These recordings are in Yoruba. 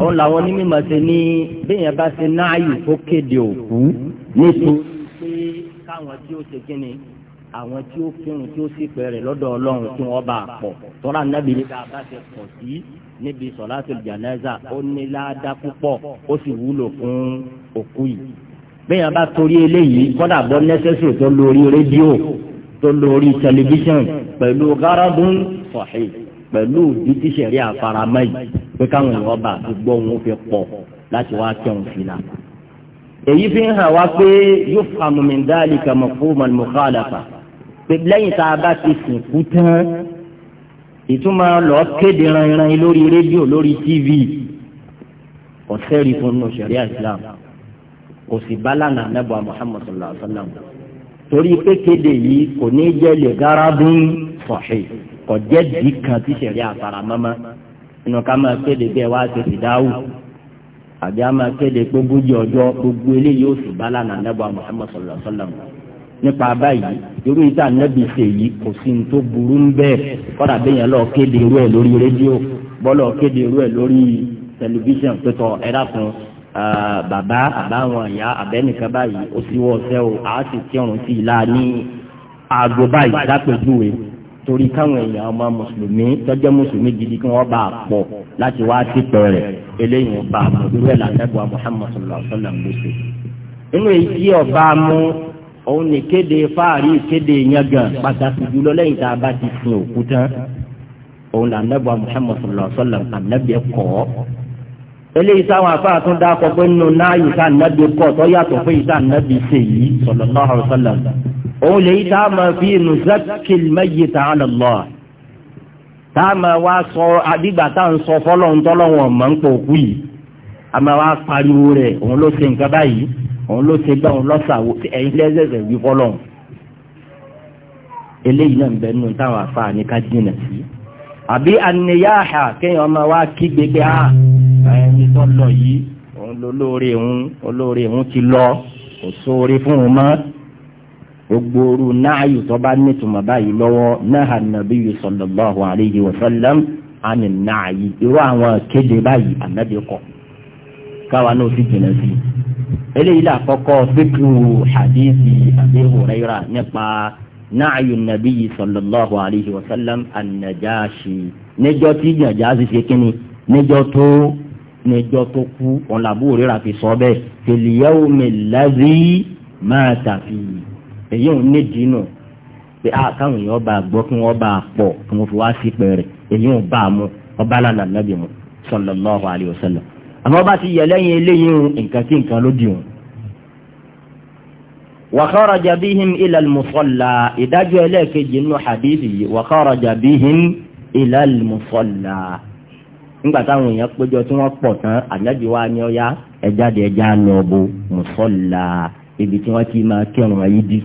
òun làwọn onímọ̀ ṣe ní bẹ́ẹ̀yẹn bá ṣe náàyè tó kéde òkú nítorí pé káwọn tí ó ṣe kíni àwọn tí ó kírun tí ó sì pẹ̀rẹ̀ lọ́dọ̀ ọlọ́run tí wọ́n bá pọ̀ tọ́ra nábìlì bá ṣe pọ̀ sí níbi sọ̀látùl jánásà ó ní ládàá púpọ̀ ó sì wúlò fún òkú yìí. bẹ́ẹ̀ bá torí eléyìí kọ́dà bọ́ nẹ́sẹ̀sì tó lórí rédíò tó lórí tẹlifíṣàn pẹ̀lú gáràdùn sọ̀hí pẹ̀lú dídíṣẹ̀rí àfaramẹ́ yìí pé káwọn èèyàn bá gbogbo òun fi pọ̀ láti wá kẹ́hùn fìlà. èyí fi ń hàn wá pé yufhamu min dhalika mafhumul mukhalafa pé lẹ́yìn tá a bá ti sìnkú tán ìtumọ̀ lọ kéde ranran lórí rédíò lórí tv kò sẹ́rí fún nù sẹ̀ríà islam kò sì bá lànà anábọ̀ muhammad sallallahu alayhi wa sallam torí pé kéde yìí kò ní jẹ́ lè garabun sahih kò jẹ́ dì kan tí sẹ̀ríà fara mọ́mọ́ inú ká máa kéde bẹ́ẹ̀ wá ṣe ìdáhùn àbí a máa kéde pé gbogbo ọjọ́ gbogbo eléyìí ó sì bá lànà anábọ̀ muhammad sallallahu alayhi wa sallam nípa báyìí irú ìta nẹ́bí ṣe yìí kò sí ní tó burú ń bẹ́ẹ̀ kọ́dà bẹ́yẹn lọ kéde irú ẹ̀ lórí rédíò bọ́lọ̀ kéde irú ẹ̀ lórí tẹlifíṣàn pẹ̀tọ̀ ẹ̀dá kan bàbá àbáwọn ìyá àbẹ́nìkan báyìí ó sì wọ́ ọ̀sẹ́ o àá sì kírun sí i ní aago báyìí lápẹ̀júwe torí káwọn èèyàn ọmọ mùsùlùmí tọ́jọ́ mùsùlùmí gidi kí wọ́n bá a pọ̀ láti wá sípẹ̀ rẹ̀ eléyìí bá a mọ̀ irú ẹ̀ làtẹ́gbọ̀ Muhammad sallallahu alaihi wasallam ló ṣe. inú èyí ọba mú òun ní kéde fáàrí kéde yangàn pàtàkì jùlọ lẹ́yìn tá a bá ti sin òkú tán òun là nẹ́bọ̀ Muhammad sallallahu alaihi wasallam ànábì kọ́ eléyìí táwọn afáà tún dá kọ pé nínú náàyè tá ànábì kọ́ tó yàtọ̀ fún yìí tá ànábì ṣe yìí sallallahu alaihi wasallam òun lè yí tá a máa fi nuzakkil mayyita ala Allah tá a máa wá sọ àdìgbà tá à ń sọ fọlọ́ntọ́lọ́wọ̀n mọ́ ń pò kú yìí a máa wá pariwo rẹ̀ òun ló ṣe nǹkan báyìí òun ló ṣe gbà òun lọ́sàwọ́ ẹ̀yin lẹ́sẹ̀sẹ̀ wí fọ́lọ́hún eléyìí náà ń bẹ nínú táwọn afáà ní ká dínà sí àbí àníyáàhà kéèyàn máa wá kígbe pé a ah, ẹni tó lọ yìí òun lolóore òun olóore òun ti lọ kò sóore fún un mọ́ gbogbo oru náàyù tó bá nítumọ̀ báyìí lọ́wọ́ náà nàbíyù sallallahu alayhi wa sallam àní náàyì irú àwọn kéde báyìí ànábì káwa náà ti jìnnà sí i eléyìí là kọ́kọ́ fíkú hadithi Abi Huraira nípa náàyò nàbí sallallahu alayhi wa sallam an-Najashi níjọ́ tí Najashi ṣe kínni níjọ́ tó níjọ́ tó kú òun làbú òrera fi sọ bẹ́ẹ̀ fil yawmi allazi mata fi èyí ò ní dínú pé a ah, káwọn èèyàn bá gbọ́ kí wọ́n bá pọ̀ kí wọ́n fi wá sí pẹ̀rẹ̀ èyí ò bá a mú ọba lànà nàbì mu sallallahu alayhi wa sallam àmọ́ bá ti yẹ lẹ́yìn eléyìí o nǹkan tí nǹkan ló dìhun. wa kharaja bihim ila al-musalla ìdájọ́ ẹlẹ́ẹ̀kejì nínú hadithi yìí wa kharaja bihim ila al-musalla nígbà táwọn èèyàn péjọ tí wọ́n pọ̀ tán ànábì wa ni ó yá ẹ̀jáde ẹ̀já lọ bo ibi tí wọ́n ti máa kírun ayé dì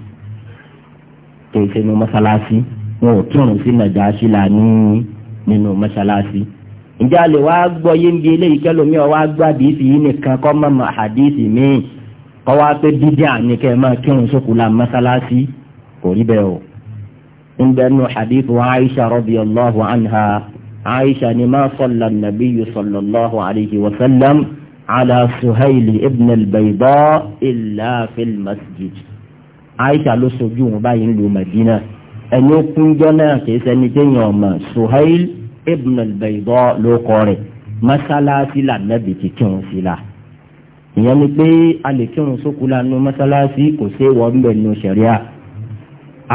kì ṣe ní mọ́sálásí wọn ò kírun sí nàjà sí ní nínú mọ́sálásí ǹjẹ́ a lè wá gbọ́ yé ń bi eléyìí kẹ́lómi ọ̀ wá gbọ́ àdìsí yìí nìkan kọ́ mọ̀ mọ̀ àdìsí míì kọ́ wá pé dídí àní kẹ́ máa kírun sókùlà mọ́sálásí kò rí bẹ́ẹ̀ o. ń bẹ́ẹ̀ nu hadith wa aisha radiyallahu anha aisha ni ma salla nabiyyu sallallahu alayhi wa sallam ala suhaili ibn albayda illa fil masjid. aisha ló sojú wọn báyìí ń lu madina ẹni ó náà kì í sẹ́ni téèyàn ọ̀mà suhaili ibn al-Bayda ló kọ rẹ̀ masalasi la nabi ti kírun sí la ìyẹn ni pé a lè kírun sókun lanu masalasi kò sí wọ́n bẹ̀ nù sẹ̀ríà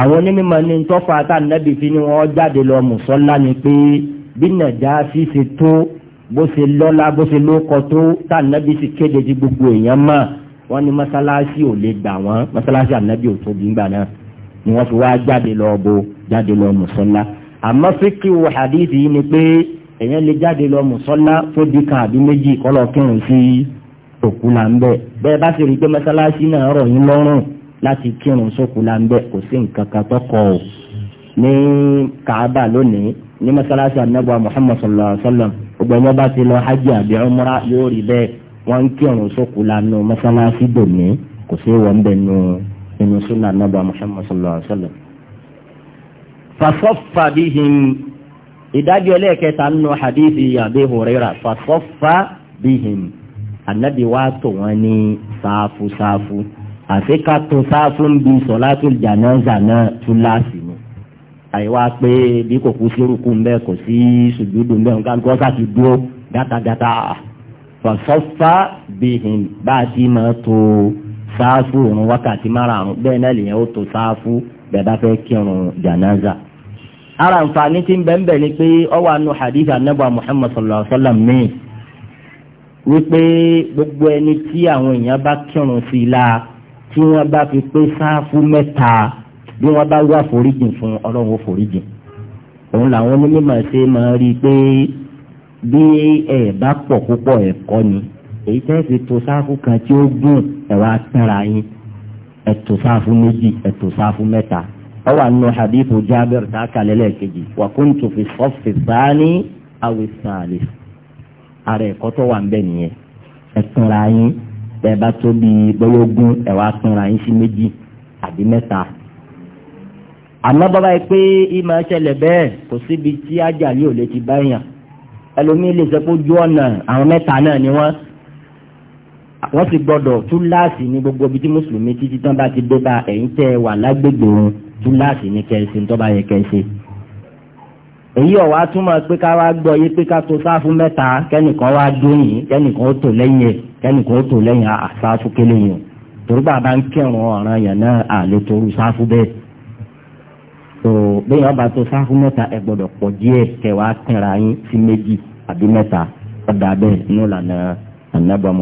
àwọn onímọ̀ ní tọ́fà tá nabi fi ni wọ́n jáde lọ mùsọ́lá ni pé bí Nàjàsí ṣe tó bó ṣe lọ́lá bó ṣe ló kọ tó tá nabi sì kéde ti gbogbo èèyàn mọ̀ wọ́n ní masalasi ò lè gbà wọ́n masalasi ànábì ò tóbi ńgbà náà ni wọ́n fi wá jáde lọ bo jáde lọ mùsọ́lá. àmọ́ fíkìwò hadith hadithi ni pé èèyàn lè jáde lọ mùsọ́lá fóbi kan àbí méjì kọ́lọ́ kírun sí òkú là ń bẹ̀ bẹ́ẹ̀ bá sì rí i pé mọ́sálásí náà rọ̀ yín lọ́rùn láti kírun sókú là ń bẹ̀ kò sí nǹkan o ní kaaba lónìí ní mọ́sálásí anábọ̀ muhammad sallallahu wa sallam gbogbo ẹni bá ti lọ hajj àbí yóò rí bẹ́ẹ̀ wọ́n ń kírun sókú nù mọ́sálásí dòní kò sí wọ́n sallallahu fasọ́fà bihim ìdájọ́ ẹlẹ́ẹ̀kẹta nínú hadithi Abi Hurairah fasọ́fà bihim anabi wa tò wọ́n ní sáfù sáfù àti ká tó sáfù ń bi solatul janaza náà túláàsì ni àyíwá pé bí kò kú sírùkù ń bẹ kò sí sùjúdù ń bẹ nǹkan kọ́ sá dúró gátagátá fasọ́fà bihim bá a ti máa tó sáfù òun wákàtí márùn-ún bẹ́ẹ̀ náà lèyẹn ó tó sáfù bẹ́ẹ̀ bá fẹ́ kírun janaza ara nfaani ti bẹ́ẹ̀nbẹ́ ni pé ọwọ́ anu hadith anabu muhammad sallallahu alaihi wa sallam mi wípé gbogbo ẹni tí àwọn èèyàn bá kírun sí i la tí wọ́n bá fi pé sáfù mẹ́ta bí wọ́n bá wá foríjìn fún ọlọ́run ó foríjìn òun làwọn onímọ̀ ṣe máa rí i pé bí ẹ bá pọ̀ púpọ̀ ẹ̀kọ́ ni èyí tẹ́ fi tó sáfù kan tí ó gùn ẹ̀wà tẹ́ra yín ẹ̀tò sáfù méjì ẹ̀tò sáfù mẹ́ta ọwọ́ àánú hadith Jabir tá a kalẹ̀ lẹ́ẹ̀kejì wa kuntu fi sọ́ọ̀fì sáání awi sáàlì ara ẹ̀kọ́ tó wà ń bẹ̀ nìyẹn ẹ túnra yín bẹ́ẹ̀ bá tó bí gbọ́yọ́gún ẹ̀ wá túnra yín sí méjì àbí mẹ́ta àmọ́ bàbá yìí pé ìmọ̀ ẹ̀ṣẹ̀lẹ̀ bẹ́ẹ̀ kò síbi tí ajáàlì ò lè ti bá èèyàn ẹlòmíín lè sọ pé ojú ọ̀nà àwọn mẹ́ta náà ni wọ́n wọ́n sì gbọ́dọ̀ túláàsì ní gbogbo ibi tí mùsùlùmí títí tán bá ti dé bá ẹ̀yìn tẹ́ wà lágbègbè wọn túláàsì ní kẹ́ẹ̀sì tó bá yẹ kẹ́ẹ̀sì. èyí ọ̀wá túmọ̀ pé ká wá gbọ́ yé pé ká tó sáfù mẹ́ta kẹ́nìkan wá dóyìn kẹ́nìkan ó tò lẹ́yìn ẹ̀ kẹ́nìkan ó tò lẹ́yìn àsáfù kélé yìí torí bàbá ń kẹrùn ọ̀ràn yẹn náà àlè torú sáfù bẹ́ẹ̀. tó bẹ́ẹ̀ ọba tó sáfù mẹ́ta ẹ gbọ́dọ̀ pọ̀ díẹ̀ kẹwàá kẹra yín sí méjì àbí mẹ́ta ọ̀dà bẹ́ẹ̀ nù lànà ànábọ̀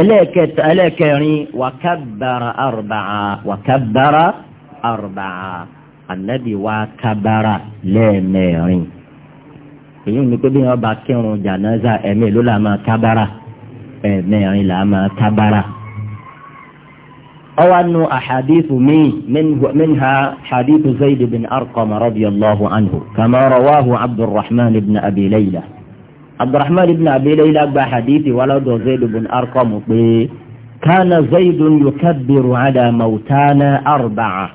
ألكت ألكني يعني وكبر أربعة وكبر أربعة النبي وكبر لمرين إيه نكبي أربعة كيرو جنازة أمي لولا ما كبر أمي لولا ما كبر أو أن أحاديث مي من منها حديث زيد بن أرقم رضي الله عنه كما رواه عبد الرحمن بن أبي ليلى abdulrahman ibn abilayla gba hadithi wa lọ́dọ̀ zaidu bin arqam pé kana zaidun yukabbiru ala mautana arba'a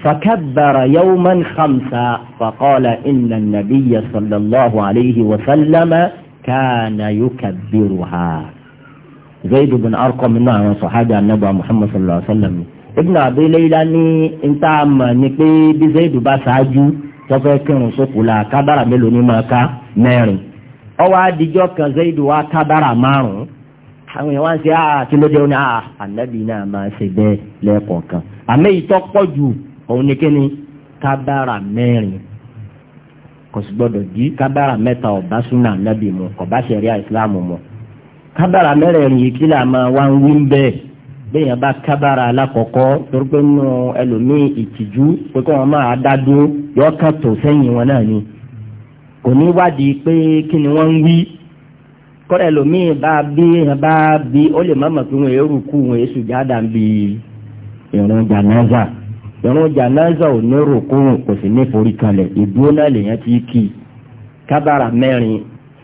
فكبر يوما خمسا فقال إن النبي صلى الله عليه وسلم كان يكبرها زيد بن أرقم من نعم صحابة النبي محمد صلى الله عليه وسلم ابن أبي ليلى ni nta ama ni pé bí zayidu bá ṣáájú tọ́fẹ́ kírun sókòlá kábàrà mélòó ni máa ká mẹ́rin ọwọ́ adijọ́ kan zaidu wa kábàrà márùn-ún àwọn èèyàn wá ń ṣe àà ah, kí ló dé òní àà ah, ànábì náà máa ṣe bẹ́ẹ̀ lẹ́ẹ̀kọ̀ọ̀kan àmì ìtọ́ jù òun ni kíni kábàrà mẹ́rin kò sì gbọ́dọ̀ jí kábàrà mẹ́ta ọ̀bá súnà ànábì mu ọ̀bá ṣẹ̀ríà ìsìláàmù mu kábàrà mẹ́rẹ̀ẹ̀rin yìí kí là máa wá ń wí ń bẹ́ẹ̀ bẹ́ẹ̀ bá kábàrà alákọ̀ọ́kọ́ torí pé nínú ẹlòmíì ìtìjú pé kí wọ́n máa dá dúró yọ kò ní wádìí pé kí ni wọ́n ń wí kọ́ra ẹlòmíì bá bí èèyàn bá bí ó lè mọ̀mọ̀ pé wọ́n èrú kú wọ́n èṣù jáda ń bi ìrun jànáza ìrun jànáza ò ní rògbòrò kò sì ní forí kalẹ̀ ìdúró náà lèèyàn ti kì í kábàrà mẹ́rin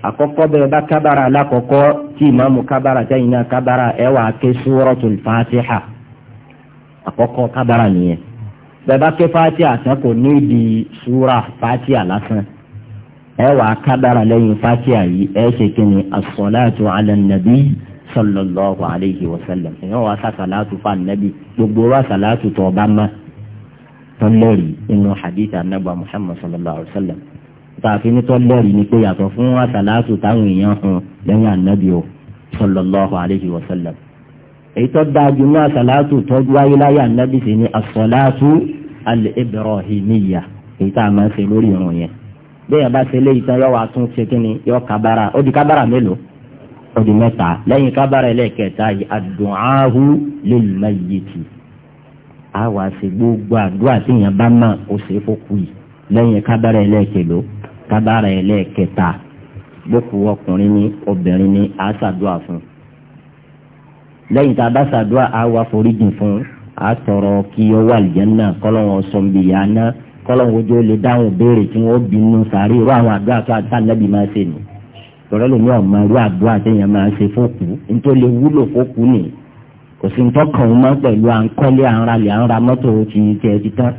àkọ́kọ́ bẹ̀rẹ̀ bá kábàrà alákọ̀ọ́kọ́ tí ìmáàmù kábàrà sẹ́yìn náà kábàrà ẹ̀ ké súrọ́tul fàtíhà àkọ́kọ́ kábàrà nìyẹn bẹ̀rẹ̀ bá ké fàtíhà sẹ́kò ẹ wàá kábàrà lẹ́yìn fátíà yìí ẹ ṣe kí ni asọ́láàtù alẹ́nàbí sallallahu alayhi wa sallam ìyẹn wàá sàṣàlátù fànàbí gbogbo wa sàlátù tó ọba má tó lẹ́rìí inú hadith anábà muhammad sallallahu alayhi wa sallam tààfin ní tó lẹ́rìí ni pé yàtọ̀ fún wa sàlátù táwọn èèyàn hàn lẹ́yìn anábì o sallallahu alayhi wa sallam èyí tó dájú náà sàlátù tó wáyé láyé anábì sí ni asọ́láàtù alẹ́ ibrahimiyya èyí tá ṣe lórí ìrùn yẹn bẹ́ẹ̀ bá ṣe léyìí tán yọ wá tún ṣe kí ni yọ kábàrà ó di kábàrà mélòó ó di mẹ́ta lẹ́yìn kábàrà ẹlẹ́ẹ̀kẹta yìí àdùnàhù lil mayyiti á wá ṣe gbogbo àdúrà tí yẹn bá mọ̀ ó ṣe fókù yìí lẹ́yìn kábàrà ẹlẹ́ẹ̀kẹló kábàrà ẹlẹ́ẹ̀kẹta gbókù ọkùnrin ni obìnrin ni á ṣàdúrà fún lẹ́yìn tá a bá ṣàdúrà á wá foríjì fún á tọrọ kí ó wà lìjẹ́ náà kọ́lọ́wọ́ sọ̀nbìyà náà kọ́lọ́hún ojú ó lè dáhùn béèrè tí wọ́n bínú sàárè irú àwọn àdúrà àti àdúrà nẹ́bí máa ṣe nù tọ́lọ́ lòun náà máa rú àdúrà àtẹ̀yàn máa ṣe fókù nítorí lè wúlò fókù nì kò sí ntọ́kàn mọ́ pẹ̀lú à ń kọ́lé à ń ralẹ̀ à ń ra mọ́tò ti tiẹ̀ ti tán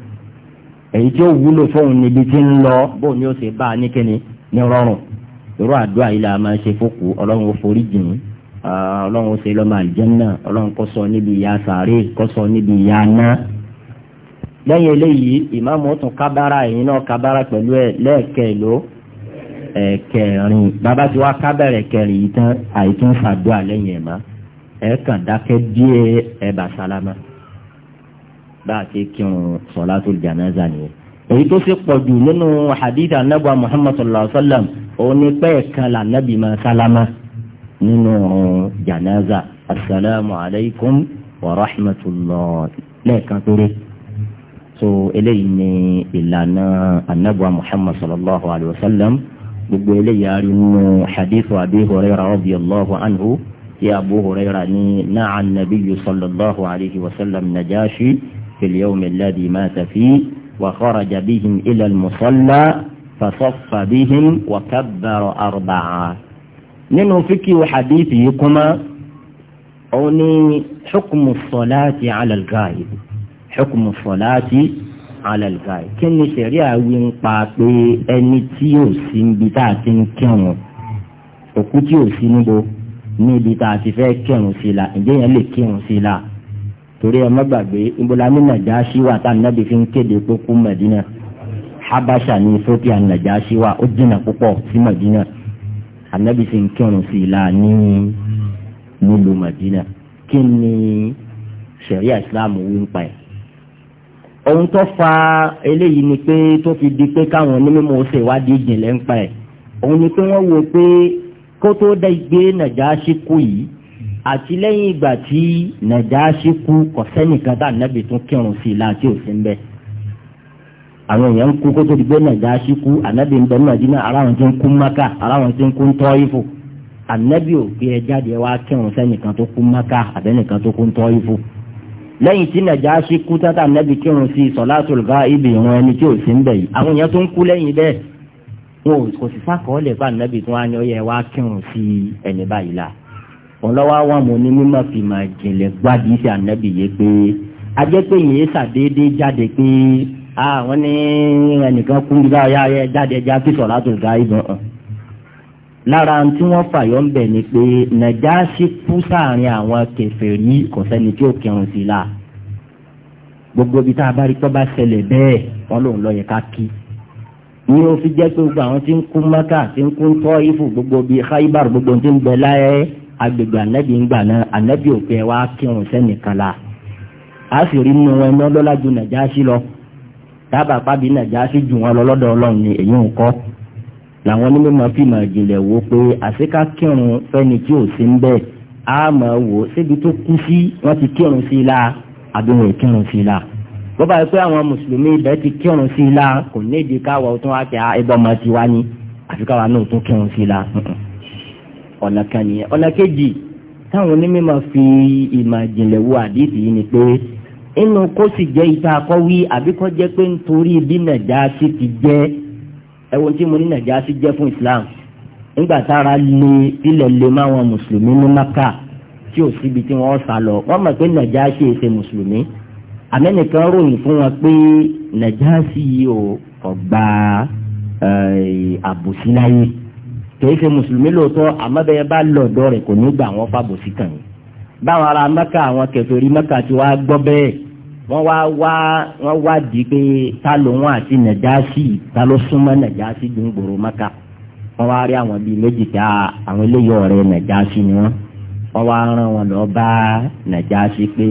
èyí tí ó wúlò fóun níbi tí ń lọ bó ni ó ṣe bá a ní kíni ní rọrùn irú àdúrà yìí la máa ṣe fókù ọlọ́run lẹ́yìn eléyìí ìmáàmù tún kábára ẹ̀yìn náà kábára pẹ̀lú ẹ̀ lẹ́ẹ̀kẹ́ló ẹ̀kẹrin bàbá tí wàá kábẹ̀rẹ̀ kẹrin yìí tán àìtún fàdúrà lẹ́yìn ẹ̀ má ẹ̀ kàn dákẹ́ díẹ̀ ẹ̀ bà sálámà bá a ti kírun sọ̀látùl jánásà nìyẹn èyí tó sì pọ̀ jù nínú hadith anabu muhammad sallallahu alayhi wa sallam òní pẹ́ẹ́ kan là nàbì máa sálámà nínú jánásà asalaamualeykum wa rahmatulah lẹ́ẹ̀kan péré. so eléyìí ni ìlànà anabuwa muhammad sallallahu alayhi wa sallam gbogbo eléyìí ari nínú hadith abi rabi allahu anhu ti abu huraira ni naca nabiyu sallallahu alayhi wa sallam najashi fi liyawmi alladhi mata fi wa kharaja bihim ila almusalla fasaffa bihin wa kabbara arbaca nínú fikiru hadith yi kuma òun ni xukmu solaati cala algaayib. hukmu salati ala al-ghaib kí ni sẹ̀rí àwí ń pa pé ẹni tí ò sí níbi tá a ti ń kírun òkú tí ò sí níbo níbi tá a ti fẹ́ kírun sí la ǹjẹ́ yẹn lè kírun sí la torí ẹ má ibola ní Nàjáṣí wà tá nàbì fi ń kéde kókó Mẹdínà Habasha ní Ethiopia Nàjáṣí wà ó jìnnà púpọ̀ sí Mẹdínà ànábì fi ń kírun sí la ní nílùú Mẹdínà kí ni sẹ̀ríà Islam wí ń pa ẹ̀ ohun tó fa eléyìí ni pé tó fi di pé káwọn onímọ̀ ṣe ìwádìí ìjìnlẹ̀ ń pa ẹ̀ òun ni pé wọ́n wo pé kó tó dá gbé nàjàásí kú yìí àti lẹ́yìn ìgbà tí nàjàásí kú kò sẹ́nìkan tá ànábì tún kírun sí i láti òsín bẹ́ẹ̀ àwọn èèyàn ń kú kó tó di gbé nàjàásí kú ànábì ń bẹ Mẹdínà ara wọn ti ń kú Mákà ara wọn ti ń kú Tọ́ífù ànábì ò gbé ẹ jáde wá kírun sẹ́nìkan tó kú Mákà àbẹ́nìkan tó kú Tọ́ífù lẹ́yìn tí nàjàásí kú tátà nẹ́bi kírun sí sọ̀látùl gáíbì ìran ẹni tí ò sí ń bẹ̀ yìí àwọn èèyàn tó ń kú lẹ́yìn bẹ́ẹ̀ wọn ò kò sì sákọọ́lẹ̀ bá nẹ́bi tí wọ́n á yan yẹ wá kírun sí ẹni báyìí la wọn lọ́wọ́ àwọn ọmọ onímọ̀ fi máa jìnlẹ̀ gbádìí sí ànẹ́bi yìí pé ajẹ́pẹ́ yìí ṣàdédé jáde pé àwọn ah, ní ẹnìkan kú nígbà yá jáde já kí sọ̀látùl gáíbì hàn lára tí wọ́n fàyọ́ ń bẹ̀ ni pé nàjàṣì kú sáàrin àwọn kèfèrí kò sẹ́ni tí ó kírun sí la gbogbo ibi tá a bá rí tó bá ṣẹlẹ̀ bẹ́ẹ̀ wọ́n lòun lọ yẹ ká kí ní o fi jẹ́ pé gbogbo àwọn tí ń kú mẹ́kà tí ń kú tọ́ ifù gbogbo bíi khaibar gbogbo tí ń bẹ láyé agbègbè anabi ń gbà náà anabi ò pé wá kírun sẹ́nìkan la a sì rí nínú wọn lọ́lọ́lá ju nàjàṣì lọ dábàá pàbí nàjàṣì jù wọn lọ lọ́dọ̀ ọlọ́run ni èyí ń kọ́ làwọn onímọ̀ fi máa jìnlẹ̀ wo pé àṣekà kírun fẹ́ni tí ò sí ń bẹ̀ á máa wò síbi tó kú sí wọ́n ti kírun sí i la àbí wọn ò kírun sí i la bọ́bá yìí pé àwọn mùsùlùmí ibẹ̀ ti kírun sí i la kò nídìí káwa ó tún wá kí ẹbọ ọmọ ti wá ní àfi káwa náà tún kírun sí i la ọ̀nà kan nìyẹn ọ̀nà kejì táwọn onímọ̀ fi ìmọ̀ jìnlẹ̀ wo àdìsí yìí ni pé inú kó sì jẹ́ ìta akọ́wí àbí kọ́ jẹ́ pé nítorí bí nàìjà sí ẹwọ́n tí mo ní Nàjàṣí jẹ́ fún Islam nígbà tára lé ilẹ̀ lè má wọn mùsùlùmí ní Maka tí ò síbi tí wọ́n sá lọ wọ́n mọ̀ pé Nàjàṣí èsè mùsùlùmí àmẹ́nìkan ròyìn fún wọn pé Nàjàṣí ò ọ̀gbà àbòsí láyé kìí ṣe mùsùlùmí lóòótọ́ àmọ́ bẹ́ẹ̀ bá lọ̀dọ̀ rẹ̀ kò ní gbà wọ́n fàbòsí kàn yín báwọn ará Maka àwọn kèfèrí Maka tí wàá gbọ́ bẹ́ẹ̀ wọ́n wá wá wọ́n wá di pé ta ló wọn àti nàjàásì ta ló súnmọ́ nàjàásì dùn gbòòrò wọ́n wá rí àwọn bíi méjì àwọn eléyìí ọ̀rẹ́ nàjàásì ni wọ́n wọ́n wá rán wọn lọ bá nàjàásì pé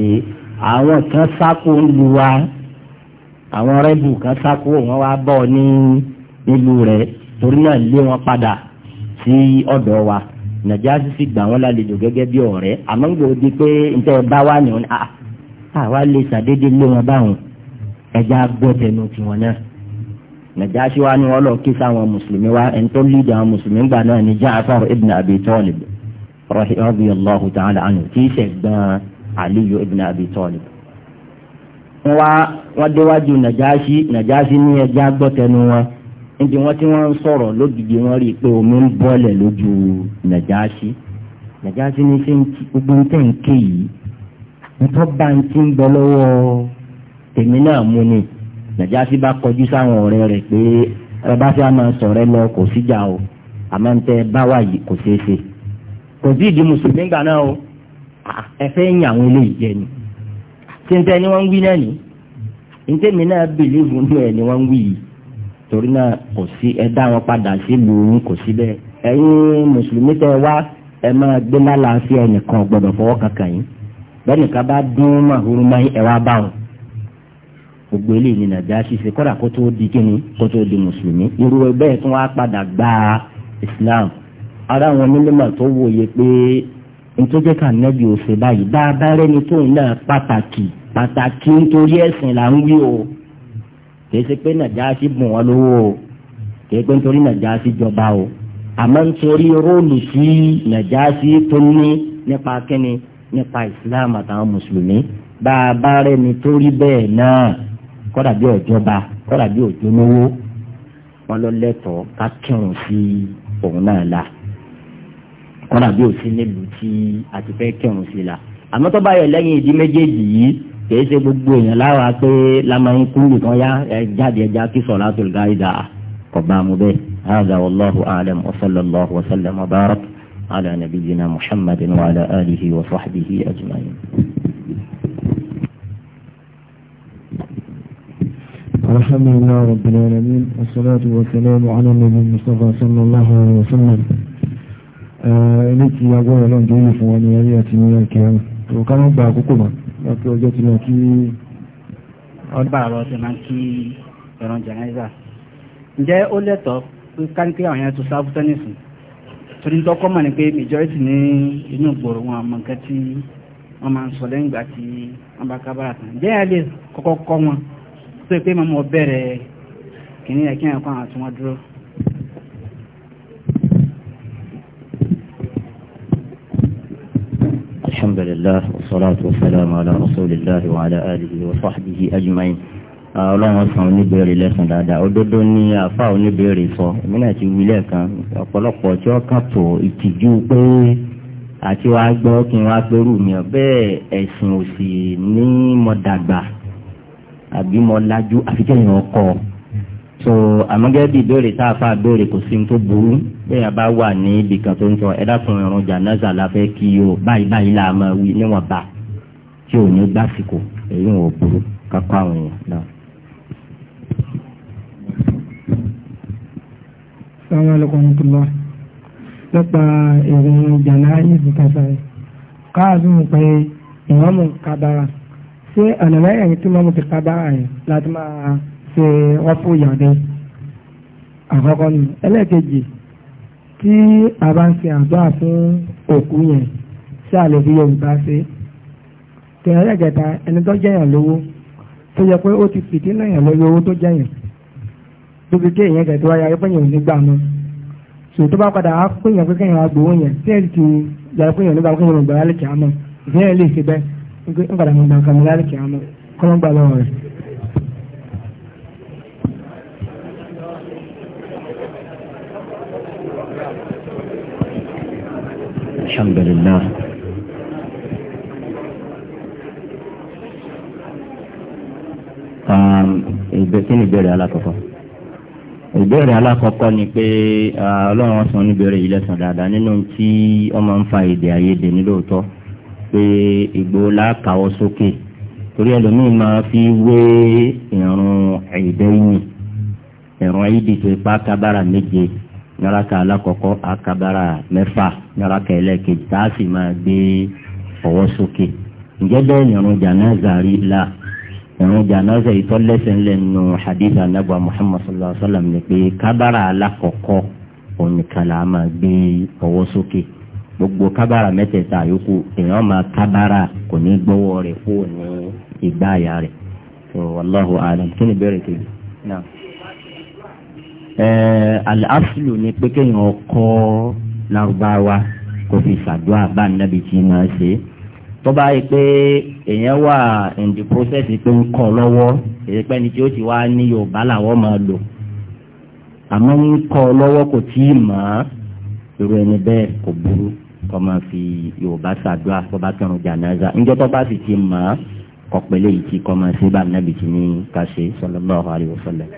àwọn kan sáko wa àwọn rẹ́bù kan sáko wọ́n wá bọ̀ ní rẹ̀ torí náà lé wọn padà sí ọ̀dọ̀ wa nàjàásì sì gbà wọ́n lálejò gẹ́gẹ́ bí ọ̀rẹ́ àmọ́ ń gbòó di ní ah, àwa lè sàdédé lé wọn báwọn ẹja gbọ́ tẹnu tiwọn náà nàjàṣí wa ni wọn lọ kí sáwọn mùsùlùmí wa ẹni tó lídìí àwọn mùsùlùmí gbà náà ni Ja'far ibn Abi Talib ta'ala anhu í Aliyu ibn Abi Talib wa wọ́n déwájú nàjáṣí nàjáṣí ní ẹja gbọ́tẹnu wọn níbi wọ́n tí wọ́n ń lógìdì wọ́n rí i pé omi ń bọ́lẹ̀ lójú ntọ́ bá ń ti ń bẹ lọ́wọ́ tèmi náà mú ni nàjà sí bá kọjú sáwọn ọ̀rẹ́ rẹ̀ pé ọba sí àmọ́ sọ̀rẹ́ lọ kò síjà o àmọ́ ń tẹ báwa yìí kò ṣeé ṣe kò sí ìdí mùsùlùmí gbà náà o ẹ fẹ́ ń yàn àwọn eléyìí jẹ ni tí ń tẹ ni wọ́n ń wí náà ni ntẹ́mi náà bìlíìfù ní ẹ̀ ni wọ́n ń wí yìí torí náà kò sí ẹ dá wọn padà sílùú yín kò sí bẹ́ẹ̀ ẹ̀yin mùsùlùmí tẹ wá ẹ máa gbé lálàáfíà ẹnìkan gbọ́dọ̀ fọwọ́ kankan yìí bẹ́ẹ̀ni ká bá dún màhúrú máyé ẹ̀wà bá wọn gbogbo eléyìí ni nàìjíríà ṣiṣẹ́ kọ́dà kó tó di kíni kó tó di mùsùlùmí irú bẹ́ẹ̀ tún wá padà gba islam ara àwọn onímọ̀ tó wòye pé nítorí ká nẹ́bí òsè báyìí bá a bá rẹ́ni tóun náà pàtàkì pàtàkì nítorí ẹ̀sìn là ń wí o kì í ṣe pé nàìjíríà ṣì bùn wọn lówó o kì í pé nítorí nàìjíríà ṣì jọba o àmọ́ nítorí róòlù sí nàìjíríà ṣì tó ní nípa kíni nípa islam àtàwọn mùsùlùmí bá a bá rẹni tó rí bẹ́ẹ̀ náà kọ́dà bí òjọba kọ́dà bí òjòlówó wọn lọ lẹ́tọ̀ọ́ ká kírun sí òun náà la kọ́dà bí òsín nílùú tí a ti fẹ́ kírun sí la àmọ́ tó bá yẹ lẹ́yìn ìdí méjèèjì yìí kìí ṣe gbogbo èèyàn láwa pé lamayin kúndùn kan yá ẹ jáde ẹja kí sọ̀rọ̀ àtòlùgáyìí dà kọ̀ bá mu bẹ́ẹ̀ hàdà wàlláhu àlẹ́m wa sallallahu wa sallam wa barak. على نبينا محمد وعلى آله وصحبه أجمعين الحمد لله رب العالمين والصلاة والسلام على النبي المصطفى صلى الله عليه وسلم إليك يا أبوه لن تضيف ونيرياتي من الكيام وكان أبا كوكما لكن وجدتنا كي أربع رأسنا كي يرون جنازة ǹjẹ́ ó lẹ́tọ̀ọ́ pé káníkì àwọn yẹn tó torí tọ́kọ́ mọ̀ ní pé majority ní inú ìgboro wọn àmọ́ nǹkan tí wọ́n máa ń sọ lẹ́yìn ìgbà tí wọ́n bá kábàrà tán jẹ́ àlè kọ́kọ́ kọ́ wọn tó pé màmá ọbẹ̀rẹ̀ kìíní ẹ̀kí ẹ̀kọ́ àwọn àti wọn dúró. alhamdulillah wa salatu wa salam ala rasulillah wa ala alihi wa sahbihi ajma'in ọlọ́run san oníbèrè lẹ́sùn dáadáa òdodo ni àfa oníbèrè sọ èmi náà ti wí lẹ́ẹ̀kan ọ̀pọ̀lọpọ̀ tí ó kàn tó ìtìjú pé àti wàá gbọ́ kí n wá pẹ́rù mi ọ̀ bẹ́ẹ̀ ẹ̀sìn ò sì ní mo dàgbà àbí mo lajú àfi kẹ́yìn ọkọ̀ so àmọ́gẹ́ bí ìbéèrè tá a fa béèrè kò sí ní tó burú bẹ́ẹ̀ bá wà ní ibìkan tó ń sọ ẹ dákun ìrun jànáza la fẹ́ kí o báyìí báyìí la máa wí níwọ̀nba tí ò ní gbásìkò èyí ò burú kápá àwọn èèyàn náà. Assalamu alaikum warahmatullahi nípa èrè ìjànà ìbùkẹfẹ káàdù pé ìmọ̀mù kábàrà ṣé ànàmọ́ ẹ̀yìn tí mọ̀mù ti kábàrà yẹn láti máa ṣe ọ́fù ìyàdé àkọ́kọ́ nù ẹlẹ́ẹ̀kejì tí a bá ń ṣe àdúrà fún òkú yẹn ṣé àlè fi yorùbá ṣe tẹ̀yẹ̀rẹ́gẹ̀ta ẹni tó jẹ́yàn lówó tó yẹ pé ó ti fìdí náà yàn lórí owó tó jẹ́yàn níbi ike èèyàn gẹ̀ẹ́dọ́ ayé ayépẹ́yìn ò ní gbà mọ́ ṣò tó bá padà á péyàn pé kéèyàn á gbowó yẹn tí ẹ̀rì ti yàrá péyàn nígbà kéèyàn gbà lálẹ́ kìá ìfẹ́yàn lè ṣe bẹ́ẹ̀ ń padà gbà kàmú lálẹ́ kọ́lọ́ ń gbà lọ́wọ́ rẹ̀. Um, ìgbésí ni ìbéèrè alákọ̀ọ́kọ́. ìbéèrè alákọ̀ọ́kọ́ ni pé ọlọ́run sọ níbẹ̀rẹ̀ yìí lẹ́sàn dáadáa nínú tí ọmọ ń fa èdè àìyedè nílòótọ́ pé ìgbòho lákàwọ́ sókè torí ẹlòmíì máa fi wé ìrùn ẹ̀ẹ́dẹ́yìn ìrùn ẹ̀ẹ́dì tó ipá kábàrà méje nyaraka alákọ̀ọ́kọ́ akábàrà mẹ́fà nyaraka ẹlẹ́kejì tá a sì máa gbé ọwọ́ sókè ǹjẹ́ bẹ́ẹ̀ ìrùn jàǹdà zàrí la. ìrún jàǹdàṣe ìtọ́lẹ́sẹ̀ ńlẹ̀ nù hadith anagba muhammad sallallahu alayhi wa sallam ni pé kábàrà alákọ̀ọ́kọ́ ònìkan là á máa gbé ọwọ́ sókè gbogbo kábàrà mẹ́tẹ̀ẹ̀ta yòókù èèyàn máa kábàrà kò ní gbọ́wọ́ rẹ̀ kó ní ìgbà àyà rẹ̀ so wàláhu alam kí ni bẹ́ẹ̀rẹ̀ kejì náà. ẹ̀ẹ́ ni pé kéèyàn lárúbáwá fi bá máa ṣe tó bá yẹ pé èèyàn wà in the pé ń kọ́ lọ́wọ́ èyí pé ni tí ó ti wá ní yorùbá làwọn máa lò àmọ́ ń kọ́ lọ́wọ́ kò tí ì mọ̀ ọ́ irú ẹni bẹ́ẹ̀ kò burú kọ́ máa fi yorùbá ṣàdúrà kó bá kẹrùn jàǹdàza ńjọ́ tó bá sì ti mọ̀ ọ́ kọ̀pẹ́lẹ́ yìí ti kọ́ máa ṣe bá nàbì tí ní ká ṣe sallallahu alaihi wasallam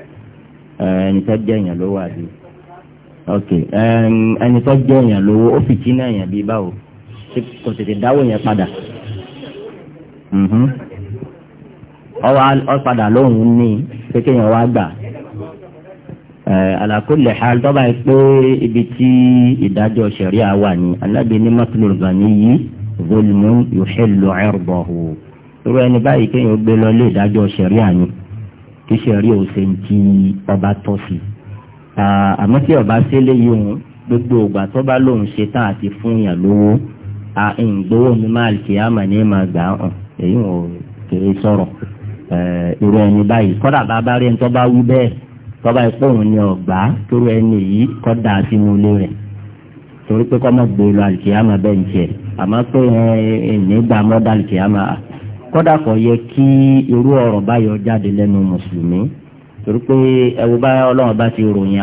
eh, ẹni tó jẹ́ èèyàn lówó eh, àbí ó kò tètè dáwọ́ yẹn padà ọ̀padà mhm. lóhùn ní pé kéèyàn wá gbà alakule hal tọ́ba yìí pé ibi tí ìdájọ́ sẹ̀ríà wà ní alábi ní mọ́tòlù gani yìí zulmun yuhillu irdahu irú ẹni báyìí kéèyàn gbé lọ lé ìdájọ́ sẹ̀ríà ni kí sẹ̀ríà ò ṣe ń ti ọba tọ́ sí i àmọ́ tí ọba sílé yìí òun gbogbo ògbà tọ́ba lòun ṣe àti fún yàn lówó à ń gbowó mi máa kì í àmà ní màgbà hàn. èyí wọn ò kéré sọ̀rọ̀ irú ẹni báyìí kọ́dà bàbá rẹ̀ tó bá wí bẹ́ẹ̀ tó ni ọ̀gbá tóró ẹni yìí kọ́ da sínú ilé rẹ̀ torí pé kọ́ mọ̀ gbé lọ àlìkìyàmà bẹ́ẹ̀ ń tiẹ̀ àmọ́ pé nígbà mọ́dà àlìkìyàmà kọ́dà kọ́ yẹ kí irú ọ̀rọ̀ báyọ̀ jáde lẹ́nu mùsùlùmí torí pé bá ọlọ́run bá ti ròyìn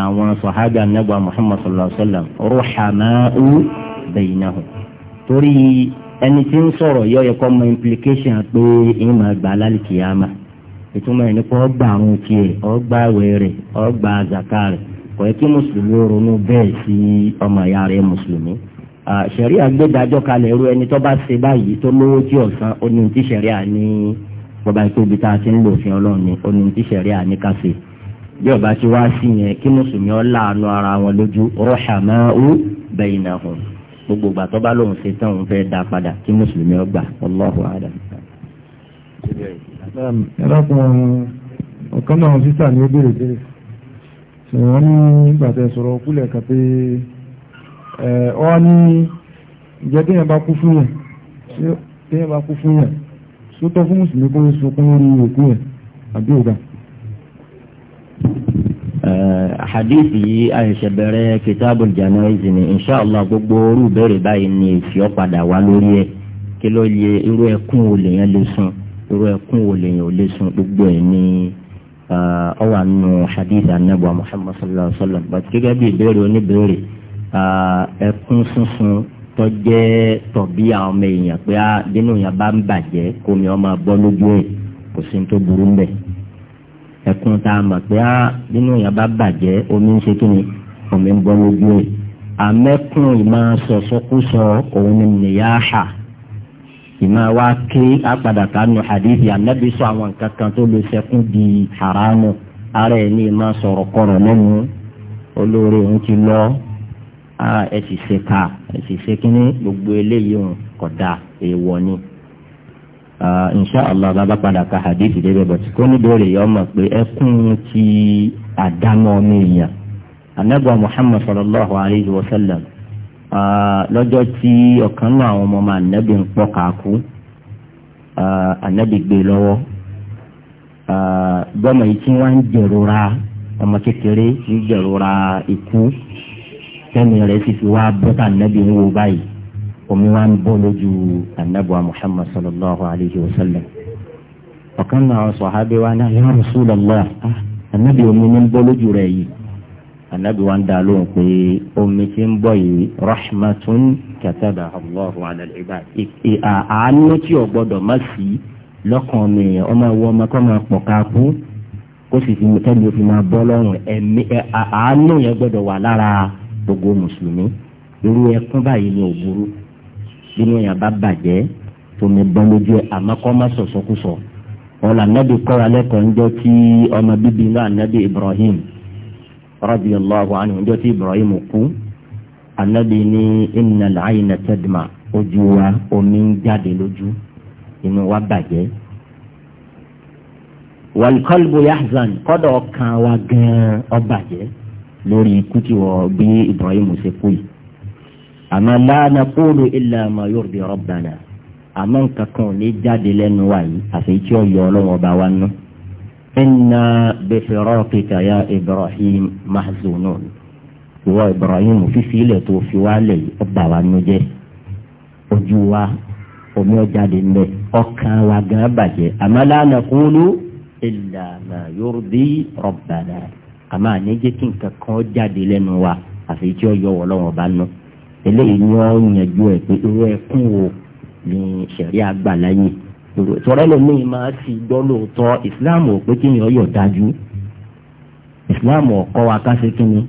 àwọn torí ẹni tí ń sọ̀rọ̀ yọ yẹ kọ́ mọ implication pé ìmọ̀ àgbà alálìkìyàmà ìtumọ̀ ẹ̀ nípa ọgbà àrùn tiẹ̀ ọgbà àwẹ̀ rẹ̀ ọgbà àzàkà rẹ̀ kò yẹ kí mùsùlùmí ronú bẹ́ẹ̀ sí ọmọ ìyá rẹ̀ mùsùlùmí. ṣẹ̀rí àgbẹ̀dájọ́ kalẹ̀ irú ẹni tó bá ṣe báyìí tó lówó tí ọ̀sán ó ní ti ṣẹ̀rí àní bọ́ba ètò ibi tá a ti ń lò fi ọlọ́run ni ti ṣẹ̀rí àní káfí. bí ọba ti wá sí yẹn kí mùsùlùmí ọ láàánú ara wọn lójú rọ́ṣàmáú bẹ́yìn náà hàn gbogbo ìgbà tó bá lóun ṣe tán òun fẹ́ dá padà kí mùsùlùmí ọgbà ọlọ́hu àdá. ẹ dákun ọ̀kan náà sísà ni ó béèrè béèrè ṣùgbọ́n ní ìgbà tẹ sọ̀rọ̀ kúlẹ̀ kan pé ọ ní ìjẹ́ téèyàn bá kú fún yẹn téèyàn bá kú fún yẹn sótọ́ fún mùsùlùmí kó ń sunkún lórí òkú yẹn àbí òdà. Eh, hadith yìí àìṣẹ̀bẹ̀rẹ̀ kitabul janaiz ni inshàlá gbogbo orú bẹ̀rẹ̀ báyìí ni èsì ọ̀padà wá lórí ẹ̀ kí ló yẹ irú ẹkún wo lèèyàn lè sun irú ẹkún wo lèèyàn ò lè sun gbogbo ẹ̀ ní ọwà nù hadith anabu muhammad sallallahu alaihi wa sallam bàtí gẹ́gẹ́ bí ìbéèrè oníbéèrè eh, ẹkún sísun tọ́jẹ́ tọ̀bí àwọn ọmọ èèyàn pé ah, bínú yẹn bá ń bàjẹ́ kómi ọmọ bọ́ lójú ẹ̀ kò sí ní tó burú mbẹ́ ẹkún tá a mọ̀ pé á ah, nínú èèyàn bá bàjẹ́ omi ń ṣe kí ni omi ń bọ́ lójú ẹ̀ àmẹ́kùn ìmọ̀ sọ̀sọ́kúsọ òun ni nìyáhà ìmọ̀ wa ké apàdà kánú hadithi anabi sọ àwọn nǹkan kan tó lè sẹ́kún di haramu ara ẹ̀ ní ìmọ̀ sọ̀rọ̀ kọ̀rọ̀ lẹ́nu olóore òun ti lọ ah, ẹ̀ sì ṣe ká ẹ̀ sì ṣe kí ni gbogbo eléyìí òun èèwọ̀ ni insha allah bàbá padà ka hadith débẹ̀ bọ̀ kó níbẹ̀rẹ̀ yọ ọmọ pé ẹkún ti àdámọ́ ọmọ èèyàn anagba muhammad sallallahu alayhi wa sallam lọ́jọ́ tí ọ̀kan náà àwọn ọmọ ọmọ anabi ń pọ̀ káàkú anabi gbé lọ́wọ́ gbọ́mọ yìí tí wọ́n ń jẹ̀rora ọmọ kékeré ń jẹ̀rora ikú tẹ́mi rẹ̀ sì fi wá bọ́tà anabi ń wo báyìí omi wa ń bọ́ lójú anabuwa muhammad sallallahu alayhi wa sallam ọ̀kan náà sọ̀hábẹ́ wa náà yàrá rasulullah anabi omi ní ń bọ́ lójú rẹ̀ yìí anabi wa ń dá lóhùn pé omi ti ń bọ̀ yìí rahmatun kataba allahu ala al-ibad àánú tí o gbọ́dọ̀ má sí lọ́kàn mi ọmọ ìwọ ọmọ kọ́ máa pọ̀ ká kó sì fi tẹ́lẹ̀ fi máa bọ́ lọ́rùn ẹ̀mí àánú yẹn gbọ́dọ̀ wà lára gbogbo mùsùlùmí irú ẹkún báyìí ni ò burú. bínú ya ba bàjẹ́ tómi bọ́n lójú ẹ̀ àmọ́ kọ́ má sọ̀sọ́kùsọ. ọ̀la nẹ́bí kọ́ra lẹ́kọ̀ọ́ ń Ibrahim radiyallahu anhu ń jọ Ibrahim kú ànẹ́bí ní innal ayna tadma ojú wa omi ń jáde lójú inú wa bàjẹ́ kan wa lórí Ibrahim àmọ́ láàánà kóòlù ilà àmọ́ yóò di rọ́bànà àmọ́ nǹkan kan ò ní jáde lẹ́nu wa yìí àfi tí ó yọ ọlọ́wọ́ bá wa nú. inna bẹ̀fẹ̀rọ̀ kìkà ya ibrahim mahzunun ìwọ ibrahim fífi ilẹ̀ tó fi wá lẹ̀ yìí ọba wa nú jẹ́ ojú wa omi ọ̀jáde ń ọkàn wa gan bàjẹ́ àmọ́ láàánà kóòlù ilà àmọ́ yóò di rọ́bànà àmọ́ àníjẹ́ kí nǹkan kan jáde lẹ́nu wa àfi tí ó yọ ọlọ́wọ́ bá nú. No eléyìí ni wọ́n yanjú ẹ̀ pé irú ẹkún wo ni sẹ̀rí àgbà láyè tọ́rẹ́ lómi máa ti gbọ́ lóòótọ́ ìsìláàmù ò pé kí ni ọyọ̀ dájú ìsìláàmù ọ̀kọ́ wa ká ṣe kí ni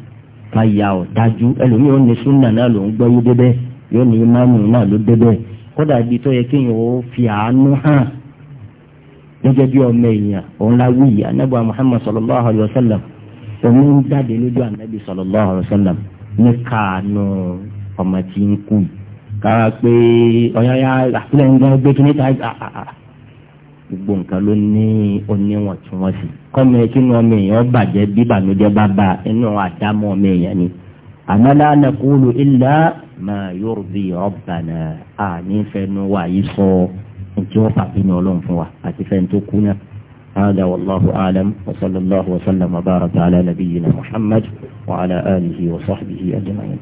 ká ya ọ̀dájú ẹlòmíì ó ní súnà náà ló ń gbọ́ yó débẹ̀ yóò ní imáàmù náà ló débẹ̀ kódà ibi tó yẹ kéèyàn ó fi àánú hàn gẹ́gẹ́ bí ọmọ èèyàn òun la wí anábọ̀ muhammad sallallahu alayhi wa sallam òun ń jáde lójú anábì sallallahu alayhi wa sallam ní kàánú ọmọ tí ń kú yìí kára pé ọ̀yáyá àtúlẹ̀ ń gbọ́n gbé kíní ta gbogbo nǹkan ló ní oníwọ̀ntúnwọ̀nsì kọ́mi kínú ọmọ èèyàn bàjẹ́ bí bànújẹ́ bá bá inú àdámọ́ ọmọ èèyàn ni àmọ́ lánàá kúlù ilà máa yóò bí ọ̀bànà ànífẹ́nu wà yìí sọ ntí wọ́n pàbí ní ọlọ́run fún wa àti fẹ́ni tó kú náà. هذا والله أعلم وصلى الله وسلم وبارك على نبينا محمد وعلى آله وصحبه أجمعين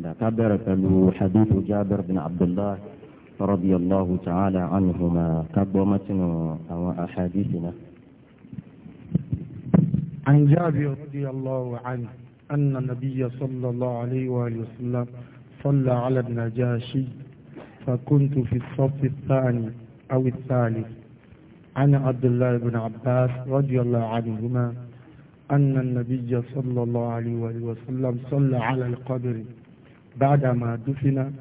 أنا كبر فلو حديث جابر بن عبد الله رضي الله تعالى عنهما كبومتنا أو أحاديثنا عن جابر رضي الله عنه أن النبي صلى الله عليه وآله وسلم صلى على النجاشي فكنت في الصف الثاني أو الثالث عن عبد الله بن عباس رضي الله عنهما أن النبي صلى الله عليه وآله وسلم صلى على القبر بعدما دفن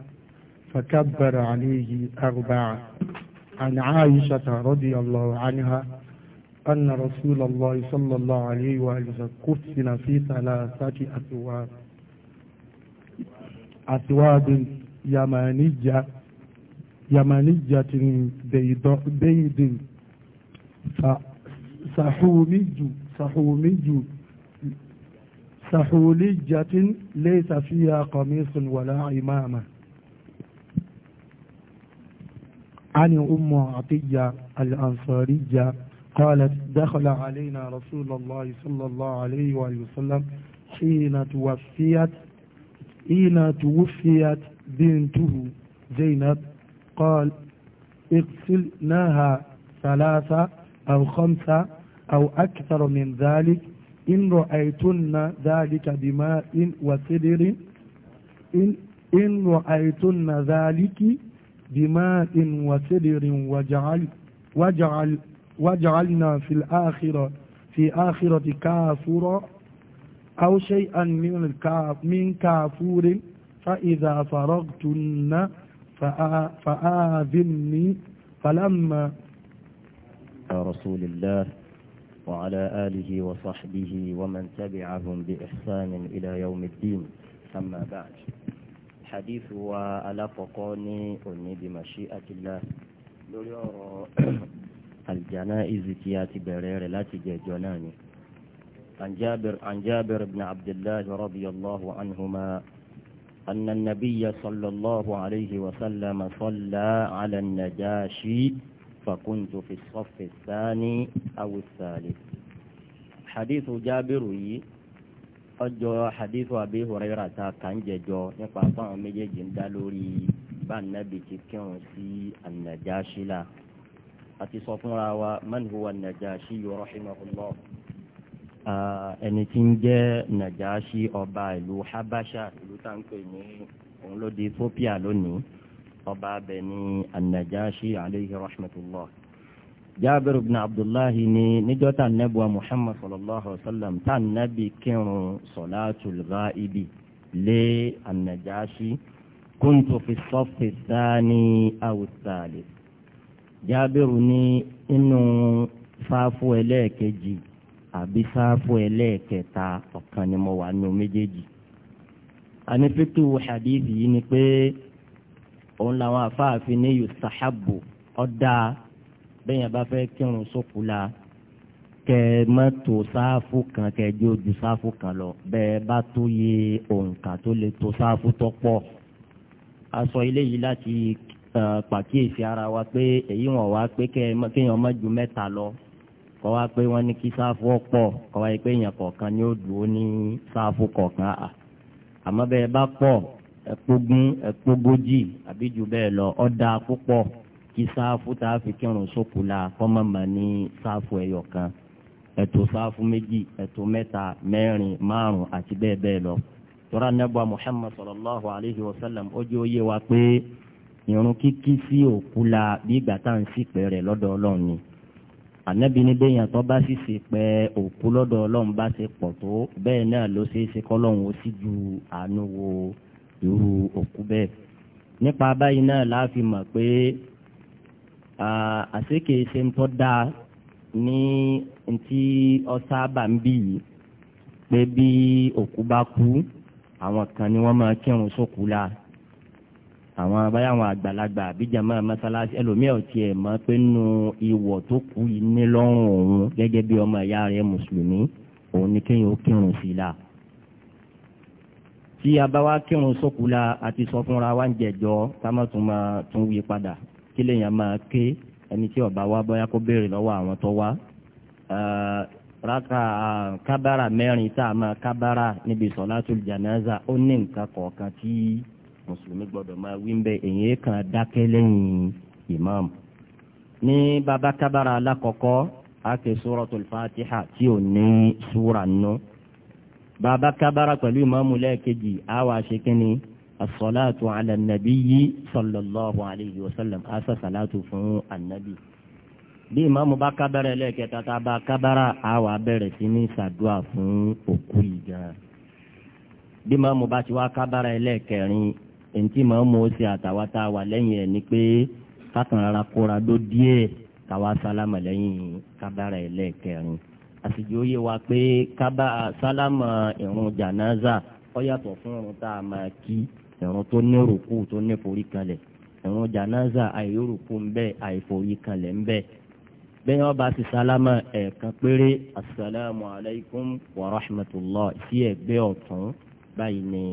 فكبر عليه أربعة عن عائشة رضي الله عنها أن رسول الله صلى الله عليه وآله كفن في ثلاثة أثواب أثواب يمانية يمانية بيض بيض فسحومي سحومي سحولجة ليس فيها قميص ولا عمامة عن أم عطية الأنصارية قالت دخل علينا رسول الله صلى الله عليه وآله وسلم حين توفيت حين توفيت بنته زينب قال اغسلناها ثلاثة أو خمسة أو أكثر من ذلك إن رأيتن ذلك بماء وسدر إن, إن رأيتن ذلك بماء وسدر وجعل وجعل وجعلنا في الآخرة في آخرة كافرة أو شيئا من الكاف من كافور فإذا فرغتن فآذني فلما رسول الله وعلى آله وصحبه ومن تبعهم بإحسان إلى يوم الدين أما بعد حديث فقوني أني بمشيئة الله الجنائز تيات برير لا تجي جناني عن جابر, عن جابر بن عبد الله رضي الله عنهما أن النبي صلى الله عليه وسلم صلى على النجاشي فكنت في الصف الثاني أو الثالث حديث جابر يي ọjọ́ hadith abi huraira ta kàn jẹjọ nípa fáwọn méjèèjì ń dá lórí bá nàbì ti kírun sí ànàjáṣí la àti sọ fúnra wa man huwa ànàjáṣí rahimahullah ẹni tí ń jẹ́ ànàjáṣí ọba ìlú habasha ìlú tá ń pè ní òun ló di ethiopia lónìí ọba abẹ ní anajashi aleyhi rahmatulah jaabir ibn abdullahi ni níjọ́ tá nẹ́bùa muhammad sallallahu alayhi wa sallam tá nẹ́bi kírun sọ̀láàtul ghaibi lé anajashi kuntu fi sọ́fì sáni awùsàlẹ̀ jaabir ni inú sáfù ẹlẹ́ẹ̀kejì àbí sáfù ẹlẹ́ẹ̀kẹta ọ̀kan ni mo wà nù méjèèjì. ànífẹ́tù hadith yìí ni pé òun làwọn afáàfin ní yusahabu ọ̀dà bẹ́ẹ̀ yẹn bá fẹ́ kírun sókù la kẹ mọ́tò sáfù kan kẹjọ ojú sáfù kan lọ bẹ́ẹ̀ bá tó yẹ òǹkà tó lè tó sáfù tó pọ̀ a sọ ilé yìí láti pàkíyèsí ara wa pé èyí wọn wá pé kéèyàn má ju mẹ́ta lọ kọ́ wá pé wọ́n ní kí sáfù ọ̀pọ̀ kọ́ wá pé èèyàn kọ̀ọ̀kan ni ó dùn ó ní sáfù kọ̀ọ̀kan àmọ́ bẹ́ẹ̀ bá pọ̀ ẹ̀kpógún ẹ̀kpógójì àbí jù bẹ́ẹ̀ lọ ọ̀dà púpọ̀ kí sáfù tá a fi kírun sókù la kọ́mọ̀mọ̀ ní sáfù ẹ̀yọ̀ kan ẹ̀tọ́ sáfù méjì ẹ̀tọ́ mẹ́ta mẹ́rin márùn àti bẹ́ẹ̀ bẹ́ẹ̀ lọ. tọ́ra nẹ́bà muhammad sallallahu alayhi wa sallam ó jẹ́ òye wa pé irun kíkí sí òkú la bí ìgbà ń sì pẹ́ rẹ̀ lọ́dọ̀ ọlọ́run ni. ànábi ní bẹ́yìn àtọ́ bá sì sì pẹ́ òkú lọ́dọ̀ ọlọ́run bá ṣe pọ̀ tó bẹ́ẹ̀ náà ló ṣeé ṣe kọ́lọ́run ó sì ju àánú wo irú òkú bẹ́ẹ̀ nípa báyìí náà láàfin mọ̀ pé àṣekè ṣe ń tọ́ da ní ntí ọ̀sáàbà ń yìí pé bí òkú bá kú àwọn kan ni wọ́n máa kírun sókú la àwọn abáyá àwọn àgbàlagbà àbíjàmọ́ mọ́sálásí ẹlòmíì ọ̀tí ẹ̀ mọ́ pé nínú ìwọ̀ tó kú yìí ní lọ́rùn òun gẹ́gẹ́ bí ọmọ ìyá rẹ̀ mùsùlùmí òun ni kéèyàn ó kírun sí i la tí a bá wá kírun sókù la àti sọ fúnra wa ń jẹjọ ká má tún máa tún wí padà kí lèèyàn máa ké ẹni tí ọba wa bóyá kó béèrè lọ́wọ́ àwọn tó wá raka kábàrà mẹ́rin tá a máa kábàrà níbi sọ̀látùl jànáza ó ní nǹkan kọ̀ọ̀kan tí mùsùlùmí gbọ́dọ̀ máa wí ń bẹ èyí kan dákẹ́ lẹ́yìn ìmáàmù ní baba kábàrà alákọ̀ọ́kọ́ a ké suratul fatiha tí ò ní súra nù. No bàbá kábàrà pẹ̀lú ìmáàmù lẹ́ẹ̀kejì àwa àṣekínni asọ́láàtù ala nabiyyi sallallahu alayhi wa sallam aṣọ sàlátù fún ànábì. bí ìmáàmù bá kábàrà lẹ́ẹ̀kẹta tá a bá kábàrà àwa bẹ̀rẹ̀ sí ní sàdúà fún òkú ìjà. bí ìmáàmù bá ti wá kábàrà lẹ́ẹ̀kẹrin èntì ìmáàmù ó ṣe àtàwátà wà lẹ́yìn ẹ̀ ni pé àtijọ́ yé wa pé kábà sálámà ìrun jànáza ó yàtọ̀ fún ìrun tá a máa kí ìrun tó ní rùkú tó ní forí kanlẹ̀ ìrun jànáza àìrùkú ń bẹ àìforí kanlẹ̀ ń bẹ bẹ́ẹ̀ wọ́n bá ti sálámà ẹ̀ẹ̀kan péré asalaamu alaykum wa rahmatulah sí ẹ̀gbẹ́ ọ̀tún báyìí ni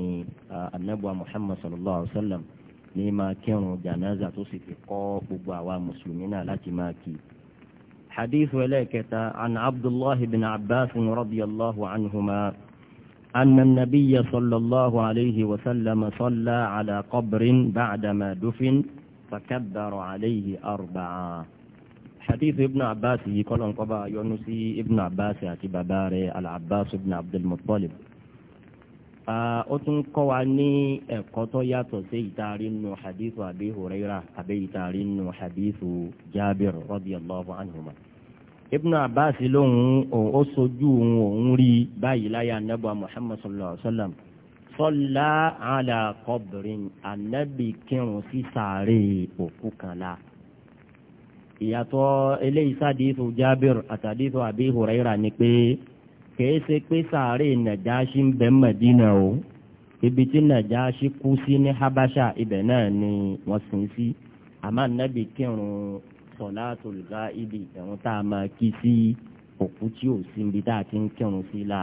anabuwa muhammad sallallahu alayhi wa sallam ní máa kírun jànáza tó sì fi kọ́ gbogbo àwa mùsùlùmí náà láti máa kí i. حديث ولاكة عن عبد الله بن عباس رضي الله عنهما أن النبي صلى الله عليه وسلم صلى على قبر بعدما دفن فكبر عليه أربعا حديث ابن عباس يقول انقبع يونسي ابن عباس اعتبابار العباس بن عبد المطلب ó tún kọ́ wa ní ẹ̀kọ́ tó yàtọ̀ sí ìtaari nù hadithu Abi Hurairah àbí ìtaari nù hadithu Jabir radiyallahu anhuma. Ibn Abbas lóhun òun ó sojú òun òun rí báyìí láyà nẹ́bà Muhammad sallallahu alayhi wa sallam sọ́lá àlà kọ́bìrin ànábì kírun sí sàárè òkú kan la. ìyàtọ̀ eléyìí sádìísù Jabir àtàdísù Abi Hurairah ni pé kìí ṣe pé sàárè nàjáṣí ń bẹ mẹ̀dínà o ibi tí nàjáṣí kú sí ní habasha ibẹ̀ náà ni wọ́n sin sí àmọ́ nẹ́bí kírun salatul ghaibi ìtẹ̀wọ́n tá a máa kí sí òkú tí ò sí ibi tá a ti ń kírun sí la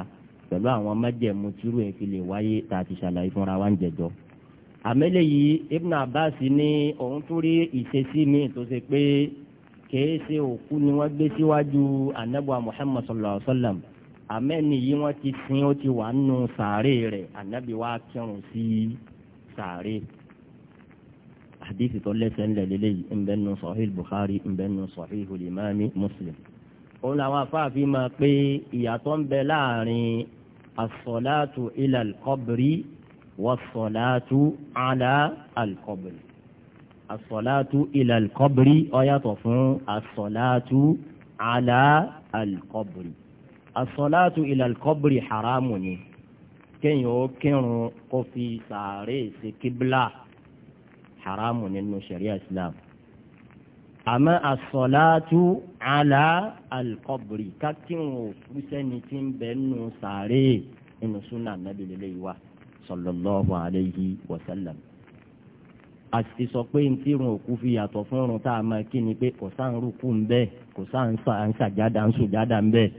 pẹ̀lú àwọn mẹ́jẹ̀mú tírú ẹ̀ fi lè wáyé tá a ti ṣàlàyé fúnra wa ń jẹjọ́ àmẹ́lẹ̀ Ibn Abbas ní òun tún rí ìṣesí mi tó ṣe pé kìí òkú ni wọ́n gbé síwájú anábọ̀ Muhammad sallallahu alaihi wa sallam àmẹ́ni yìí wọ́n ti sin ó ti wà nù sàárè rẹ̀ ànábì wa kírun sí sàárè àdìsí tó lẹ́sẹ̀ ńlẹ̀ lélẹ́yìí ńbẹ́ nù sọ̀hìl Bukhari ńbẹ́ nù sọ̀hìl olùmọ́mí Muslim. òun làwọn afáàfin máa pé ìyàtọ̀ ń bẹ láàrin asọ̀láàtù ilà alkọ́bìrì wọ́sọ̀láàtù àlà alkọ́bìrì. asọ̀láàtù ilà alkọ́bìrì ó fún asọ̀láàtù àlà alkọ́bìrì asọ́látù ìlàlkọ́bìrì haramu ni kéèyàn ó kírun kó fi sàárè sí kíbla haramu nínú sharia islam àmọ́ asọ́látù àlà alkọ́bìrì kákírun òkú sẹ́ni tí ń bẹ nù sàárè nínú súnà nàbí lélẹ́yìí wa sallallahu alayhi wa sallam àti sọ pé ntí irun òkú fi yàtọ̀ fún irun tá a máa kí ni pé kò sáà ń rúkú ń bẹ́ẹ̀ kò sáà ń sàjádà ń sùjádà ń bẹ́ẹ̀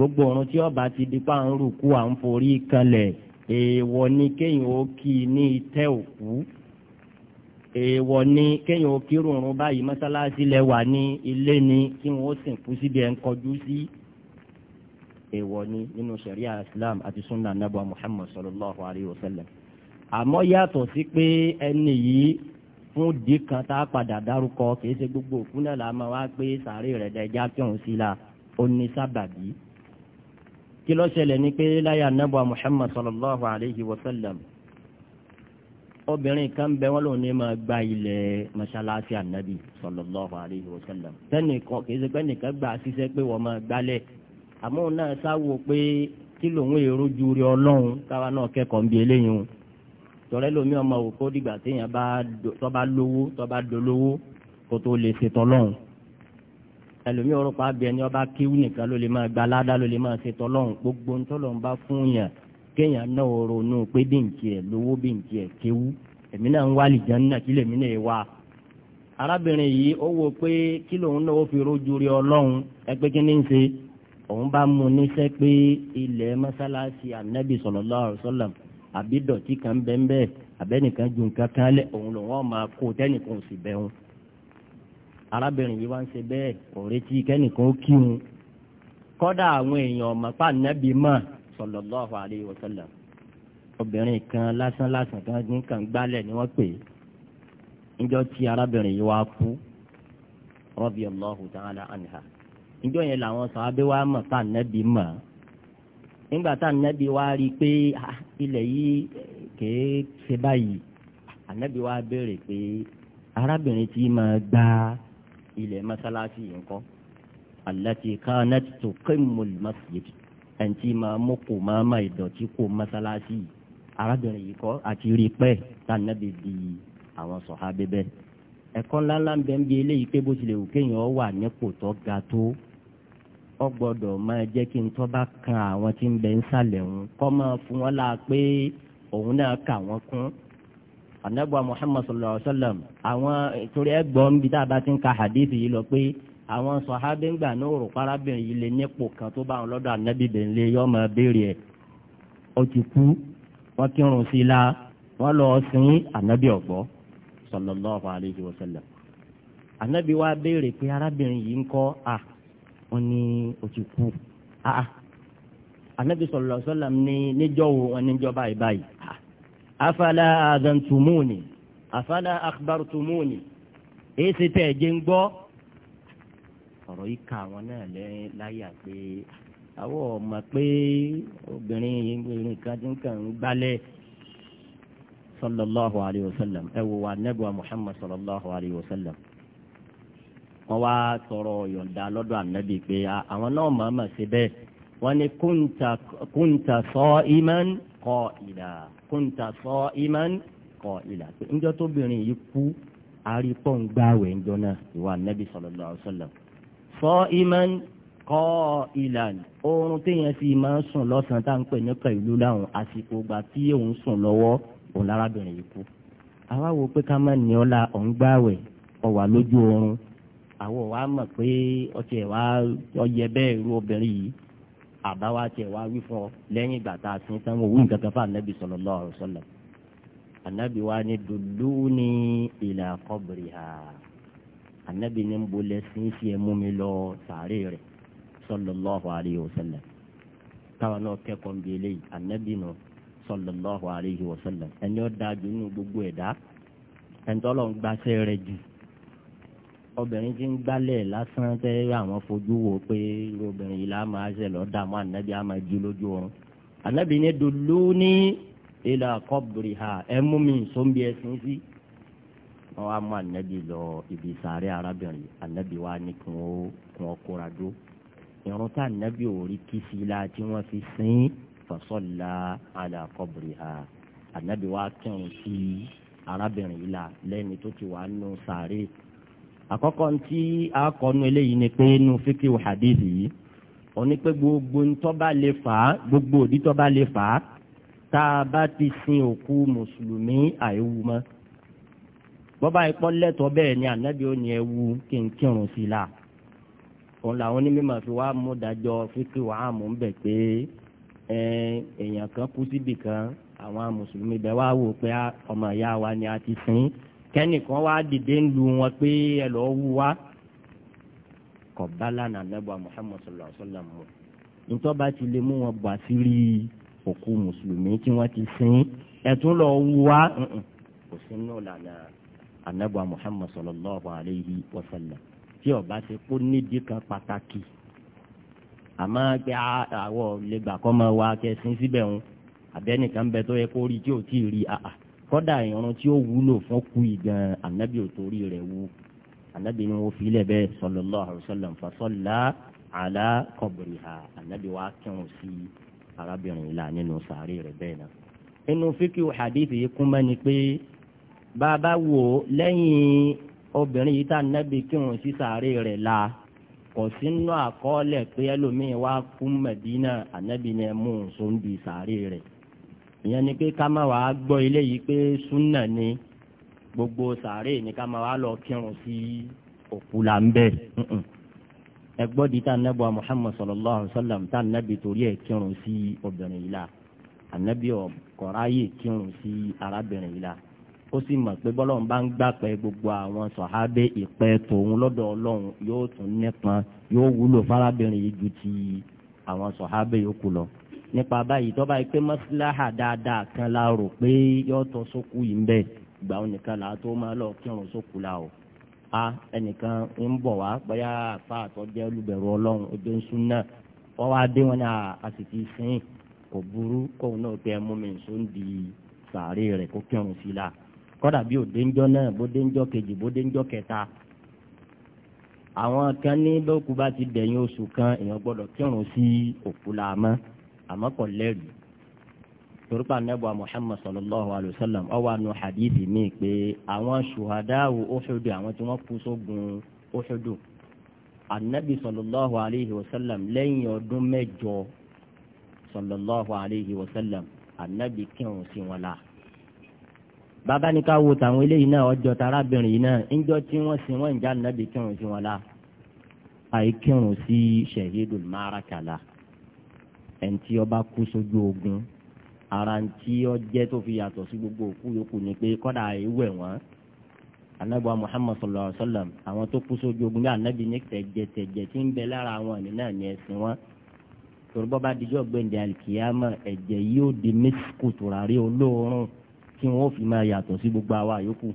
gbogbo ọ̀run tí ọba ti di pa ń rùkú à ń forí kanlẹ̀ èèwọ̀ ni kéèyàn ó kí i ní ìtẹ́ òkú èèwọ̀ ni kéèyàn ó kírun ọ̀run báyìí mọ́sálásí lẹ́wà ní ilé ni kí wọ́n ó sìnkú síbi ẹ̀ ń kọjú sí èèwọ̀ ni nínú sẹ̀ríà islam àti sunna nàbà muhammad sallallahu alayhi wa sallam àmọ́ yàtọ̀ sí pé ẹni yìí fún dìkan tá a padà dárúkọ kì í ṣe gbogbo òkú náà la máa wá pé sàárè rẹ̀ dẹjá kí òun sí la ó ní sábàbí kí ló ṣẹlẹ̀ ni pé láyà anábọ̀ Muhammad sallallahu alayhi wa sallam obìnrin kan bẹ wọn lòun ní máa gba ilẹ̀ mọ́ṣáláṣí ànábì sallallahu alayhi wa sallam tẹ́nìkan kì í ṣe pé nìkan gbà ṣiṣẹ́ pé wọ́n máa gbálẹ̀ àmọ́ òun náà sáwò pé kí lòun èrò ju rí ọlọ́run káwa náà kẹ́kọ̀ọ́ ń eléyìí o tọ́lẹ́ lomi ọmọ òkú dìgbà téèyàn bá tọ́ bá lówó tọ́ bá dolówó kó tó lè ṣe tọ́lọ́run ẹlòmíì ọ̀rọ̀ pa abẹ ni ọba kíw nìkan ló lè máa gba aládá ló lè máa ṣe tọlọ́run gbogbo ń tọ́lọ́run bá fún yàn kéèyàn náà ronú pé bí nkì ẹ̀ lówó bí nkì ẹ̀ kéwú èmi náà ń wá lìjàn náà kí lèmi náà wá. arábìnrin yìí ó wo pé kí lòun náà ó fi rójú rí ọlọ́run ẹ kí ni ń ṣe òun bá mú níṣẹ́ pé ilẹ̀ mọ́sálásí ànábì sallallahu alaihi arábìnrin yìí wá ń ṣe bẹ́ẹ̀ kò retí kẹ́nìkan ó kí wọn kọ́dà àwọn èèyàn ọ̀mọ̀ pàǹdàbí mọ̀ sallallahu alaihi wasallam obìnrin kan lásán lásán kan nìkan gbálẹ̀ ni wọ́n pè é níjọ́ tí arábìnrin yìí wá kú radiyallahu ta'ala anha níjọ́ yẹn làwọn sàábé wa mọ̀ pàǹdàbí mọ̀ nígbà tá ànábì wa rí i pé ah, ilẹ̀ yìí kèé ṣe báyìí ànábì wa béèrè pé arábìnrin tí máa gbá ilẹ̀ mọ́sálásí yìí kọ́ allati kanat tuqimmul masjid ẹ̀ǹtí máa mú kò máa má ìdọ̀tí kò mọ́sálásí yìí arábìnrin yìí kọ́ àti rí pẹ́ di àwọn sọ̀hábẹ́ bẹ́ẹ̀. ẹ̀kọ́ ńláńlá ń bẹ ń bi eléyìí pé bó tilẹ̀ wù kéèyàn wà nípò tó ga tó ọ gbọ́dọ̀ máa jẹ́ kí n tó bá kan àwọn tí ń bẹ ń sàlẹ̀ òun kọ́ máa fún wọn láà pé òun náà kà wọ́n kún anabuwa muhammad sallallahu alaihi wa sallam àwọn torí ẹgbọn bí tá a bá ti ń ka hadith yìí lọ pé àwọn sọ̀hábí ń gbà náà rò parábìnrin yìí lè nípò kan tó bá wọn lọ́dọ̀ anabi bẹ̀ńlẹ̀ yọ ọmọ béèrè ẹ̀ ó ti kú wọ́n kírun sí i la wọ́n lọ sin anabi ọ̀gbọ́ sallallahu alaihi wa sallam anabi wa béèrè pé arábìnrin yìí ń kọ́ à wọ́n ní ó ti kú àà anabi sallallahu alaihi wa sallam ní níjọ́ wo wọn níjọ́ báyìí báyìí afala adantumuni afala akhbartumuni èyí ṣe tẹ̀ jẹ́ ń gbọ́ ọ̀rọ̀ yìí ka àwọn náà láyà pé àwọn ọmọ pé obìnrin obìnrin kan ti ń kàn ń gbálẹ̀ sallallahu alayhi wa sallam ẹ wo wa nẹ́bùa muhammad sallallahu alayhi wa sallam wọ́n wá tọrọ yọ̀ǹda lọ́dọ̀ ànábì pé àwọn náà màmá ṣe bẹ́ẹ̀ wọ́n ní kunta kunta sa'iman. So qa'ila kunta sa'iman qa'ila pé ńjọ́ tóbìnrin yìí kú arípọ̀ ń gbààwẹ̀ ńjọ́ náà ìwà nẹ́bí sallallahu alaihi wasallam sa'iman qa'ila oorun téèyàn fi máa ń sùn lọ́sàn-án tá à ń pè ní kàìlú láwọn àsìkò ìgbà tí òun sùn lọ́wọ́ òun lárábìnrin yìí kú àwa wo pé ká má ní ọlá ọ̀ ń gbààwẹ̀ ọ̀ wà lójú oorun àwọn wa mọ̀ pé ọtí ẹ̀ wá ọyẹ bẹ́ẹ̀ irú obìnrin yìí àbáwá tiẹ̀ wá wí fún ọ lẹ́yìn ìgbà tá a sin tán wò wí nǹkan kan fún anabi sallallahu alaihi wasallam anabi wa ni dulluni ila qabriha anabi ni ń bolẹ̀ sí sí ẹ mú mi lọ sàárè rẹ̀ sallallahu alaihi wasallam táwọn náà kẹ́kọ̀ọ́ ń bi eléyìí anabi náà sallallahu alaihi wasallam ẹni ó dáa jù nínú gbogbo ẹ̀dá ẹ̀ńtọ́ lọ́n gbàṣẹ́ rẹ̀ jù obìnrin tí ń gbálẹ̀ lásán tẹ́ àwọn fojú wo pé obìnrin yìí láà máa ṣe lọ́ọ́ dààmú ànábì á máa jí lójú oorun ànábì ní dolú ní ilà kọ́bùrì ha ẹ mú mi sóńbi ẹsìn sí wọn wá mú ànábì lọ ibi sàárẹ̀ arábìnrin ànábì wá ní kí wọ́n kóra dó irun tá ànábì ò kí sí la tí wọ́n fi sin fasọ́lá àlà kọ́bùrì ha ànábì wá kírun sí arábìnrin yìí la lẹ́ni tó ti wà nù sàárẹ̀ àkọ́kọ́ tí a kọnu eléyìí ni pé inú fíkì hadith yìí òní pé gbogbo ntọ́ba lè fà á gbogbo òdì tọ́ba lè fà á tá a bá ti sin òkú mùsùlùmí àìwú mọ́ bọ́bá ipọ́ lẹ́tọ̀ọ́ bẹ́ẹ̀ ni ànábì ó ní ẹwu kí n kírun sí i la òun làwọn onímọ̀ fi wá mú dájọ́ fíkì wàá mú bẹ̀ pé èèyàn kan kú síbì kan àwọn mùsùlùmí bẹ́ẹ̀ wá wò pé ah, ọmọ ìyá wa ni a ti sin kẹ́nìkan wá dìde ń lu wọn pé ẹ lọ wú wa kọ̀ bá lánàá nẹ́bọ̀ Muhammad sallallahu alaihi wasallam mọ́ nítorí bá ti lè mú wọn bọ̀ àṣírí òkú mùsùlùmí tí wọ́n ti sin ẹ̀tún lọ wú wa kò sínú lànà anabuwa Muhammad sallallahu alaihi wasallam tí ọba ṣe kó nídìí kan pàtàkì àmọ́ pé àwọ̀ lè gbà kọ́ máa wá kẹsìn síbẹ̀ ń abẹ́nìkan bẹ tó yẹ kó rí tí ò tí ì rí àà kọ́dà ìrun tí ó wúlò fún kú ìgbọ̀n ànábì òtórí rẹ̀ wú ànábì ni wọ́n fi ilẹ̀ bẹ́ẹ̀ sallallahu alaihi wasallam fasalla ala qabriha ànábì wa kírun sí arábìnrin ìlà nínú sàárè rẹ̀ bẹ́ẹ̀ náà. inú fíkì hadith yìí kún mẹ́ni pé bàbá wo lẹ́yìn obìnrin yìí tá ànábì kírun sí sàárè rẹ̀ la kò sínú àkọọ́lẹ̀ pé ẹlòmíín wá kú Mẹ̀dínà ànábì ni ẹ mú un sóńdì sàárè rẹ̀ ìyẹn ni pé ká má wàá gbọ́ ilé yìí pé súnà ni gbogbo sàárè ni ká má wàá lọ kírun sí òkú là ń bẹ̀ ẹgbọ́n di tá nẹ́bọ̀ Muhammad sallallahu alayhi wa sallam tá nẹ́bi torí ẹ̀ kírun sí obìnrin yìí la ànẹ́bí ọ̀kọ̀rá yìí kírun sí arábìnrin yìí la ó sì mọ̀ pé bọ́lọ́run bá ń gbàpẹ́ gbogbo àwọn sọ̀hábẹ́ ìpẹ́ tòun lọ́dọ̀ ọlọ́run yóò tún nípọn yóò wúlò fárábìnrin yìí ju ti àwọn sọ̀hábẹ́ yòókù lọ nípa báyìí tọ́ba yìí pé mọ́síláhà dáadáa kan la rò pé yóò tọ́ sókù yìí ń bẹ̀ gbà ó là á tó máa lọ kírun sókù la o. a ẹnìkan ń bọ̀ wá bóyá àfa àtọ́jẹ́ olùbẹ̀rù ọlọ́run ojú ń sún náà wọ́n wá dé wọn náà a sì ti sìn kò burú kóun náà pé ẹmu mi nsó ń di sàárè rẹ̀ kó kírun sí la kọ́dà bí òdéńjọ́ náà bódéńjọ́ kejì bódéńjọ́ kẹta àwọn kan ní lókùbá ti dẹ̀yìn oṣù kan èèyàn gbọ́dọ̀ kírun sí òkú la mọ́ àmọ́ kò lẹ́rù torípa nẹ́bùa muhammad sallallahu alayhi wa sallam ọwọ́ àánú hadithi mi pé àwọn ṣùhàdáwò Uhud àwọn tí wọ́n kú sógun Uhud anabi sallallahu alayhi wa sallam lẹ́yìn ọdún mẹ́jọ sallallahu alayhi wa sallam anabi kírun sí wọn la. bàbá ní ká wo tàwọn eléyìí náà ọjọ́ tarábìnrin yìí náà ńjọ́ tí wọ́n sin wọ́n ń já anabi kírun sí wọn la àìkírun sí shahidul maraka la ẹni tí ó bá kú sójú ogun ara tí ó jẹ́ tó fi yàtọ̀ sí gbogbo òkú yòókù ni pé kọ́dà ewé wọn anabiwa muhammad sallallahu alaihi wa sallam àwọn tó kú sójú ogun ní anabi ní tẹ̀jẹ̀tẹ̀jẹ̀ tí ń bẹ lára àwọn ẹni náà ní ẹ̀sìn wọn torúbọ́ bá dijọ́ gbẹ̀ǹdẹ̀ alikiyama ẹ̀jẹ̀ yóò di mẹ́sìkù tùràrí olóòórùn tí wọ́n fi máa yàtọ̀ sí gbogbo àwa yòókù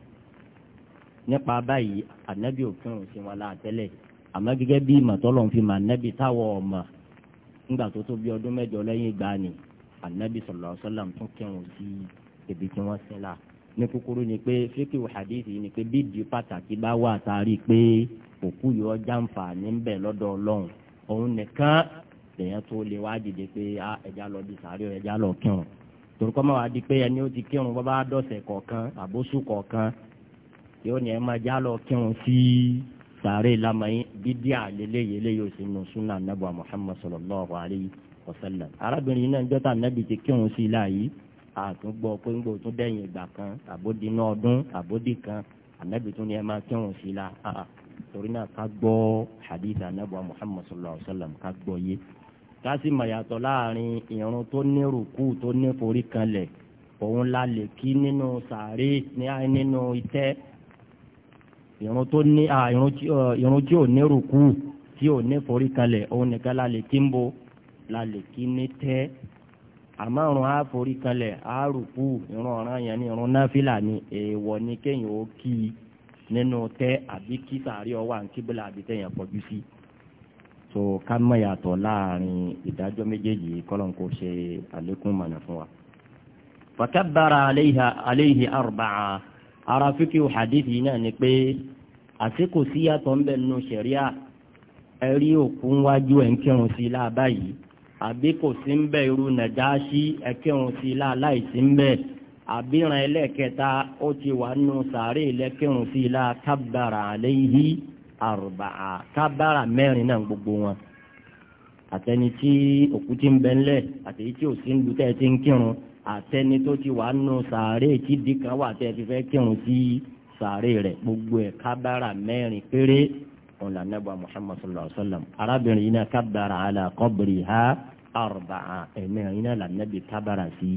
nípa báyìí anabi òfin òsìn wọn la tẹ́lẹ̀ àmọ́ gẹ́gẹ́ bí ìmọ̀tọ́lọ́ fi mọ anabi táwọn ọmọ nígbà tó tó bí ọdún mẹ́jọ lẹ́yìn ìgbà ni anabi sọlọ sọlọm tún kírun sí ibi tí wọ́n sin la ní kúkúrú ni pé fíkì hadith ni pé bí di pàtàkì bá wà sáré pé òkú yìí ọjà ń fà ní bẹ̀ lọ́dọ̀ ọlọ́run òun nìkan lèyàn tó lè wá dìde pé ẹja lọ di sáré ẹja lọ kírun torúkọ máa wá di pé ẹni ó ti kírun bọ́ bá dọ̀sẹ̀ kọ̀ọ̀kan àbóṣù kọ̀ọ̀kan yóò ní ẹ máa já lọ kírun sí i sàárè lamẹ́yìn bídíà lélẹ́yìí eléyìí ò sí nù súnà nàbà muhammad sallallahu alayhi wa sallam. arábìnrin yìí náà jọ́ta nàbì ti kírun sí i láàyè àtúgbọ́ pé ń gbòó tún dẹ́yìn ìgbà kan àbódìínà ọdún àbódì kan ànábì tún ní ẹ máa kírun sí i la torí náà ká gbọ́ hadith ànábì muhammad sallallahu alayhi wa sallam ká gbọ́ yé ká sì láàrin ìrun tó ní rùkú tó ní forí kanlẹ̀ òun la lè kí nínú sàárè ní ìrun tó ní ìrun tí ò ní rùkú tí ò ní forí kalẹ̀ òun nìkan la lè kí ń bo la lè kí ní tẹ́ àmọ́ ìrun á forí kalẹ̀ á rùkú ìrun ọ̀ràn yẹn ní ìrun náfìlà ni èèwọ̀ ni kéèyàn ó kí i nínú tẹ́ àbí kí sàárì ọwọ́ àǹkíbílà àbí tẹ̀yàn kọjú sí so ká mọ̀ yàtọ̀ láàrin ìdájọ́ méjèèjì kọ́lọ́n kò ṣe àlékún mọ̀nà fún wa. fàkàbàrà àléhì àrùbà ara fíkì hadithi yìí náà ni pé àsìkò sí yàtọ̀ ń bẹ nínú ṣẹ̀ríà ẹ̀rí òkú wájú ẹ̀ ń kírun sí ilá báyìí àbí kò sí ń bẹ irú nàjáṣí ẹ̀ kírun sí ilá láìsí ń bẹ àbíran ẹlẹ́ẹ̀kẹta ó ti wà nínú sàárè lẹ́kírun sí ilá kábàrà àléhí àrùbàá kábàrà mẹ́rin náà gbogbo wọn àtẹni tí òkú ti ń bẹ ńlẹ̀ àtẹ̀yí tí ò lu tẹ́ ẹ ti ń kírun àtẹni tó ti wà nù sàárè tí dìkan wà tẹ́ ti fẹ́ kírun sí sàárè rẹ̀ gbogbo ẹ̀ kábàrà mẹ́rin péré ọ̀là nẹ́bà muhammad sallallahu alayhi wa sallam arábìnrin yìí náà kábàrà àlà kọ́bìrì ha arba'a ẹ̀mẹ́rin yìí náà lànàbì kábàrà sí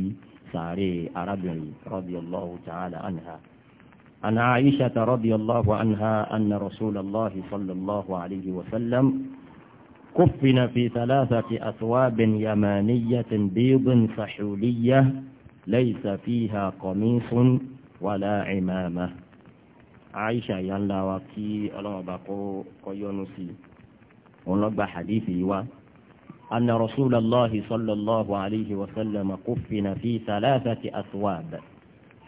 sàárè arábìnrin radiyallahu ta'ala anha. عن عائشة رضي الله عنها أن رسول الله صلى الله عليه وسلم كفن في ثلاثة أثواب يمانية بيض فحولية ليس فيها قميص ولا عمامة عائشة يلا وكي الله بقو قيونسي ونبع حديثي و أن رسول الله صلى الله عليه وسلم كفن في ثلاثة أثواب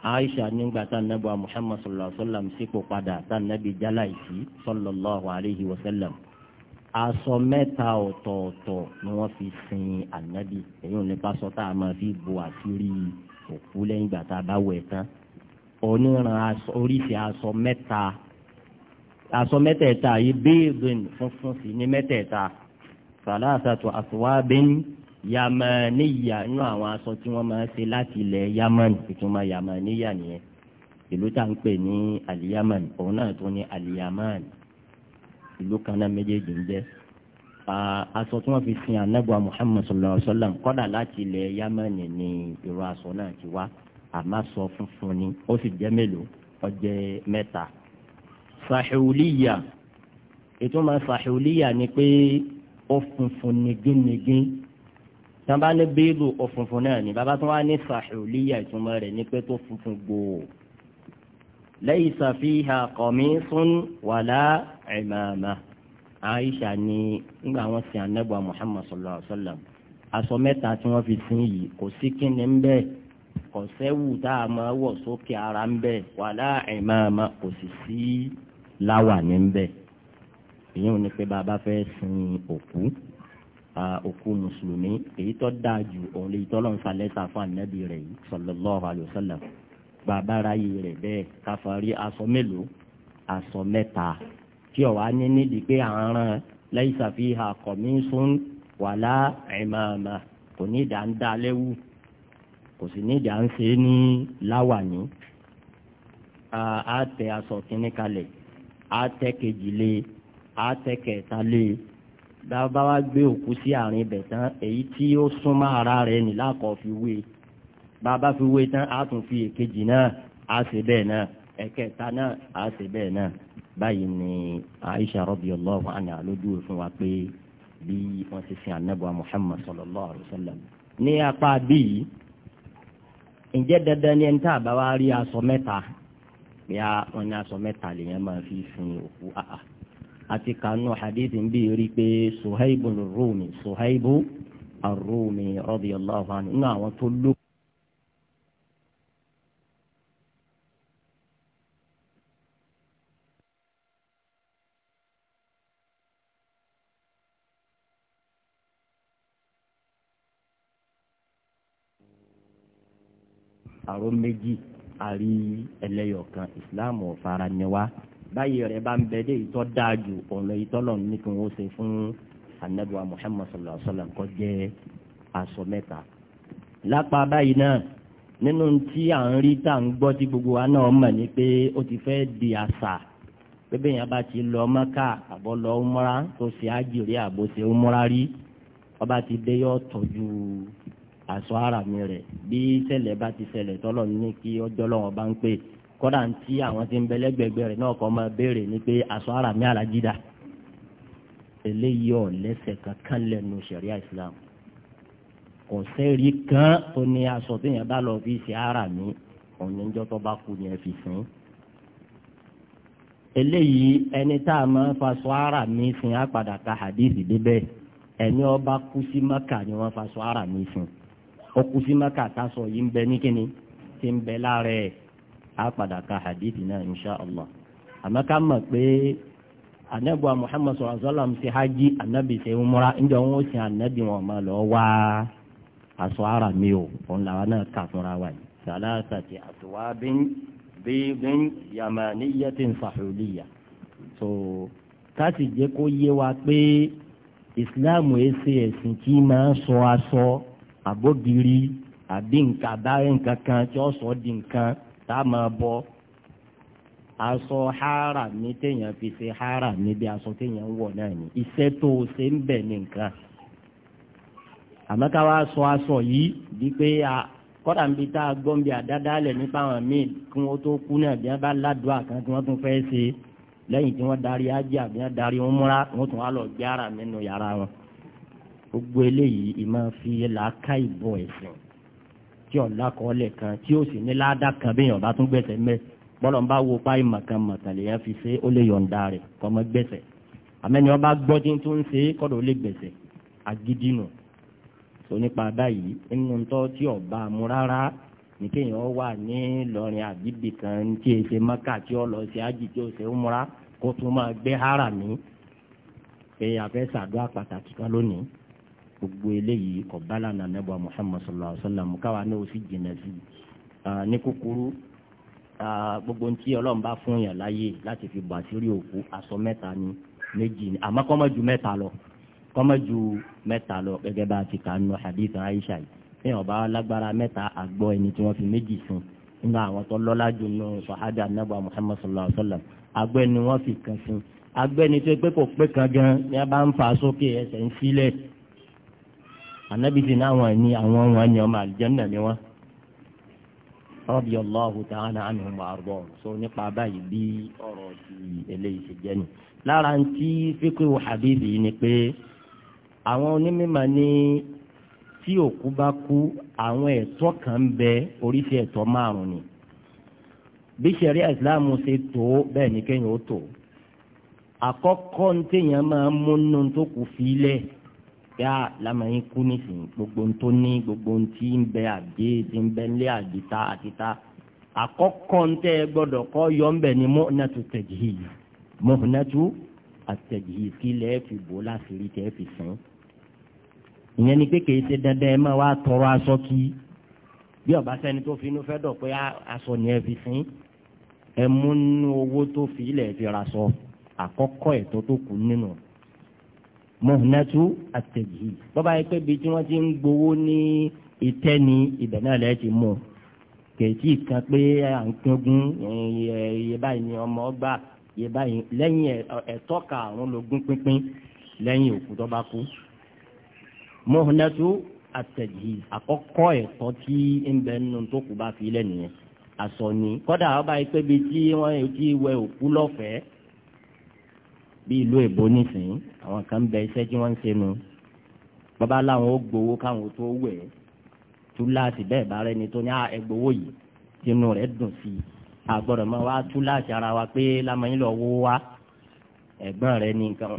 aisha nígbà tá nabi muhammad sallallahu alaihi wa sallam sípò padà tá nabi jalaisi sallallahu alaihi aṣọ mẹ́ta ọ̀tọ̀ọ̀tọ̀ ni wọ́n fi sin ànábì èyí ò ní pásọ tá a máa fi bo àṣírí òkú lẹ́yìn ìgbà tá a bá wẹ̀ tán oníran oríṣi aṣọ mẹ́ta aṣọ mẹ́tẹ̀ẹ̀ta yìí béèbìn funfun sí ní mẹ́tẹ̀ẹ̀ta sàlásàtò àtúwábìn yamaniya inú àwọn aṣọ tí wọ́n máa ń ṣe láti ilẹ̀ yamani ìtumọ̀ yamaniya nìyẹn ìlú tá à ń pè ní aliyaman òun náà tún ní aliyaman ìlú kan náà méjèèjì ń jẹ́ aṣọ tí wọ́n fi sin anábọ̀ muhammad sallallahu alaihi wa sallam kọ́dà láti ilẹ̀ yamani ni ìró aṣọ náà ti wá àmọ́ aṣọ funfun ni ó sì jẹ́ mélòó ó jẹ́ mẹ́ta. sàhùlíyà ìtumọ̀ sàhùlíyà ni pé ó funfun nigínigín tí wọ́n bá ní bílù ó funfun náà ni bàbá tí wọ́n á ní sàhùlíyà ìtumọ̀ rẹ̀ ni pé tó funfun gbòò laysa fiha qamisun wala imama aisha ni nígbà wọn sin anabu muhammad sallallahu alaihi wa sallam aṣọ mẹ́ta tí wọ́n fi sin yìí kò sí kíni ń bẹ́ẹ̀ kò sẹ́wù tá a máa wọ̀ sókè ara ń bẹ́ẹ̀ wala imama kò sì sí láwà ní ń bẹ́ẹ̀ ìyẹn ò ní pé bàbá fẹ́ sin òkú òkú mùsùlùmí èyí tó dáa jù òun lè tọ́lọ́ ń falẹ́ sàfún ànábì rẹ̀ yìí sallallahu alaihi wa sallam babara ráyè rẹ̀ bẹ́ẹ̀ káfárí aṣọ mélòó aṣọ mẹ́ta tí ọ̀wá ní nídìí pé àárán lẹ́yìn ṣàfihàn kọ̀míṣún wàlá ìmàmà kò ní ìdá ń dá lẹ́wù kò sì ní ìdá ń ṣe é ní láwàní. a tẹ aṣọ kínní kalẹ̀ a kejì lé a kẹta lé dábàá wá gbé òkú sí àárín ibẹ̀ tán èyí tí ó súnmọ́ ara rẹ̀ ní lákọ̀ọ́ fi wé e bàbá fi wé tán a tún fi èkejì náà a ṣe bẹ́ẹ̀ náà ẹ̀kẹta náà a ṣe bẹ́ẹ̀ náà báyìí ni Aisha radiyallahu anha lójú fún wa pé bí wọ́n ti sin anábọ̀ Muhammad sallallahu alayhi wa sallam ní apá bíi ǹjẹ́ dandan ni ẹni tá a bá wá rí aṣọ mẹ́ta bí wọn ní aṣọ mẹ́ta lèèyàn máa fi sin òkú àà àti kanú hadith ń bí rí pé Suhaibu Rumi Suhaibu Arumi radiyallahu anhu nínú àwọn tó lò. àrò méjì àrí ẹlẹ́yọ̀kan islam ọ̀fara ni wá báyìí rẹ̀ bá ń bẹ dé ìtọ́ dáa ju ọ̀nà ìtọ́lọ̀ ní kí wọ́n ṣe fún anabiwa muhammad sallallahu alaihi wa sallam kọ́ jẹ́ aṣọ mẹ́ta. lápá báyìí náà nínú tí à ń rí tá à ń gbọ́ tí gbogbo wa náà mọ̀ ni pé ó ti fẹ́ di àṣà pé bẹ́ẹ̀ yẹn bá ti lọ mọ́kà àbọ̀ lọ umra tó ṣe àjèrè àbò ṣe rí ọba ti dé yọ tọ́jú aṣọ ara mi rẹ̀ bí ṣẹlẹ̀ bá ti ṣẹlẹ̀ tọ́lọ̀ ní kí ọjọ́ lọ́wọ́ bá ń pè kọ́dà ń tí àwọn ti ń bẹ lẹ́gbẹ̀gbẹ̀ rẹ̀ náà kọ́ máa béèrè ni pé aṣọ ara mi alájídà eléyìí ọ̀ lẹ́sẹ̀ kankan lẹ́nu ṣẹ̀ríà Islam kò sẹ́rí kan tó ní aṣọ téèyàn bá lọ fi ṣe ara mi ọ̀nìjọ́ tó bá kú yẹn fi sìn. eléyìí ẹni tá a máa faṣọ ara mi sìn á padà ka hadith débẹ̀ ẹni ó kú sí Mẹ́kà ni wọ́n faṣọ ara mi sìn ọkù sí maka tasọ yìí ń bẹ ní kíni tí ń bẹ láàrẹ ẹ á padà ka hadithi náà insha allah àmọ́ ká mọ̀ pé anabuwa muhammad sọ̀rọ̀ sọ́làm sí hajj anabi ṣe ń múra ń jọ wọn sin anabi wọn ma lọ wá aṣọ ara mi o òun làwọn náà kà fúnra wa yìí salasati atuwabin bíbin yamaniyatin fahuliya so ká jẹ́ kó yé wa pé ìsìláàmù ẹsẹ̀ ẹ̀sìn kí máa ń sọ aṣọ. Abogiri àbí nǹkan abáyé nǹkan kan tí ó sọ di nǹkan tá a máa bọ aṣọ hara mi téèyàn fi ṣe hara mi bí aṣọ téèyàn ń wọ̀ náà ni iṣẹ́ tó o ṣe ń bẹ̀ ní nǹkan àmọ́ ká wá sọ aṣọ yìí di pé a kọ́dà ń bi tá a gbọ́n bí àdádálẹ̀ nípa àwọn míì kí wọ́n tó kú náà bí wọ́n bá ládùá kan tí wọ́n tún fẹ́ ṣe lẹ́yìn tí wọ́n darí ájì àbí wọ́n darí wọn múra wọ́n tún wá lọ gbé ara mi nù yàrá wọn gbogbo eléyìí ìmọ̀ fi làákà ìbọn ẹ̀sìn tí ọ̀la kọ́lẹ̀ kan tí ó sì ní ládà kan bí èèyàn bá tún gbẹ̀sẹ̀ mẹ́ bọ́lọ̀ ń bá wo páì mọ̀kan mọ̀tàn lèyàn fi ṣe ó lè yọ̀ǹda rẹ̀ kọ́mọ gbẹ̀sẹ̀ àmẹ́ni ọba gbọ́ tí tó ń ṣe kọ́dọ̀ ó lè gbẹ̀sẹ̀ agídínù tó nípa báyìí nínú tọ́ tí ọba mu rárá ní kéèyàn wà ní lọrin àbíbì kan tí èsè mọ́kà tí ó lọ sí ájì tí ó ṣe ń múra kó tún máa gbé hárà ní pé àfẹ́ sàdúrà kan lónìí gbogbo eléyìí kò bá lànà nẹ́bà muhammad sallallahu alayhi wa sallam káwa náà ó sì jìnnà sí i ní kúkúrú gbogbo ntí ọlọ́run bá fún yàn láyè láti fi bọ̀ àṣírí òkú aṣọ mẹ́ta ni méjì ni àmọ́ kọ́ mọ́ ju mẹ́ta lọ kọ́ mọ́ ju mẹ́ta lọ gẹ́gẹ́ bá a ti kà nù hadith aisha yìí fẹ́yìn ọba lágbára mẹ́ta àgbọ̀ ẹni tí wọ́n fi méjì fún nínú àwọn tó lọ́lá jù nù sọ̀hádà nẹ́bà muhammad sallallahu alayhi wa sallam àgbẹ̀ ni wọ́n fi kàn fún àgbẹ̀ ni ànábì na náà wọn ni àwọn wọn ọmọ àlùjànnà ni wọn radiyallahu ta'ala anhum wa so nípa báyìí bí ọ̀rọ̀ ti eléyìí ṣe jẹ́ ni lára ń tí fíkúrú habibi ni pé àwọn onímọ̀ ni tí òkú bá kú àwọn ẹ̀tọ́ kan ń bẹ oríṣi ẹ̀tọ́ márùn ni bí sẹ̀rí ìsìláàmù ṣe tó bẹ́ẹ̀ ni kéèyàn ó pé à ah, lámàyín kú nísìnyí gbogbo ń tó ní gbogbo ń tí ń bẹ àdé tí ń bẹ nílé àdìta àtìta àkọ́kọ́ ń tẹ́ ẹ gbọ́dọ̀ kọ́ yọ ń bẹ̀ ni mọ́nàtú tẹ̀jìhì mọ́nàtú àtẹ̀jìhì kí lẹ́ẹ̀ fi bò láṣìírí tẹ́ fi sàn. ìyẹn ni pé kìí ṣe dandan ẹ máa wá tọrọ aṣọ kí bí ọba sẹni tó fi inú fẹ́ dọ̀ pé ah, aṣọ ni ẹ fi sìn ẹ mú owó tó fi ilẹ̀ fi ra àkọ́kọ́ ẹ̀tọ́ tó kù nínú. No mọ̀húnátú àtẹ̀jì bọ́bá yẹ pé bí tí wọ́n ti ń gbowó ní ìtẹ́ ni ibẹ̀ náà lẹ́ẹ̀ ti mú kèétí kan pé à ń kángun iye báyìí ni ọmọ ọgbà iye báyìí lẹ́yìn ẹ̀tọ́ karùn-ún lógún pínpín lẹ́yìn òkú tó bá kú mọ̀húnátú àtẹ̀jì àkọ́kọ́ ẹ̀tọ́ tí ń bẹ nínú tó kù bá fi lẹ́nìyẹn àsọ ni kọ́dà ọba yẹ pé bí tí wọ́n ti wẹ òkú lọ́fẹ̀ẹ́ bí ìlú èbó nísìnyí àwọn kan bẹ iṣẹ́ tí wọ́n ń ṣe nu bàbá làwọn ó gbowó káwọn tó wẹ̀ túláàsì bẹ́ẹ̀ bá rẹ ni tó ní ẹgbowó yìí tinú rẹ̀ dùn sí i àgbọ̀dọ̀ máa wá túláàsì ara wa pé lamẹ́yìn lọ wó wá ẹ̀gbọ́n rẹ̀ ní nǹkan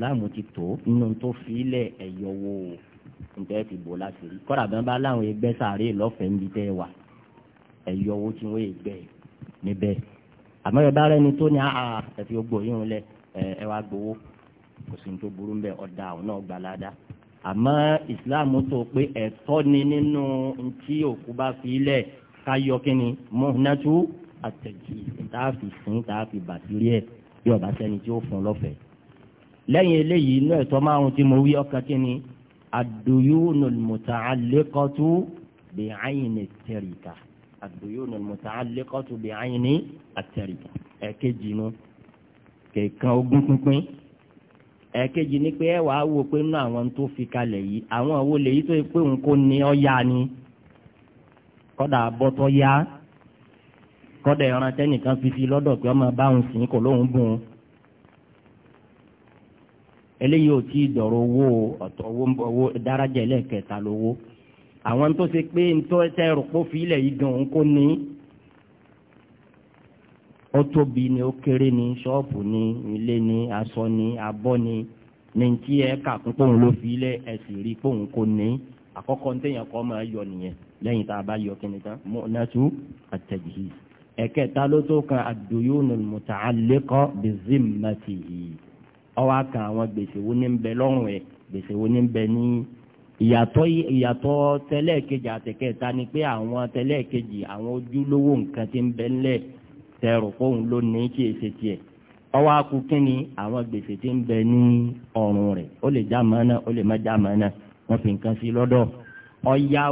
láàmú ti tó nínú tó fi lẹ̀ ẹ̀yọ̀ wò ó nítorí ti bò láti rí kọ́dà bẹ́ẹ̀ bá láwọn ẹgbẹ́ sàárè lọ́fẹ̀ẹ́ ń bi tẹ́ wà ẹ̀yọ̀ owó tí wọ́n ẹgbẹ́ níbẹ̀ àmọ́ ẹ bá rẹ́ni tó ní àà ẹ̀fi gbòòyìn lẹ̀ ẹ wá gbowó kò sí ní tó burú bẹ́ẹ̀ ọ̀dà àwọn náà gbà ládàá àmọ́ islam tó pé ẹ̀tọ́ ni nínú tí òkú bá fi lẹ̀ káyọ kínní mọ́nàtú àtẹ̀jì tá a fi sìn tá a fi bàtírí ẹ̀ bí ọ̀bá sẹ́ni tí ó fún lọ́fẹ̀ẹ́ lẹ́yìn eléyìí inú ẹ̀tọ́ márùn tí mo wí ọkàn kínní ad-duyunul muta'alliqatu bi'ayni at-tarika ad-duyunul muta'alliqatu bi'ayni at-tarika ẹ̀kejì nu. No kẹ̀kan ogún pínpín ẹ̀ẹ́kejì ni pé ẹ wàá pé nínú àwọn tó fi kalẹ̀ yìí àwọn lè yìí tó pé òun kò ní ọ̀ya ni kọ́dà bọ́tọ̀ yá kọ́dà ẹran tẹ́nìkan fífi lọ́dọ̀ pé ọmọ bá òun sìn kò lóun bùn eléyìí ò tí ì dọ̀rọ̀ owó ọ̀tọ̀ owó dárájà lówó àwọn tó ṣe pé ntọ́ ó tóbi ni ó kéré ni ṣọ́ọ̀pù ni ilé ni aṣọ ni abọ́ ni ní tí ẹ kà kún póun ló fi ilé ẹ sì rí póun kò ní àkọ́kọ́ ní téèyàn kọ́ máa yọ nìyẹn lẹ́yìn tá a bá yọ kíni tán mọ́nàtú àtẹ̀jì ẹ̀kẹta ló tó kan ad-duyunul muta'alliqa bizimmatihi ọwọ́ kan àwọn gbèsè wo ní bẹ lọ́rùn ẹ̀ gbèsè wo ní bẹ ní ìyàtọ̀ ìyàtọ̀ tẹ́lẹ̀kejì àtẹ̀kẹta ni pé àwọn tẹ́lẹ̀kejì àwọn ojúlówó nǹkan ti ń bẹ ńlẹ̀ tẹ́ rò pé òun ló ní kí èsì tiẹ̀ ọwọ́ akú kínni àwọn gbèsè tí ń bẹ ní ọrùn rẹ̀ ó lè já mọ́ náà ó lè má já mọ́ náà wọ́n fi nǹkan sí lọ́dọ̀ ọ̀ya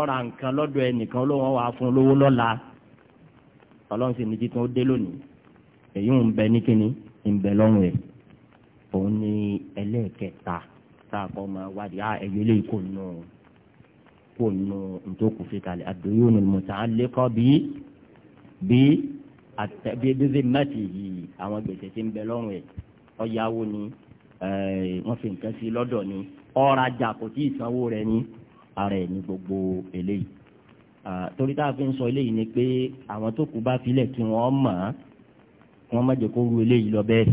ọ̀ra nǹkan lọ́dọ̀ ẹnìkan olóhùn wà fún lówó lọ́la ọlọ́run sì ní títún ó dé lónìí èyí ń bẹ ní kínni ń bẹ lọ́rùn rẹ̀ òun ní ẹlẹ́ẹ̀kẹta tá a kọ́ máa wádìí á ẹ̀yọ́ lè kó nù kó nù ntòkùnfẹ́ kalẹ̀ àdóyún ni mọ̀tàn á lékọ́ bí bí àtẹ̀bíyébíyé mẹ́tì yìí àwọn gbèsè tí ń bẹ lọ́rùn ẹ̀ ọ̀yàwó ni wọ́n fi nǹkan sí lọ́dọ̀ ni ọ̀rajà kò tí ì sanwó rẹ̀ ní ara ẹ̀ ní gbogbo eléyìí torí tá a fi ń sọ eléyìí ni pé àwọn tó kù bá filẹ̀ kí wọ́n mọ̀ wọ́n má jẹ́ kó ru eléyìí lọ bẹ́ẹ̀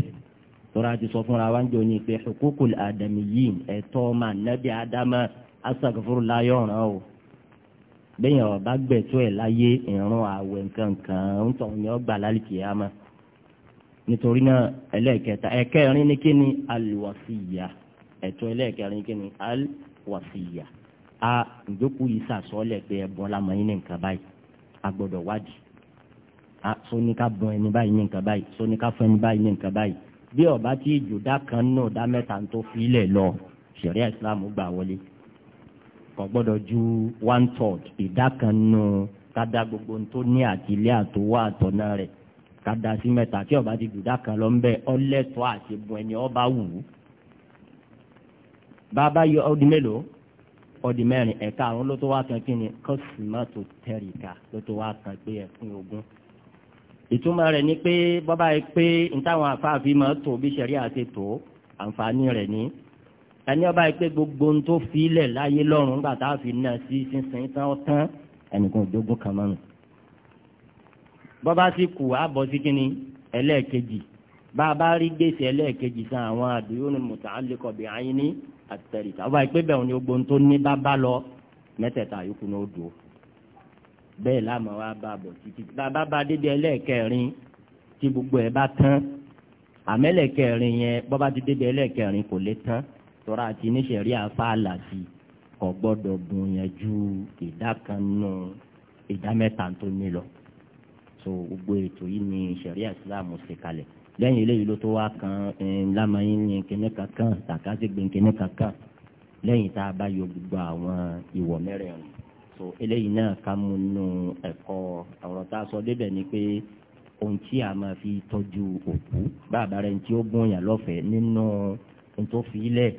tọ́ra ti sọ fúnra wa ń jọ ní pé hukukul adamiyin ẹ̀tọ́ ọmọ anabi adama asagafuru layọ̀ràn o bẹ́yìn ọ̀bá gbẹ̀tọ́ ẹ̀ láyé ìrún àwẹ̀ nkankan ń tọ̀ ní ọgbà lálìkì àmà nítorí náà ẹlẹ́ẹ̀kẹta ẹ̀kẹrin ní kíni alùwàsíyà ẹ̀tọ́ ẹlẹ́ẹ̀kẹrin kíni alùwàsíyà a ìjókòó yìí sàsọ́ọ́lẹ̀ pé ẹ̀bùn ọlámọ yín ní nǹkan báyìí a gbọ́dọ̀ wádìí a sóníkà bùn ẹni báyìí ní nǹkan báyìí sóníkà fún ẹni báyìí ní nǹkan báyìí bí ọ̀bá tí ìjòdá kan náà dá mẹ́ta tó fi ilẹ̀ lọ ṣẹ̀ríà ìsìlámù gbà wọlé kò gbọ́dọ̀ ju one third ìdá kan nù kádà gbogbo tó ní àtìlé àtòwọ́ àtọ̀nà rẹ̀ kádà sí mẹ́ta tí ọba ti dùdá kan lọ ń bẹ ọlẹ́tọ̀ àti bùn ẹni ọba wù ú. bàbá yọ ọdún mélòó ọdún mẹ́rin ẹ̀ka àrùn ló tó wá kan kí ni tẹ̀ríkà ló tó wá kan pé ẹ̀kún ogun ìtumọ̀ rẹ̀ ni pé bọ́bá yìí pé ní táwọn afáàfin máa tó bí sẹ́rí àti tó àǹfààní rẹ̀ ní ẹni ọba yìí pé gbogbo ohun tó fi ilẹ̀ láyé lọ́rùn nígbà tá a fi nà sí sísìn tán tán ẹnìkan òdógún kan mọ́nu. bọ́bá sì kù àbọ̀ sí kínní ẹlẹ́ẹ̀kejì bá a bá rí gbèsè ẹlẹ́ẹ̀kejì san àwọn àdúyó ni mùtàlẹ́kọ̀ bí ayé ní àtẹ̀rìtà ọba yìí pé bẹ̀rù ni gbogbo ohun tó ní bá bá lọ mẹ́tẹ̀ẹ̀ta yòókù ní ó dùn ó bẹ́ẹ̀ láàmú wa bá bọ̀ títí bàbá bá dédé ẹlẹ́ẹ̀kẹrin tí gbogbo ẹ̀ bá tán àmẹ́lẹ̀kẹrin yẹn bọ́bá ti dédé ẹlẹ́ẹ̀kẹrin kò lè tán tọ́ra ti níṣẹ̀rí àfààlà sí kò gbọ́dọ̀ bùnyàn ju ìdá kan nù ìdá mẹ́ta tó ní lọ so gbogbo ètò yìí ni ṣẹ̀rí islam ṣe kalẹ̀ lẹ́yìn eléyìí ló tó wá kan ńlámọ́yìn ní kíní kankan tàkásígbè kíní kankan lẹ́yìn tá a bá yọ gbogbo àwọn ìwọ̀ mẹ́rẹ̀ẹ̀rin so eléyìí náà ká mú nínú ẹ̀kọ́ ọ̀rọ̀ tá a sọ débẹ̀ ni pé ohun tí a máa fi tọ́jú òkú bàbá rẹ̀ tí ó gún yàn lọ́fẹ̀ẹ́ nínú ohun tó fi lẹ̀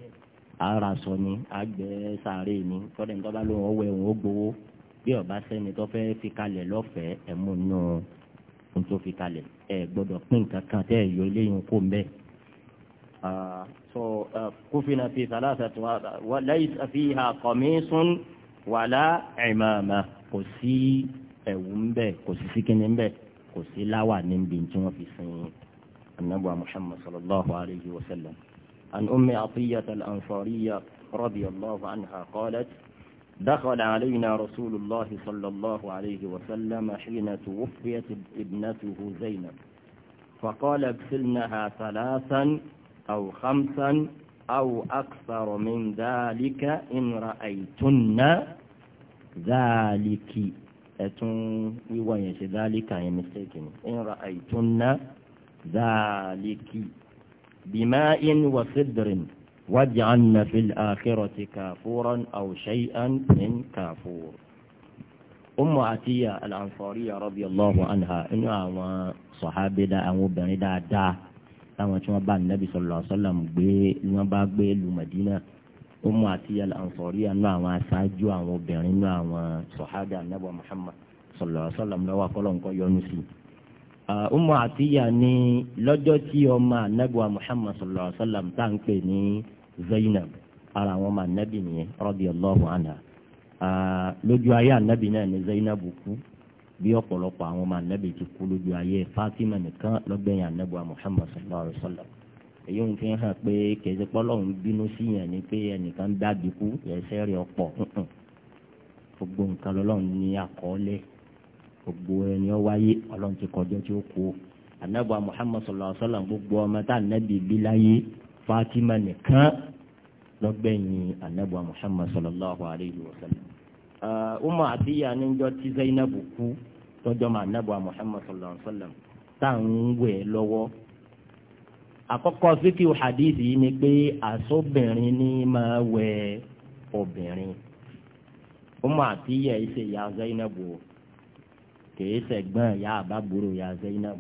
àràsọ ni àgbẹ̀ sàárè ni tọ́lẹ̀ nítorí ló ń wẹ̀ wọ́n gbowó bí ọba sẹ́ni tó fẹ́ fi kalẹ̀ lọ́fẹ̀ẹ́ ẹ̀ mú nù ún tó fi kalẹ̀ ẹ̀ gbọ́dọ̀ pín nǹkan kan tẹ́ ẹ̀ yọ eléyìí kó ń bẹ́ẹ̀. so kófìnà fi sàlásà tó wà lẹ́yìn àfihàn kọ̀mísùn wàlá ìmàmà kò sí ẹ̀wù ń bẹ̀ kò sí síkínní ń bẹ̀ kò sí láwà níbi tí wọ́n fi sin anábọ̀ Muhammad sallallahu alayhi wa sallam. عن أم عطية الأنصارية رضي الله عنها قالت دخل علينا رسول الله صلى الله عليه وسلم حين توفيت ابنته زينب فقال اغسلنها ثلاثا أو خمسا أو أكثر من ذلك إن رأيتن ذلك ذلك يعني إن رأيتن ذلك بماء وصدر واجعلنا في الآخرة كافورا أو شيئا من كافور أم عتية الأنصارية رضي الله عنها إنها صحابي دا أو بني دا دا táwọn tí wọn bá nàbì sallallahu alaihi wasallam gbé ni wọn bá gbé lu Madina Ummu Atiyya al-Ansariyya nínú àwọn aṣáájú àwọn obìnrin nínú àwọn sọ̀hádà nàbà Muhammad sallallahu alaihi wasallam lọ́wọ́ akọ́lọ́ nǹkan yọnu sí i. Ah, Ummu Atiyya ní lọ́jọ́ tí ọmọ anabiwa Muhammad sallallahu alaihi wa sallam tá à ń pè ní Zainab ara àwọn ọmọ anabi nìyẹn radiyallahu anha ah, lójú ayé anabi náà ní Zainab kú bí ọ̀pọ̀lọpọ̀ àwọn ọmọ anabi ti kú lójú ayé Fatima nìkan lọ́gbẹ̀yìn anabiwa Muhammad sallallahu alaihi wa sallam èyí ń fi hàn pé kèsì pọ́lọ́hún bínú sí yẹn ni pé ẹnìkan dájú kú ẹ̀ṣẹ̀ rẹ̀ ọ̀pọ̀ gbogbo nǹkan lọ́lọ́run ní àkọọ́lẹ̀ gbogbo ẹni ọ wáyé ọlọ́run ti kọjọ́ tí ó kú o anabuwa muhammad sallallahu alaihi wa sallam gbogbo ọmọ tá anabi bí láyé fatima nìkan lọ́gbẹ̀yìn anabuwa muhammad sallallahu alaihi wa sallam. ọmọ àbíyá níjọ tí zainabu kú tọjọ́ mọ anabuwa muhammad sallallahu alaihi wa sallam tá à ń wẹ̀ lọ́wọ́ àkọ́kọ́ fíkì hadith yìí ni pé àsọ́bìnrin ní máa wẹ obìnrin ọmọ àbíyá ìṣèyá zainabu o. kìí sẹ̀gbọ́n ìyá àbábúrò ìyá Zainab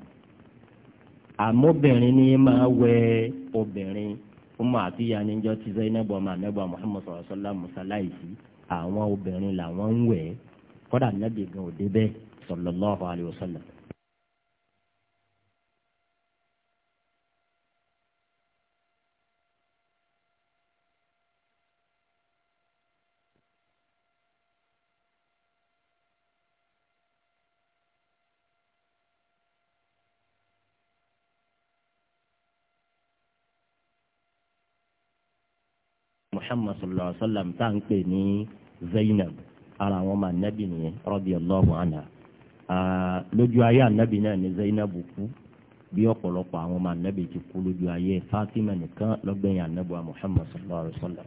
àmóbìnrin ni máa wẹ obìnrin ọmọ àtìyá níjọ tí Zainab ọmọ anábọ Muhammad sallallahu alaihi wasallam musalaisi àwọn obìnrin làwọn ń wẹ kódà nàbì gan òde bẹ́ẹ̀ sallallahu muhammad sallallahu alaihi wa sallam tá à ń pè ní zainab ara àwọn ọmọ anabi nìyẹn radiyallahu anha lójú ayé anabi náà ni zainab kú bí ọ̀pọ̀lọpọ̀ àwọn ọmọ anabi ti kú lójú ayé fatima nìkan lọ́gbẹ̀yìn anabi wa muhammad sallallahu alaihi wa sallam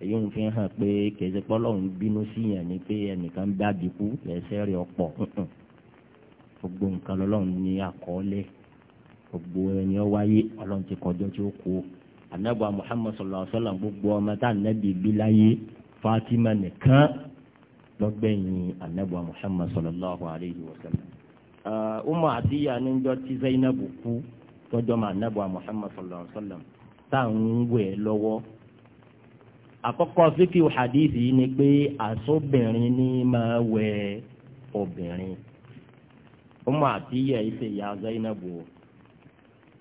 èyí ń fi hàn pé kèsì pọ́lọ́hún bínú sí yẹn ni pé ẹnìkan bá dìkú ẹ̀ṣẹ̀ rẹ̀ ọ̀pọ̀ gbogbo nǹkan lọ́lọ́run ní àkọọ́lẹ̀ gbogbo ẹni ọ wáyé ọlọ́run ti kọjọ́ tí ó kú anabuwa muhammad sallallahu alaihi wa sallam gbogbo ọmọ tá anabi bí láyé fatima nìkan lọ́gbẹ̀yìn anabuwa muhammad sallallahu alaihi wa sallam. umu atiya ni njọ ti zainabu kú tọjọ́ ma anabuwa muhammad sallallahu alaihi wa sallam tá à ń wẹ̀ lọ́wọ́ àkọ́kọ́ fíkì hadithi ni pé àsóbìnrin ní máa wẹ obìnrin ọmọ àti ìyá ìṣe ìyá zainabu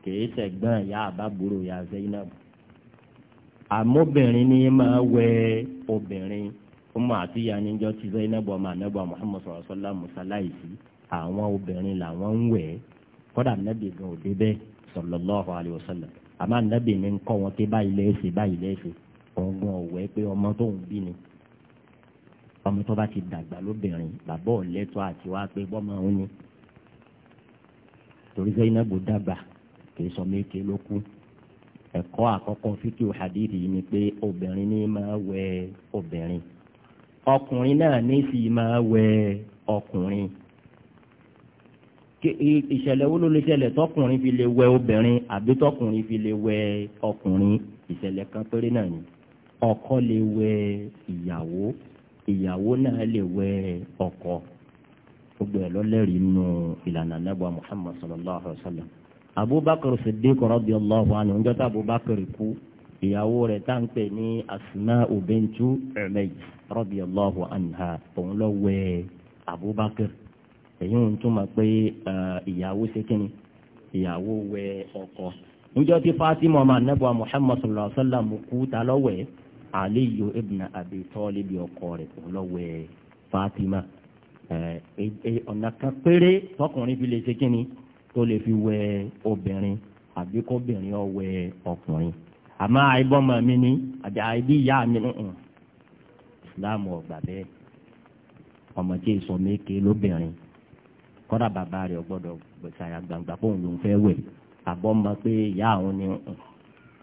kìí sẹ̀gbọ́n ìyá àbábúrò ìyá Zainab àmóbìnrin ni máa wẹ obìnrin ọmọ àti ìyá níjọ ti Zainab ọmọ anábọ Muhammad sọlá sọlá musalaisi àwọn obìnrin làwọn ń wẹ kódà nàbì gan òde bẹ́ẹ̀ sallallahu alaihi wasallam àmọ́ nàbì mi ń kọ́ wọn pé báyìí lẹ́sẹ̀ báyìí lẹ́sẹ̀ ọgbọ́n ọ̀wẹ́ pé ọmọ tó ń bí ni ọmọ tó bá ti dàgbà lóbìnrin bàbá ọ̀lẹ́tọ̀ àti wá pé bọ́mọ òun ni torí Zainab dàgbà kìí sọ méke ló kú ẹ̀kọ́ àkọ́kọ́ fíkìú hadithi ni pé obìnrin ní máa wẹ obìnrin ọkùnrin náà ní sì máa wẹ ọkùnrin ìṣẹ̀lẹ̀ wo ló lè ṣẹlẹ̀ tọkùnrin fi lè wẹ obìnrin àbí tọkùnrin fi lè wẹ ọkùnrin ìṣẹ̀lẹ̀ kan péré náà ni ọkọ lè wẹ ìyàwó ìyàwó náà lè wẹ ọkọ gbogbo ẹ̀ lọ́lẹ́rìí nínú ìlànà anábọ̀ Muhammad sallallahu alayhi wa sallam abubakar siddiq radiyallahu anhu ń jọ́tà abubakar kú ìyàwó rẹ̀ tá à ń pè ní asma'u bintu umayyah radiyallahu anha òun lọ wẹ abubakar èyí ń túmọ̀ pé ìyàwó ṣe kínni ìyàwó wẹ ọkọ níjọ́ tí fatima ọmọ anabuwa muhammad sallallahu alaihi wa sallam kú ta lọ́wẹ̀ aliyu ibn abi talib ọkọ rẹ̀ òun lọ́wẹ̀ fatima ọ̀nà kan péré tọkùnrin fi lè ṣe tó lè fi wẹ obìnrin àbí kóbìnrin ọ wẹ ọkùnrin àmọ́ àìbọ́mọ mi ni àbí àìbí ìyá mi nìkan ìsìláàmù ọ̀gbà bẹ́ẹ̀ ọmọ tí èso méke lóbìnrin kọ́dà bàbá rẹ̀ gbọ́dọ̀ gbèsàyà gbangba fóun ló ń fẹ́ wẹ̀ àbọ̀ mọ pé ìyá àwọn ni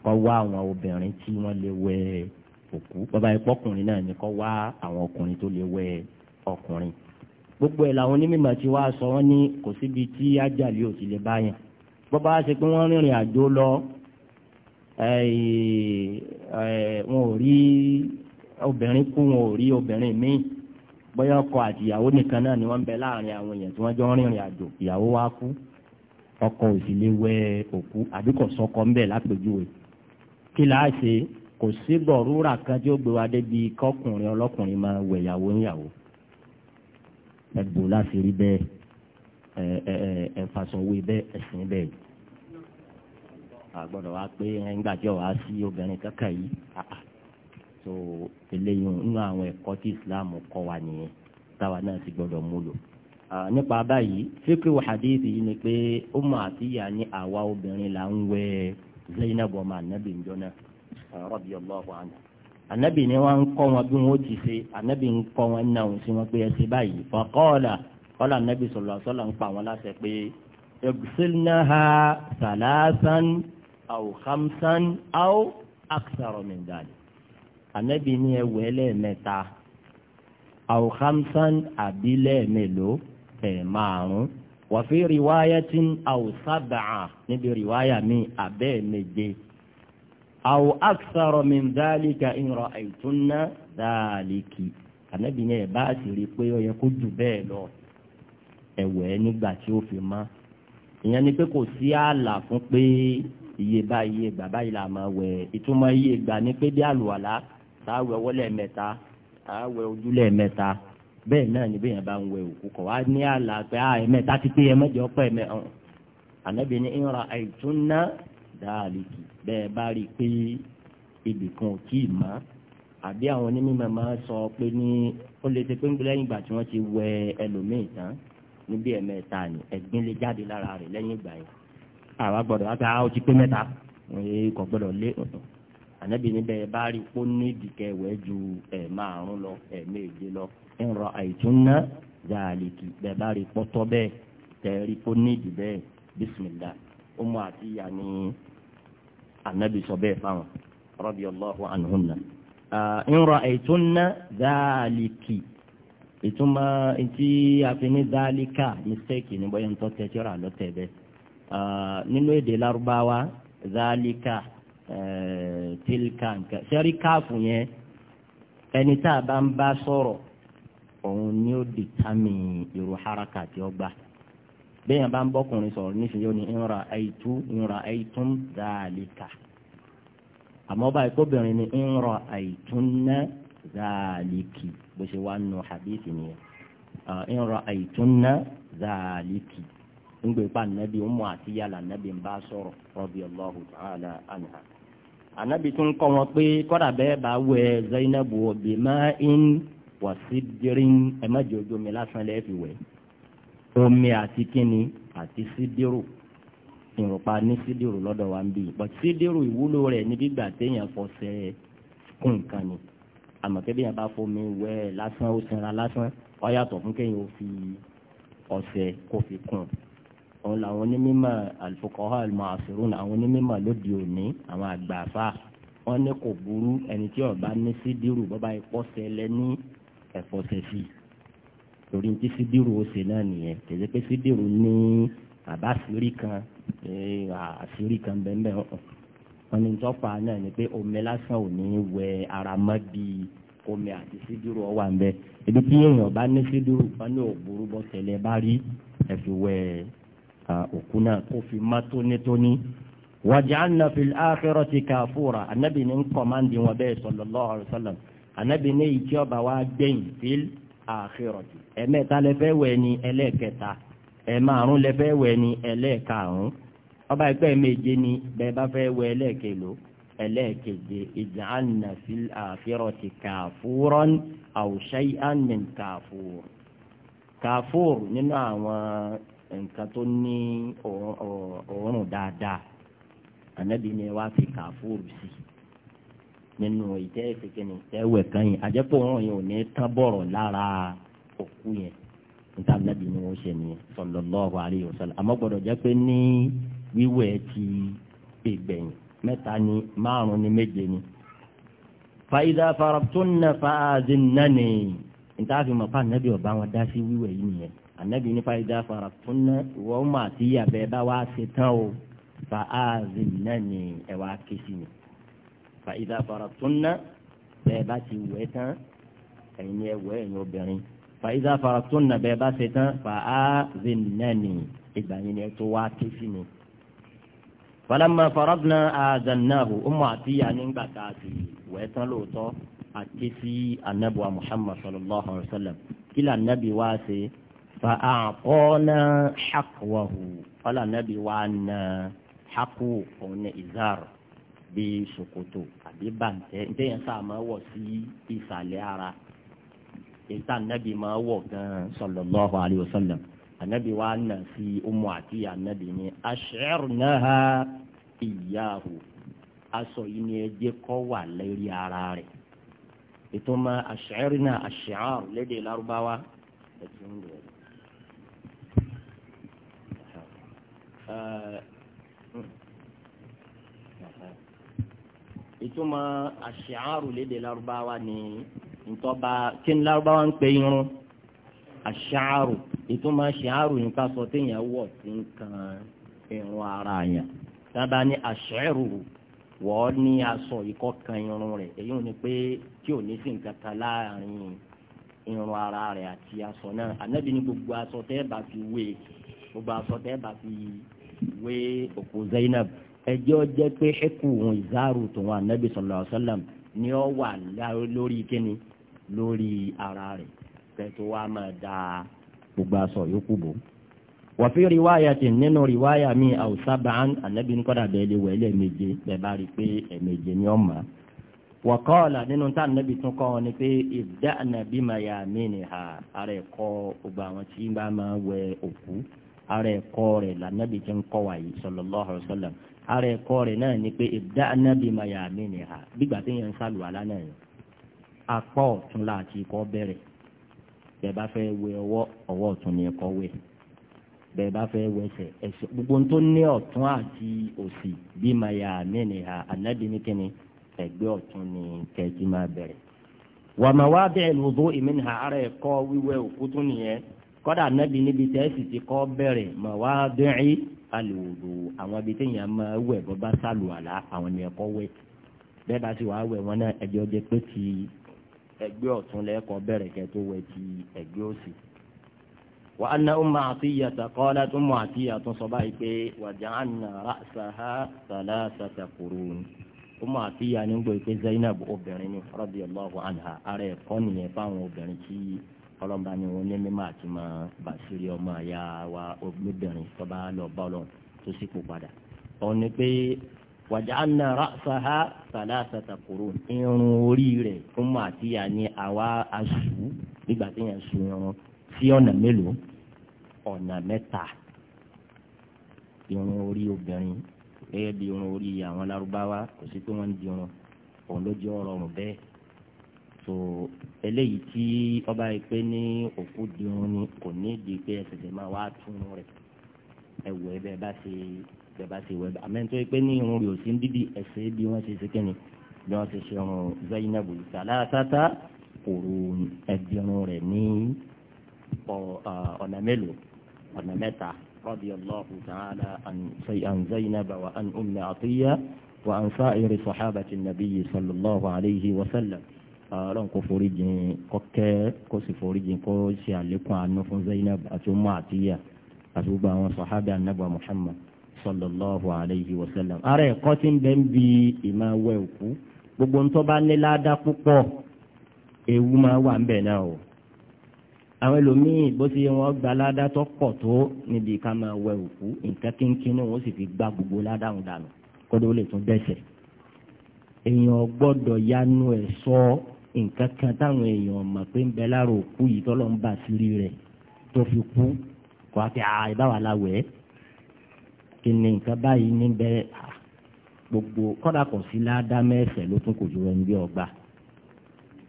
kọ́ wá àwọn obìnrin tí wọ́n lè wẹ òkú bàbá ìpọ́kùnrin náà ni kọ́ wá àwọn ọkùnrin tó lè wẹ ọkùnrin gbogbo ẹ̀ làwọn onímọ̀ tí wàá sọ wọ́n ní kò síbi tí ájàlè ò sì lè bá yàn bọ́ bá ṣe pé wọ́n rìnrìn àjò lọ wọn ò rí obìnrin kú wọn ò rí obìnrin míì bóyá ọkọ àti ìyàwó nìkan náà ni wọ́n ń bẹ láàrin àwọn èèyàn tí wọ́n jọ ń rìnrìn àjò ìyàwó wa kú ọkọ ò sì lè wẹ òkú àbí kò sọkọ ń bẹ lápèjúwe kí láà ṣe kò sí gbọ̀rúra kan tí ó gbé wa débi kọkùnrin ọlọ́kùnrin máa wẹ̀ ìyàwó ń yàwó ẹgbò láti rí bẹ́ẹ̀ ẹ̀fàsọ̀wé bẹ́ẹ̀ ẹ̀sìn bẹ́ẹ̀ àgbọ̀dọ̀ wa pé ẹ̀ńgbà tí ọ̀ wá sí obìnrin kankan yìí so eléyìí nínú àwọn ẹ̀kọ́ tí Islam kọ́ wa nìyẹn táwa náà ti gbọ́dọ̀ mú lò nípa báyìí fíkì wàhádìsì yìí ni pé ó mọ àtìyà ní àwa obìnrin là ń wẹ Zainab ọmọ ànábì ńjọ náà radiyallahu anha ànábì ni wọ́n ń kọ́ wọn bí wọ́n ti ṣe ànábì ń kọ́ wọn náà sí wọn pé ẹ ṣe báyìí fọkọ́ọ̀là kọ́là ànábì sọ̀rọ̀ àṣọ́là ń pa wọn láṣẹ pé ẹgbẹ́sẹ̀lẹ́hà sàlásán àw khamsan àw akthar min dhalik ànábì ni ẹ wẹ̀ lẹ́ẹ̀mẹ́ta àw khamsan àbí márùn-ún wàfí rìwáyà níbi rìwáyà mi àbẹ́ẹ̀ aw akthara min dhalika in ra'aytunna dhaliki ànábì yẹn ẹ̀ bá sì rí i pé ó yẹ kó jù bẹ́ẹ̀ lọ ẹ̀wẹ̀ nígbà tí ó fi mọ́ ìyẹn ni pé kò sí ààlà fún pé iye bá iye gbà báyìí là máa wẹ̀ ìtumọ̀ iye gbà ni pé bí àlùwàlá táwẹ̀ wọlé mẹ́ta táwẹ̀ ojúlé mẹ́ta bẹ́ẹ̀ náà ni bẹ́ẹ̀ bá ń wẹ̀ òkú kọ̀ wá ní àlà pé a ah, ẹ̀mẹ́ta ti pé ẹ̀mẹ́jọ pẹ́ ẹ̀mẹ́ ọ̀hún ànábì ní ìran àìtúnná dáàlìkì bẹ́ẹ̀ bá rí i pé ibìkan ò tí ì mọ́ àbí àwọn onímọ̀ máa ń sọ pé ní ó lè ṣe pé ń gbé lẹ́yìn ìgbà tí wọ́n ti wẹ ẹlòmíì tán níbi ẹ̀mẹ́ta ni ẹ̀gbin lè jáde lára rẹ̀ lẹ́yìn ìgbà yẹn àwa gbọ́dọ̀ wá pé a ah, ó ti pé mẹ́ta kò gbọ́dọ̀ lé ọ̀tàn ànábì níbẹ̀ bá rí i pé ó ní ìdìkẹ̀wẹ́ ju ẹ̀ẹ̀márùn lọ ẹ̀ẹ̀méje lọ ń rọ àìtúnná zàlìkì bẹ́ẹ̀ bá rí i pọ́tọ́ bẹ́ẹ̀ tẹ̀rí pé ó ní ìdì bẹ́ẹ̀ bísímìlá ànábì sọ bẹ́ẹ̀ fáwọn radiyallahu anhunna. in ra'aytunna dhaliki ìtumọ̀ tí a fi ní dhalika mistake ní bóyá ń tọ́ tẹ́ tíra lọ́tẹ̀ bẹ́ẹ̀ nínú èdè lárúbáwá dhalika tilka nǹkan sẹ́rí káàfù yẹn ẹni tá a bá ń bá sọ̀rọ̀ òun ni ó dìtámì irú haraka tí ó gbà bẹ́yàn bá ń bọ́kùnrin sọ̀rọ̀ níṣẹ́ yóò ní ìnra àìtú ìnra àìtún dáàlíkà àmọ́ báyìí kóbìnrin ní ìnra àìtún ná dáàlíkì bó ṣe wá nù hadith nìyẹn ìnra ah, àìtún ná dáàlíkì ńgbè pa nàbí ọmọ àti yàrá nàbí ń bá sọ̀rọ̀ radiyallahu ta'ala anha ànábì tún kọ́ wọn pé kọ́dà bẹ́ẹ̀ bá wẹ Zainabu bima in wàsídìrín ẹ̀ má jẹ́ ojú mi lásán lẹ́ẹ̀fi wẹ̀ omi àti kíni àti sídìrò ìrùpa ní sídìrò lọ́dọ̀ wa ń bí but sídìrò ìwúlò rẹ̀ ní gbígbà téèyàn fọṣẹ kún nǹkan ni àmọ́ kébí yẹn bá fomi wẹ̀ lásán ó sinra lásán ó yàtọ̀ fún kéèyàn ó fi ọṣẹ kó fi kún òun làwọn onímọ̀ al-fuqaha al-mu'asirun àwọn onímọ̀ lóde òní àwọn àgbààfà wọn ní kò burú ẹni tí ó bá ní sídìrò bọ́ba ìpọ́sẹ̀ lẹ́ní ẹ̀fọ́sẹ̀ sí i torí ní ti sídìrú ose náà nìyẹn tẹ̀sí pé sídìrú ní àbá sírí kan àṣírí kan bẹ́ẹ̀ wọn ni tọ́pa náà ni pé omi lásán ò ní wẹ ara mọ́ bí omi àti sídìrú ọwà ń bẹ ibi tí èèyàn bá ní sídìrú wọn ní òbúrú bọ́ tẹ̀lé bá rí ẹ̀fì wẹ òkú náà kó fi má tónítóní wàjàánà fi áfẹ́rọ́ ti kàfúrà anábì ní kọ́mándì wọn bẹ́ẹ̀ sallallahu alaihi wasallam anábì ní ìtí wa gbẹ̀yìn fílì àkìrọ̀tì ẹ̀mẹ́ta lẹ́fẹ́ wẹ̀ ni ẹlẹ́ẹ̀kẹta ẹ̀márùn lẹ́fẹ́ wẹ̀ ni ẹlẹ́ẹ̀karùn ọba ẹgbẹ́ méje ni bẹ́ẹ̀ bá fẹ́ wẹ̀ ẹlẹ́ẹ̀kẹlò ẹlẹ́ẹ̀keje ìjàánà sí àkìrọ̀tì kàfúrọ́n àwùṣẹ́ ànìn kàfúr kàfúr nínú àwọn nǹkan tó ní òórùn dáadáa ànábì ni wàá fi kàfúr sí i nínú ìtẹ́ ìfẹ́kẹ́ni ìtẹ́wẹ̀ kan yìí àjẹpọ̀ òun yìí ò ní tán bọ̀rọ̀ lára òkú yẹn níta nàbì ni wọ́n ṣe ní sallallahu alaihi wasallam àmọ́ gbọ́dọ̀ jẹ́ pé ní wíwẹ̀ ti ìgbẹ̀yìn mẹ́ta ni márùn-ún ni méje ni. fàyídà farabtunna fa'azinnani níta fi mọ̀ pa ànábì ọ̀bá wọn dá sí wíwẹ̀ yìí nìyẹn ànábì ní fàyídà farabtunna wọ́n mà sí yàbẹ̀ bá wá ṣe tán o fa'azinnani ẹ̀ wá ké sí fàyídà faratunna bẹ́ẹ̀ bá ti wẹ̀ tán ẹ̀yin ẹ wẹ̀ ẹ̀yin obìnrin fàyídà faratunna bẹ́ẹ̀ bá ṣe tán fà á zinnani ìgbà yẹn ni ẹ tó wá ké sí mi. falamma faradna azannahu Ummu Atiyya nígbà tá ti wẹ̀ tán lóòótọ́ àti sí anabuwa Muhammad sallallahu alayhi wa sallam kí anabi wá ṣe fa àkọ́nà xakuwahu wàlà anabi wá na xaku òun ìzáàrù bí ṣòkòtò àbí bàǹtẹ́ ntẹ́yẹn sáà máa wọ̀ sí ìsàlẹ̀ ara ìta nàbì máa wọ̀ gan-an sallallahu alayhi wa sallam anabi wa nà sí ọmọ àti anabi ni ash'arnaha iyyahu aṣọ yìí ni ẹ jẹ́ wà lẹ́rí ara rẹ̀ ìtumọ̀ ash'arna ash'ar lédè lárúbáwá ẹ̀sìn rẹ̀. Uh, mm ìtumọ̀ àṣìárù léde lárúbáwá ni ntọ́ba kí ni lárúbáwá ń pe irun àṣìárù ìtumọ̀ àṣìárù yìí ká sọ téèyàn wọ̀ sí nǹkan irun ara yẹn tábà ní àṣìárù wọ́ọ́ ní aṣọ ìkọ́ kan irun rẹ̀ èyí ò ní pé tí ò ní sí nǹkan kan láàrin irun ara rẹ̀ àti aṣọ náà ànábì ní gbogbo aṣọ tẹ́ bá fi wé gbogbo aṣọ tẹ́ bá fi wé òkú Zainab ẹjọ́ jẹ́ pé ẹkù òun ìzáàrù tòun ànábì sallallahu alaihi wasallam ni ó wà lórí kíni lórí ara rẹ̀ pẹ̀tù wa máa da gbogbo aṣọ yòókù bò. wa fi riwayatin nínú riwaya mi aw sab'an ànábì nìkọ́dà bẹ́ẹ̀ lè wẹ̀ lẹ́ẹ̀méje bẹ́ẹ̀ bá rí i pé ẹ̀ẹ̀méje ni ó mọ̀ wọ̀kọ́ọ̀là nínú tá nàbì tún kọ́ ni pé ìdá nàbí màyà mí ni ha ara ẹ̀kọ́ gbogbo àwọn tí bá máa wẹ òkú ara ẹ̀kọ́ rẹ̀ lànàbì tí ń kọ́ wáyé sallallahu alaihi wasallam ara ẹ̀kọ́ rẹ̀ náà ni pé ìdá anábì mayami ni ha gbígbà tí yẹn ń sàlùwàlá náà yẹn apá ọ̀tún láti ikọ́ bẹ̀rẹ̀ bẹ́ẹ̀ bá fẹ́ wẹ ọwọ́ ọwọ́ ọ̀tún ni ẹ̀kọ́ wẹ̀ bẹ́ẹ̀ bá fẹ́ wẹsẹ̀ ẹ̀sẹ̀ gbogbo tó ní ọ̀tún àti òsì bí mayami ni ha anábì ní kíni ẹ̀gbẹ́ ọ̀tún ni kẹ́ẹ̀tì máa bẹ̀rẹ̀ wàmà wá bẹ́ẹ̀ lòdó ìmìnira ara ẹ̀kọ́ wíwẹ̀ òkú tún nìyẹn kọ́dà anábì níbi tẹ́ẹ̀sì ti kọ́ bẹ̀rẹ̀ mà wá bẹ́ẹ̀ alòòdò àwọn ibi téèyàn máa wẹ̀ bọ́ bá sálù àlá àwọn ni ẹ̀kọ́ wẹ̀ bẹ́ẹ̀ bá wàá wẹ̀ wọn náà ẹjọ́ jẹ́ pé ti ẹgbẹ́ ọ̀tún lẹ́ẹ̀kọ́ bẹ̀rẹ̀ kẹ́ tó wẹ̀ ti ẹgbẹ́ òsì. wà á ná ọmọ àti ìyàtọ̀ kọ́ látún mọ àti ìyàtọ̀ sọ báyìí pé wàjà á nà rà sàhà sàlá sàtàkùrù ọlọ́mọba ni wọn ní mímọ́ àti mọ́ bàṣírí ọmọ àyà wa obìnrin tọ́ba lọ bá ọlọ́run tó sì kó padà. ọ̀hún ni pé wàjàánà ráṣáhá sàlásàtà kúrò irun orí rẹ̀ fún mọ́ àtìyà ni àwa aṣù nígbà tí yẹn sun irun sí ọ̀nà mélòó ọ̀nà mẹ́ta irun orí obìnrin gẹ́gẹ́ bí irun orí àwọn lárúbáwá kò sí pé wọ́n ń dirun òun ló jẹ́ ọ̀rọ̀ ọ̀rùn bẹ́ẹ̀ so eléyìí tí ọba yìí pé ní òkú dirun ni kò ní di pé ẹsẹsẹ máa wá tún rẹ ẹwọ ẹ bẹ́ẹ̀ bá ṣe bẹ́ẹ̀ bá ṣe wẹ bá àmọ́ nítorí pé ní irun rẹ̀ ò sí dídì ẹsẹ bí wọ́n ṣe ṣe kẹ́ni bí wọ́n ṣe ṣe irun Zainab sàlásátá kòrò ẹdirun rẹ̀ ní ọ̀nà mélòó ọ̀nà mẹ́ta radiyallahu ta'ala an Zainab wa an Ummi Atiyya wa an sa'iri sahabati an-nabiy sallallahu alayhi wa ọlọ́run kò foríjìn kọ́ kẹ́ kó sì foríjìn kó ṣe àlékún àánú fún zainab àti umu àtiyà àti gbogbo àwọn sọ̀hábì anábà muhammad sallallahu alayhi wa sallam. ara ẹ̀kọ́ tí ń bẹ ń bi ìmọ̀ awẹ́ òkú gbogbo ń tó bá ní ládá púpọ̀ ewu máa wà ń bẹ̀ náà o. àwọn ẹlòmíì bó ti wọn gba ládá tó pọ̀ tó níbi ká máa wẹ òkú nǹkan kínkín ni wọ́n sì fi gbá gbogbo ládá òun dànù kó ló lè tún dẹ́sẹ̀. èèyàn gbọ́dọ̀ yanu ẹ̀ sọ nǹkan kan táwọn èèyàn mọ̀ pé ń bẹ lára òkú yìí tọ́lọ́ ń bà sírí rẹ̀ tó fi kú kó a fi àá ìbáwá la wẹ̀ ẹ́ kí ni nǹkan báyìí níbẹ̀ gbogbo kọ́dà kò sí ládàá mẹ́sẹ̀ ló tún kò ju ẹni bí ọgbà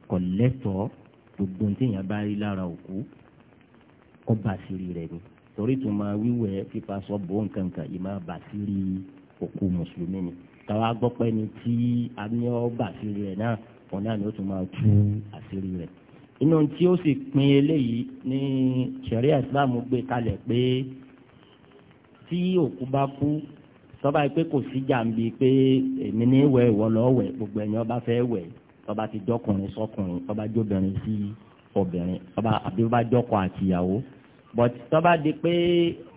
kò lẹ́tọ̀ọ́ gbogbo tíyàn bá rí lára òkú kó bàṣírí rẹ̀ ni torí tó máa wíwẹ̀ fífa sọ bó nǹkan kan yìí máa bàṣírí òkú mùsùlùmí ni káwa gbọ́ pé tí a ní ọ́ bàṣírí rẹ̀ náà òun ni ó tún máa tú hmm. àṣírí rẹ̀ inú tí ó sì pin eléyìí ní ṣẹ̀ríà ìsìláàmù gbé kalẹ̀ pé tí òkú bá kú tọ́ba yìí pé kò sí jàǹbi pé èmi ní wẹ̀ ìwọ lọ́ọ́ wẹ̀ gbogbo ẹ̀yin ọba fẹ́ wẹ̀ tọ́ba ti jọkùnrin sọkùnrin tọ́ba jóbìnrin sí obìnrin tọ́ba àbí bá jọkọ àtìyàwó but tọ́ba di pé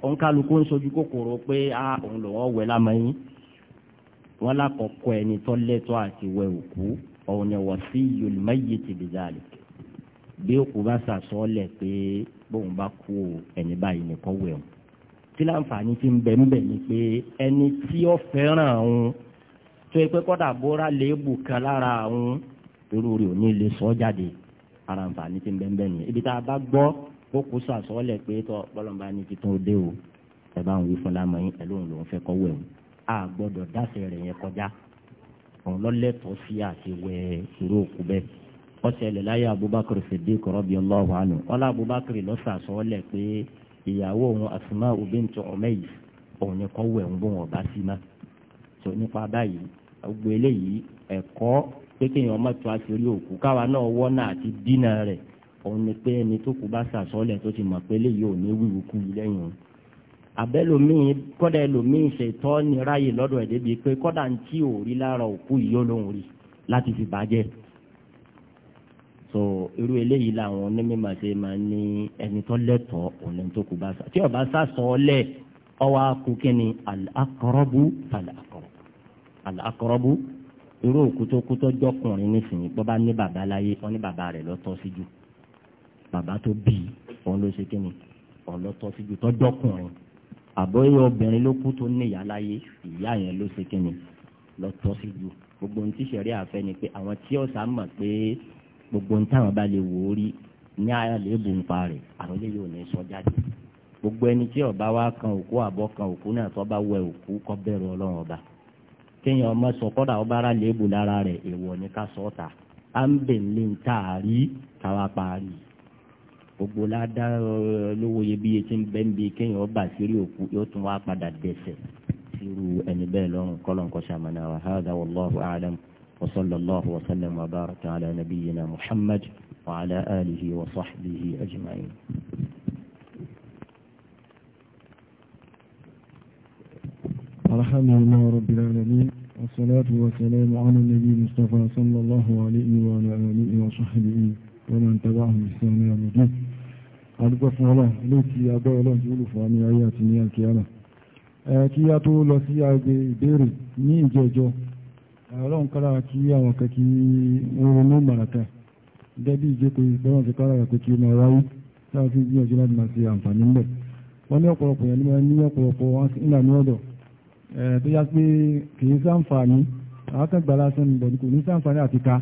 òǹkàlùkù ń sojú kòkòrò pé a òun lòun ọ̀wẹ̀ lámọ́yìn wọ́n lákọ̀ọ́kọ́ ẹni tó lẹ́tọ́ àti wẹ̀ òkú ọ̀nà wasiyyul mayyit bizalik bí òkú bá sàsọ́ọ̀lẹ̀ pé bóun bá kú ẹni báyìí nìkan wẹ̀ ọ́n tí láǹfààní ti ń bẹ níbẹ̀ ni pé ẹni tí ó fẹ́ràn òun tó yẹ pé kọ́dà bóra léèbù kan lára òun irú rẹ̀ ò ní lè sọ jáde ara àǹfààní ti ń bẹ níbẹ̀ nìyẹn ibi tá a bá gbọ́ òkú sàsọ́ọ̀lẹ̀ pé tọ́ bọ́lọ́mbà ni ti tó dé o ẹ bá ń wí fún lámọ́ ẹ lóun lòún fẹ́ kọ́ wẹ̀ òun a gbọ́dọ̀ dáṣẹ́ rẹ̀ yẹn kọjá nìkan lọ́lẹ́tọ̀ọ́ sí àti wẹ irú òkú bẹ́ẹ̀ ọ̀sẹ̀lẹ̀ láyé abubakar sadiq radiyallahu anhu ọlá abubakar lọ́sàsọ́ọ́lẹ̀ pé ìyàwó òun asma'u bint umayyi òun ni kọ́ wẹ̀ ń bọ̀ wọ́n bá sí ma tó nípa báyìí gbogbo eléyìí ẹ̀kọ́ pé kéèyàn má tó aṣèrí òkú káwa náà wọ́nà àti dínà rẹ̀ òun ni pé ẹni tó kú bá sàsọ́ọ́lẹ̀ tó ti mọ̀ pé eléyìí ò ní wíwú kú lẹ́yìn àbẹ́lòmíì kọ́dà ẹlòmíì ṣètọ́ ni ráyè lọ́dọ̀ ẹ̀ débi pé kọ́dà ń tí ò rí lára òkú yìí ó lóun rí láti fi bàjẹ́ so irú eléyìí làwọn onímọ̀ ṣe máa ń ní ẹni tó lẹ́tọ̀ọ́ òní tó kú bá sá tí ọba sá sọ ọ lẹ̀ ọwọ́ akú kínní àlàkọ́rọ́bù àlàkọ́rọ́bù àlàkọ́rọ́bù irú òkú tó kú tó jọkùnrin nísìnyí bọ́ bá ní bàbá láyé wọ́n ní bàbá rẹ̀ lọ́tọ́ sí jù bàbá tó bí òun ló ṣe kínní òun lọ́tọ́ sí jù tó jọkùnrin àbọ̀yẹ obìnrin ló kú tó ní ìyá láyé ìyá yẹn ló ṣe kíni lọ tọ́ sí ju gbogbo ohun tí sẹ̀rí àfẹ́ ni pé àwọn tí ọ̀sà mọ̀ pé gbogbo ohun táwọn bá lè wò ó rí ní àlébù ń pa rẹ̀ àwọn eléyìí ò ní sọ jáde gbogbo ẹni tí ọba wa kan òkú àbọ̀ kan òkú náà tó bá wẹ òkú kọ́ bẹ̀rù ọlọ́run ọba kéèyàn ọmọ sọ kọ́dà ọba ara lè bù lára rẹ̀ èèwọ̀ ní ká sọ ọ́ ta à ń bè ń lé gbogbo ládá lówó iyebíye tí ń bẹ́ ń bi kéèyàn ọba sírí òkú yóò tún wá padà dẹ̀sẹ̀ sírú ẹni bẹ́ẹ̀ lọ́rùn kọ́lọ́nkọ́ sàmánà wa hàdà wàlláhu àlàm وصلى الله وسلم وبارك على نبينا محمد وعلى آله وصحبه أجمعين الحمد لله رب العالمين والصلاة والسلام على النبي المصطفى صلى الله عليه وعلى آله وصحبه ومن تبعهم بإحسان يوم الدين àdúgbò fún ọlọ́run ilé tí agbọ́ ọlọ́run tí ó lù fún wa ní ayé àti ní àkíyàmà kí a tó lọ sí agbe ìbéèrè ní ìjẹjọ ọlọ́run kára kí àwọn kẹkí oorun ní màràkà dẹ́bí ìjókòó lọ́rùn ti kára pé kí máa wáyé láwọn fi gbìyànjú láti máa ṣe àǹfààní ńbẹ̀ wọ́n ní ọ̀pọ̀lọpọ̀ yẹn ní ọ̀pọ̀lọpọ̀ ńlá ọ̀dọ̀ tó yá pé kì í sáǹfààní àwọn kan lásán ní bọ̀dí kò ní sáǹfààní àti ka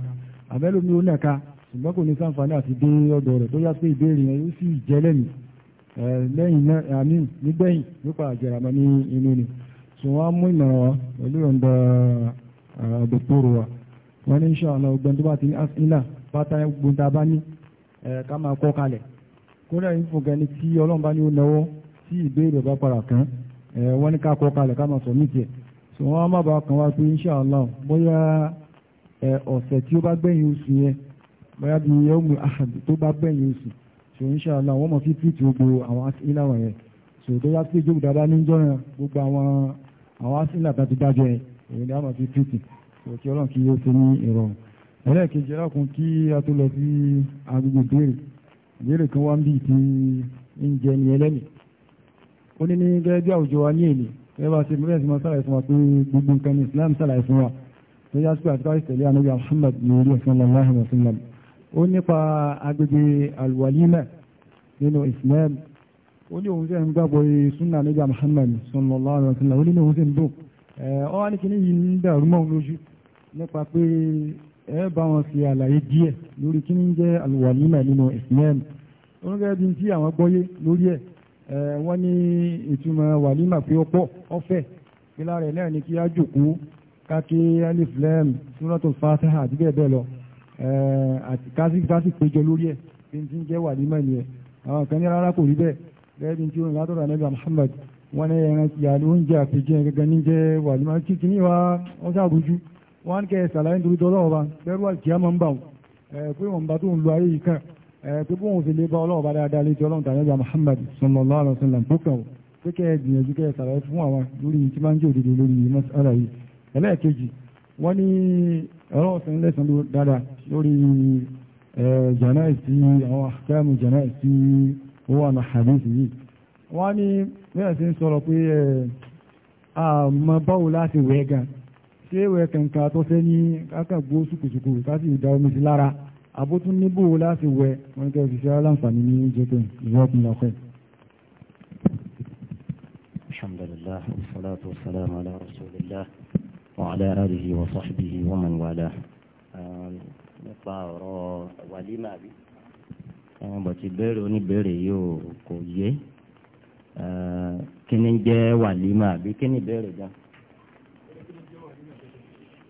àbẹ́lómi ó nẹ̀ka ṣùgbọ́n kò ní sáǹfààní àti dé ọ̀dọ̀ rẹ̀ tó yá pé ìbéèrè yẹn yóò sì jẹ́ lẹ́yìn lẹ́yìn náà àmì nígbẹ̀yìn nípa àjẹràmọ́ ní inú ni tí wọ́n á mú ìmọ̀ràn wa pẹ̀lú ìrọ̀ǹda àdòkòrò wa wọ́n ní insha Allah ọgbọ́n tó bá ti ní asínà pátá gbogbo tá a bá ní ká máa kọ́ kalẹ̀ kódà yìí fún gani tí ọlọ́run bá ní ó náwó tí ìbéèrè bá padà kàn wọ́n ní ká kọ́ kalẹ̀ ká máa bóyá bí yọ́mù ahad tó bá gbẹ̀yìn oṣù so inṣàlá wọ́n mọ̀ sí pìtì gbogbo àwọn asílà wọ̀nyẹn so tó yá sí ìjókòó dábàá ní jọ́ràn gbogbo àwọn àwọn asílà tá ti dájọ́ ẹ̀ èyí ni a mọ̀ sí pìtì so kí ọlọ́run kí yóò ṣe ní ìrọ̀rùn ẹlẹ́ẹ̀kejì ẹlọ́kun kí a tó lọ sí agbègbè ìbéèrè ìbéèrè kan wá ń bí ti ń jẹ ní ẹlẹ́mì ó ní ní gẹ́gẹ́ bí àwùjọ wa ní èlé gẹ́gẹ́ bá ṣe mẹ́rẹ̀ sí máa sàlàyé fún ó nípa agbègbè alwalima nínú islam ó ní òun sì ń gbàgbọ́ sunna nígbà muhammad sallallahu alaihi wa sallam ó ní òun sì ń dùn ọ wá ní kíní yìí ń dàrú mọ́ lójú nípa pé ẹ bá wọn fi àlàyé díẹ̀ lórí kíní jẹ́ alwalima nínú islam ó ní gẹ́gẹ́ bí tí àwọn gbọ́yé lórí ẹ̀ wọ́n ní ìtumọ̀ wàlímà pé ó pọ̀ ọ̀fẹ́ pé lára ẹ̀ náà ni kí á jòkó káàkiri alif lam suratul fatiha àti bẹ́ẹ̀ bẹ́ẹ̀ lọ Eh, àti kásìkásì péjọ lórí ẹ̀ bí n ti ń jẹ́ wà nímọ̀ nìyẹn àwọn kan ní rárá kò rí bẹ́ẹ̀ gẹ́gẹ́ bí n ti rìn látọ̀dọ̀ anábìà Muhammad wọn ní ẹran ti àlọ́ oúnjẹ àpèjẹ gẹ́gẹ́ ní jẹ́ wà nímọ̀ kíkì ní wa wọ́n sàbójú wọ́n kẹ́ sàlàyé nítorí tọ́lọ́wọ́ bá bẹ́rù àkíyá máa ń bà wọ́n pé wọ́n bá tó ń lo ayé yìí kàn pé bóun sì lè bá ọlọ́wọ́ bá dáadáa létí ọlọ́run tàbí àbí Muhammad sallallahu alaihi wasallam tó kàn wọ́n pé kẹ́ ẹ gbìyànjú kẹ́ ẹ sàlàyé fún àwọn lórí tí máa ń jẹ́ òdodo lórí mọ́sálà ọlọ́wọ́ sí ilé ìsànlú dáadáa lórí jẹ́nà ìsí àwọn akẹ́mù jẹ́nà ìsí ó wà ní hadisi yìí wọ́n ní mẹ́rin sí ń sọ̀rọ̀ pé àmọ́ báwo láti wẹ̀ gan ṣé wẹ̀ kẹ̀kẹ́ tó fẹ́ ní kákàgbó sùkùsùkù láti ìdá omi sí lára àbótún níbò láti wẹ̀ وعلى آله وصحبه ومن والاه nípa ọ̀rọ̀ wàlímà bí. ẹ̀wọ̀n bọ̀ ti béèrè oníbèrè yóò kò yé kí ni jẹ́ wàlímà bí kí ni béèrè gan.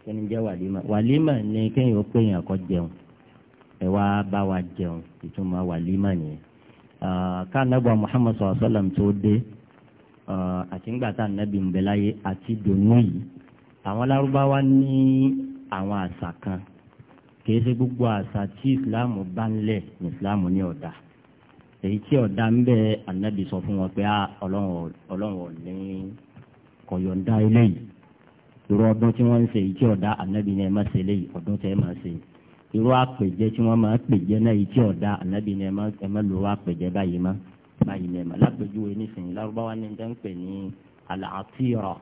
kí ni jẹ́ wàlímà wàlímà ni kéèyàn ó pè yàn kọ́ jẹun ẹ wá bá wa jẹun ìtumọ̀ wàlímà nìyẹn. ká nàgbà Muhammad sallallahu alaihi wasallam tó dé àti ńgbà tá a nàbì ń bẹ àti dòní yìí. àwọn lárúbáwá ní àwọn àṣà kan kìí ṣe gbogbo àṣà tí ìsìláàmù bá ń lẹ̀ ní ìsìláàmù ní ọ̀dà èyí tí ọ̀dà ń bẹ ànábì sọ fún wọn pé ah, ọlọ́run ò ní kọ̀yọ̀ǹda eléyìí irú ọdún tí wọ́n ń ṣe èyí tí ọ̀dà ànábì ní ẹ ṣe eléyìí ọdún tẹ́ ẹ ṣe irú àpèjẹ tí wọ́n máa pèjẹ náà èyí tí ọ̀dà ànábì ní ẹ lò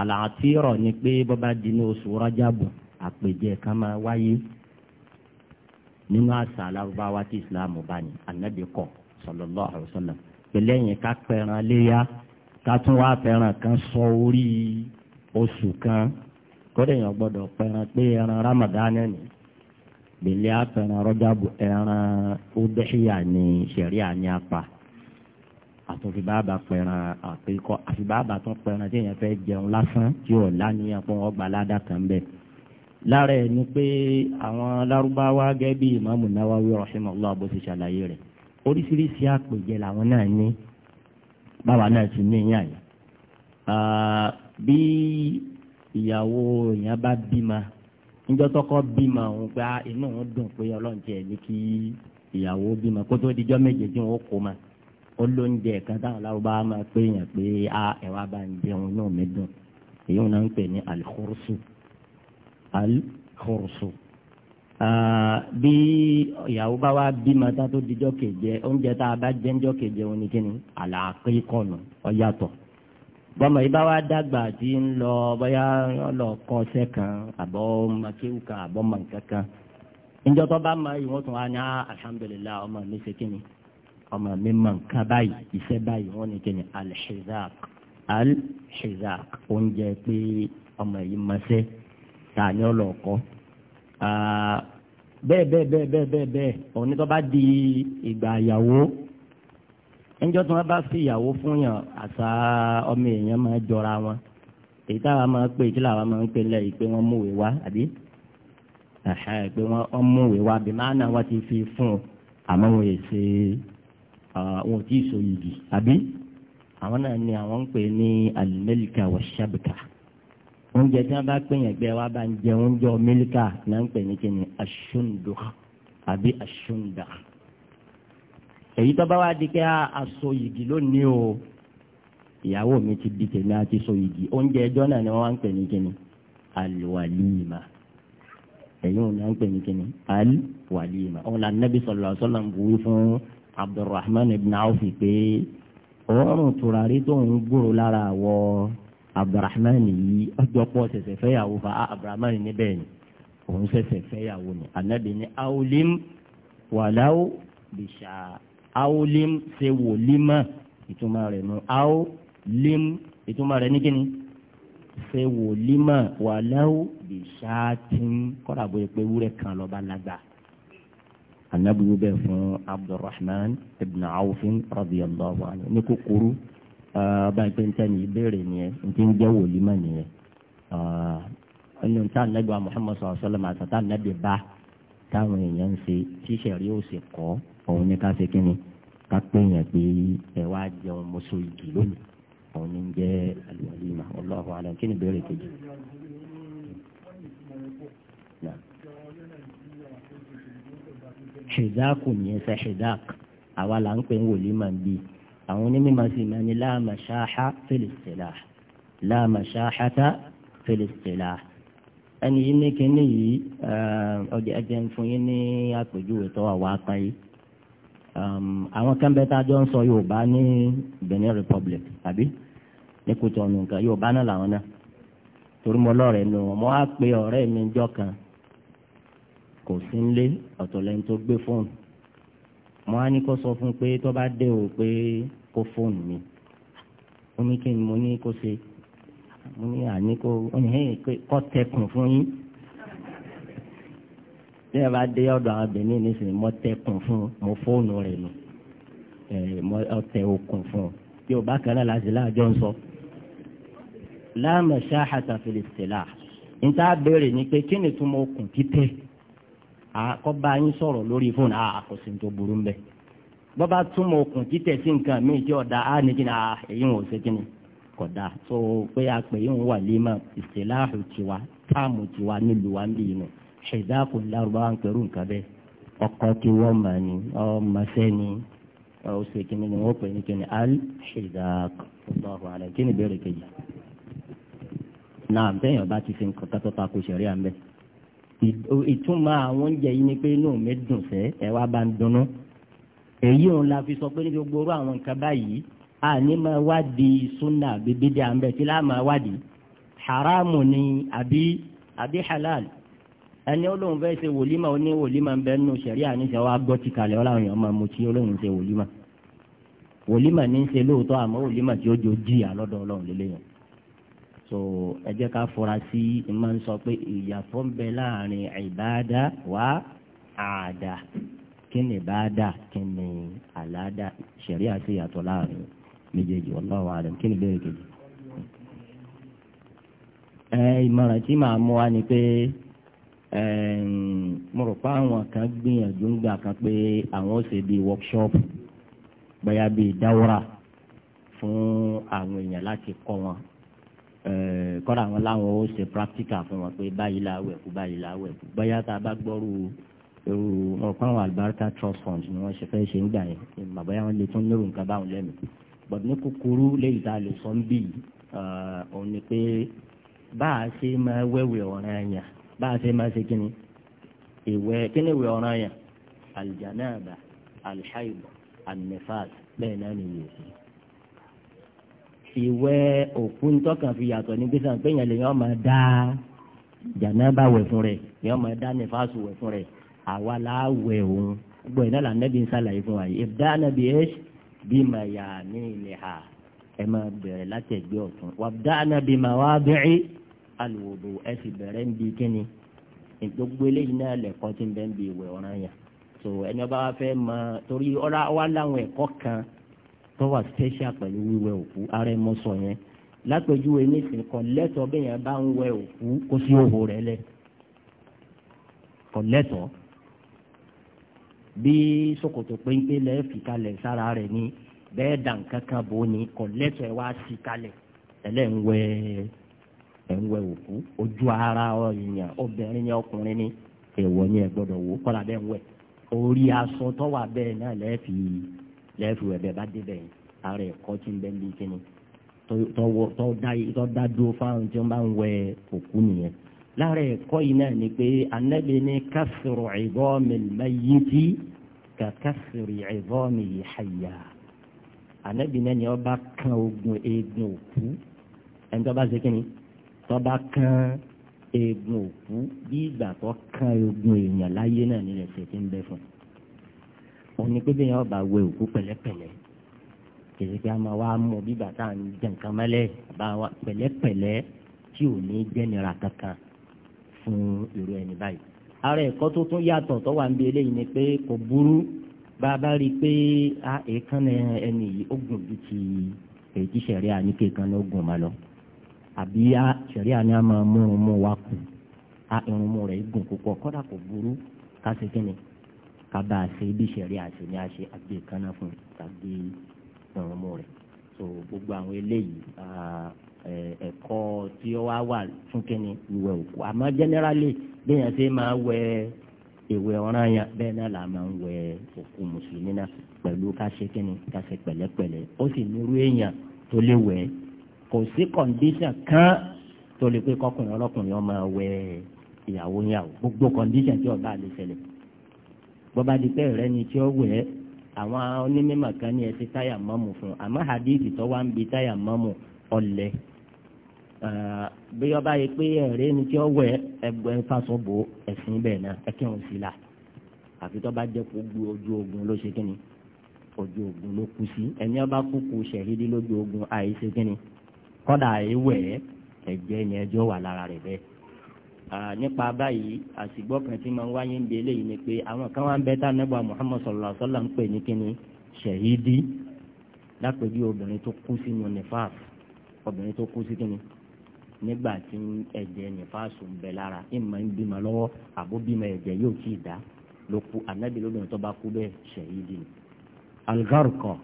àlàátírọ̀ ni pé bọ́bá di ní oṣù rájàbù àpèjẹ kan máa wáyé nínú àṣà alárúbáwá tí ìsìláàmù bá ní ànábì kọ sallallahu alaihi wasallam pẹ̀lẹ́ yẹn ká pẹran léyà ká tún wá pẹran kan sọ orí oṣù kan kódà èèyàn gbọ́dọ̀ pẹran pé ẹran ramadan ni pẹ̀lẹ́ àpẹran rọ́jàbù ẹran ó dẹ́ṣíyà ní ṣẹ̀ríà apá àtún fi bàbà pẹ̀ràn àpékọ́ àfi bàbà tún pẹ̀ràn tí èèyàn fẹ́ jẹun lásán tí ò láníyàn fún ọgbà ládà kan bẹ́ẹ̀. lára ẹ̀ ni pé àwọn lárúbáwá gẹ́gẹ́ bí ìmáàmù náwáwí rahimahullah bó ti ṣàlàyé rẹ̀ oríṣiríṣi àpèjẹ làwọn náà ní báwa náà ti ní ìyá yìí. bí ìyàwó èèyàn bá bímọ níjọ́ tọ́kọ bímọ òun gba ah, inú òun dùn pé ọlọ́run tiẹ̀ ní kí ìyàwó bímọ kó tó méje tí wọ́n kó máa ó lóúnjẹ kan táwọn lárúbáwá máa pé yàn pé a ẹ̀wà bá ń jẹun náà mi dùn èyí wọn náà ń pè ní alikorusu alikorusu bí ìyàwó bá wá bímọ tá tó dijọ́ keje oúnjẹ tá a bá jẹ́ ńjọ́ keje òun ni kíni àlàáké kọ̀nù ọ̀yàtọ̀ bọ́mọ yìí bá dàgbà tí ń lọ bóyá lọ kọ́ṣẹ́ kan àbọ̀ makéwù kan àbọ̀ mọ̀nkẹ́ kan ńjọ́ tó bá mọ ìwọ̀n tó wá ní alhamdulilayi ọmọ mi ṣe kíni ọmọ mi mọ nǹkan báyìí iṣẹ́ báyìí wọ́n ní kíni alhizak alhizak oúnjẹ pé ọmọ yìí mọṣẹ́ ta ni ọ lọ kọ́ bẹ́ẹ̀ bẹ́ẹ̀ bẹ́ẹ̀ bẹ́ẹ̀ bẹ́ẹ̀ bẹ́ẹ̀ òní tó bá di ìgbà ìyàwó ẹnjọ́ tí wọ́n bá fi ìyàwó fún yàn àṣà ọmọ èèyàn máa jọra wọn èyí táwa máa ń pè kí làwa máa ń pè lẹ́yìn pé wọ́n múwèé wá àbí pé wọ́n múwèé wá bí máa náà wọ́n ti fi fún un àmọ́ wọn yìí ṣe àwọn ah, tí ì so yìgì àbí àwọn náà ni àwọn ń pè ní alimẹ́líkà wàṣàbùkà oúnjẹ tí wọ́n bá pè yẹn gbé wa bá ń jẹ oúnjẹ mílíkà náà ń pè ní kíni aṣúndò àbí aṣúndà èyí tó bá wá di pé aṣọ yìgì lónìí o ìyàwó mi ti di tèmi àti so yìgì oúnjẹ ẹjọ́ náà ni wọ́n wá ń pè ní kíni alwalima èyí wọn náà ń pè ní kíni alwalima òun là nẹ́bí ń buwí fún abdulrahman ibn awf pé òórùn tùràrí tó ń gbòòrò lára àwọ abdulrahman yìí ọjọ́ pọ̀ ṣẹ̀ṣẹ̀ fẹ́yàwó fa abdulrahman níbẹ̀ ni òun ṣẹ̀ṣẹ̀ fẹ́yàwó ni anabi ni awlim wàláwó bìṣà awlim ṣe wòlímọ̀ ìtumọ̀ rẹ̀ nu awlim ìtumọ̀ rẹ̀ ní kíni ṣe wòlímọ̀ wàláwó bìṣà tí ń kọ́ra bóyá pé wúrẹ́ kan lọ́ba lágbàá anabi wo bẹ́ẹ̀ fún abdulrahman ibn awfin radiyallahu anhu ní kúkúrú báyìí pé níta ní ìbéèrè nìyẹn níta ń jẹ́ wòlímọ̀ nìyẹn ẹnu níta anabi wa muhammad sallallahu alayhi wa sallam àtàtà anabi bá táwọn èèyàn ń ṣe tíṣẹ̀rí ó sì kọ́ òun ní ká ṣe kínni ká pé yẹn pé ẹ wá jẹun mọ́ṣọ́ igi lónìí òun ní jẹ́ alwalima wallahu alam kí ni ìbéèrè kejì ṣèdáàkù nìyẹn ṣe ṣèdáàkù àwa là ń pè ń wòlíì máa ń bí àwọn onímọ̀ sì máa ní láàmàṣáhá fèlèsìlá láàmàṣáhátá fèlèsìlá ẹni yìí ní kínní yìí eh, ọjà ẹjẹ ń fún yín ní àpèjúwe tó wà wá kan yìí um, àwọn kan jọ ń sọ Yorùbá ní Benin Republic àbí ní Kútọ̀nù nǹkan Yorùbá náà làwọn náà torí mo lọ́ọ̀rẹ́ nu wọn á pe ọ̀rẹ́ mi jọ kan kò sí nílé ọ̀tọ̀ lẹ́ni tó gbé fóònù mo á ní kó sọ fún un pé tó bá dé o pé kó fóònù mi ó ní kí ni mo ní kó ṣe mo ní àní kó ó ní kó tẹkùn fún yín tí ẹ bá dé ọ̀dọ̀ àwọn benin nísìnyí mo tẹkùn fún mo fóònù rẹ̀ nù ọtẹ òkun fún un bí o bá kẹ́rẹ́ láti láàjọ ń sọ. láàmú ṣáà àtàfẹ́lẹ́sẹ̀lá níta béèrè ni pé kí ni túmọ̀ okùn títẹ̀ àkọ́bá yín sọ̀rọ̀ lórí fún àkọsí tó burú ń bẹ̀. bọ́bá túmọ̀ okùn títẹ̀ sí nǹkan míì tí ọ̀dà á ní kíni èyí wọn ò ṣe kíni kódà tó pé àpè yìí wọn wà límọ̀ ìṣèláàrù tiwa táàmù tiwa nílùú wa ń bì yìí nù ṣẹ̀dá kò lárúbáwá ń pẹ̀rù nǹkan bẹ́ẹ̀ ọkọ̀ tí wọ́n mọ̀ ni ọmọ sẹ́ni ọ̀sẹ̀ kìíní ni wọ́n pè ní kìíní al-shidaq Allahu alayhi kí ni ìbéèrè kejì náà bẹ́ẹ̀ yọ̀ọ́ bá ti fi nǹkan kátó ta kò ṣẹ̀rí à ń ìtumọ̀ àwọn oúnjẹ yìí ni pé inú mi dùn sẹ́ ẹ wá bá ń dunnú èyí òun la fi sọ pé ní gbogbo orú àwọn nǹkan báyìí àní máa wádìí súnà bíbídé àmbẹ̀ tí láà máa wádìí haramu ni àbí àbí halal ẹni olóhùn fẹ́ ṣe wòlímà ó ní wòlímà ń bẹ nínú sẹ̀rí àníṣe wa gbọ́ ti kalẹ̀ ọ̀làwọn èèyàn máa mú tí olóhùn ṣe wòlímà wòlímà ní í ṣe lóòótọ́ àmọ́ wòlímà tí ó jò jìyà lọ́dọ̀ ọlọ́run so ẹ jẹ́ ká fura sí i máa ń sọ pé ìyàtọ̀ ń bẹ láàrin ìbáadá wá àdá kí ni ìbáadá kí ni àládá ṣẹ̀rí àti ìyàtọ̀ láàrin méjèèjì ọlọ́run àdàm kí ni ìbéèrè kejì. ẹ ìmọ̀ràn tí màá mú wa ni pé mo rò pé àwọn kan gbìyànjú ń gbà kan pé àwọn ó ṣe bíi workshop bóyá bíi dáwọ́rà fún àwọn èèyàn láti kọ́ wọn Eh, kọ́ra àwọn láwọn ó ṣe practical fún wọn pé báyìí la wẹ̀ kú báyìí la wẹ̀ kú bóyá tá a bá gbọ́rù irú ọ̀pọ̀ àwọn àlùbáríkà trust fund ni wọ́n ṣe fẹ́ ṣe ń gbà yẹn bàbáyà wọn lè tún nírú nǹkan báwọn lẹ́nu but ní kúkúrú léyìí tá a lè sọ ń bì eh, òun ni pé bá a ṣe máa wẹ̀wẹ̀ ọ̀ràn yẹn bá a ṣe máa ṣe kíni ìwẹ̀ kíni ìwẹ̀ ọ̀ràn yẹn alìjànáàbà alìṣàìbọ̀ ànìfàs bẹ́ẹ̀ náà fi wẹ́ òkú ntọ́kàn fi yàtọ̀ ní gbèsè àti péyàn lè yàn máa dá jànáàbà wẹ̀ fún rẹ̀ yàn máa dá nífàsù wẹ̀ fún rẹ̀ àwa la wẹ̀ òun gbọ́ iná là nẹ́bí ń fún wa yìí ìbdá nàbí ẹ̀ṣ bí mà yà ní ilé ha ẹ máa bẹ̀rẹ̀ láti ẹ̀gbẹ́ ọ̀tún wà bdá nàbí mà wá bẹ̀rẹ̀ alùwòdò ẹ sì bẹ̀rẹ̀ ń bi kíni gbogbo eléyìí náà lẹ̀kọ́ ti ń bi ìwẹ̀ ọ̀ràn yà so ẹni ọba wa fẹ́ mọ torí ọ̀rá tó wà special pẹ̀lú wíwẹ̀ òkú ara ẹ̀ mọ́ sọ yẹn lápèjúwe nísìnyí kò lẹ́tọ̀ bí yẹn bá ń wẹ̀ òkú kó sí òhò rẹ̀ lẹ̀ kò lẹ́tọ̀ bí ṣòkòtò péńpé lẹ́ fi kalẹ̀ sára rẹ̀ ni bẹ́ẹ̀ dàn kankan bò ní kò lẹ́tọ̀ ẹ̀ wá sí kalẹ̀ ẹlẹ́ ń wẹ̀ ẹ̀ ń wẹ̀ òkú ojú ara ọ̀yàn obìnrin ni ọkùnrin ni èèwọ̀ ni ẹ̀ gbọ́dọ̀ wò kọ́ra bẹ́ẹ̀ ń wẹ̀ orí aṣọ tó wà náà lẹ́ fi yìí lẹ́ẹ̀fù ẹ̀bẹ̀ bá débẹ̀ yìí ààrẹ ẹ̀kọ́ tí ń bẹ́ bí kíni tó dá dúró fáwọn tí wọ́n bá ń wẹ òkú nìyẹn. láàrẹ ẹ̀kọ́ yìí náà ni pé anábì ní kásìrò ìbọ́mi mẹ́yìtì ká kásìrò ìbọ́mi yìí hayà. anábì náà ni wọ́n bá kan ogun eegun òkú ẹni tó bá ṣe kíni tó bá kan eegun òkú bí ìgbà tó kan eegun èèyàn láyé náà nílẹ̀ ṣe ti ń bẹ fún un òun ni pé bí yẹn ọba wẹ òkú pẹ̀lẹ́pẹ̀lẹ́ kìí kí a máa wá mú bíbà tá à ń jẹ nǹkan mọ́lẹ̀ bá wa pẹ̀lẹ́pẹ̀lẹ́ tí ò jẹ́nira kankan fún irú ẹni báyìí. ara ẹ̀kọ́ tó tún yàtọ̀ tó wà ń bí eléyìí ni pé kò burú bá a bá rí i pé a èékánná ẹni yìí ó gùn ju ti èyí tí sẹ̀ríà ní kéèkánná gùn má lọ àbí a sẹ̀ríà ní a máa mú irun mú wa kù a irun mú rẹ̀ gùn púpọ̀ kọ́dà kò burú ká ṣe kí ni kábà ṣe bí ìṣẹ̀rí àṣẹ ni a ṣe àgbè kaná fún tàbí ọ̀ràn mọ́ so gbogbo àwọn eléyìí ẹ̀kọ́ tí ó wá wà fún kínní ìwẹ̀ òkú àmọ́ generally bẹ́ẹ̀ ṣe máa wẹ ìwẹ̀ ọ̀ràn yẹn bẹ́ẹ̀ náà là máa ń wẹ òkú mùsùlùmí náà pẹ̀lú káṣe kínní káṣe pẹ̀lẹ́pẹ̀lẹ́ ó sì nírú èèyàn tó lè wẹ̀ kò sí condition kan tó lè pé kọkùnrin ọlọ́kùnrin ọmọ wẹ ìyàwó yàwó gbogbo condition tí ó bá lè bọ́ba di pé rẹ ni tí ó wẹ̀ ẹ́ àwọn onímọ̀ kan ní ẹsẹ̀ táyà mọ́mù fún àmọ́ hadithi tó wá ń bi táyà mọ́mù ọ̀lẹ́ bí ọba yìí pé ẹ̀rẹ́ ni tí ó wẹ̀ ẹgbẹ́ fásọ́bù ẹ̀sìn bẹ́ẹ̀ náà ẹ kírun sí la àfi tó bá jẹ́ kó gbu ojú ogun ló ṣe kínni ojú ogun ló kú sí ẹni ọba kúkú ṣẹ̀hídí lójú ogun àìṣe kínni kọ́dà ẹ̀wẹ̀ ẹ̀jẹ̀ yẹn ẹjọ́ wà lára rẹ̀ bẹ́ẹ̀ nípa báyìí àsìgbọ́ kan tí máa ń wáyé ń bi eléyìí ni pé àwọn kan wá ń bẹ tá nígbà Muhammad sallallahu alaihi wasallam ń pè ní kíni ṣèyídì lápèjú obìnrin tó kú sínú nifas obìnrin tó kú sí kíni nígbà tí ẹ̀jẹ̀ nifas ń bẹ lára ìmọ̀ ń bímọ lọ́wọ́ àbó bímọ ẹ̀jẹ̀ yóò tí ì dá ló kú ànábì lóbìnrin tó bá kú bẹ́ẹ̀ ṣèyídì ni algarkọ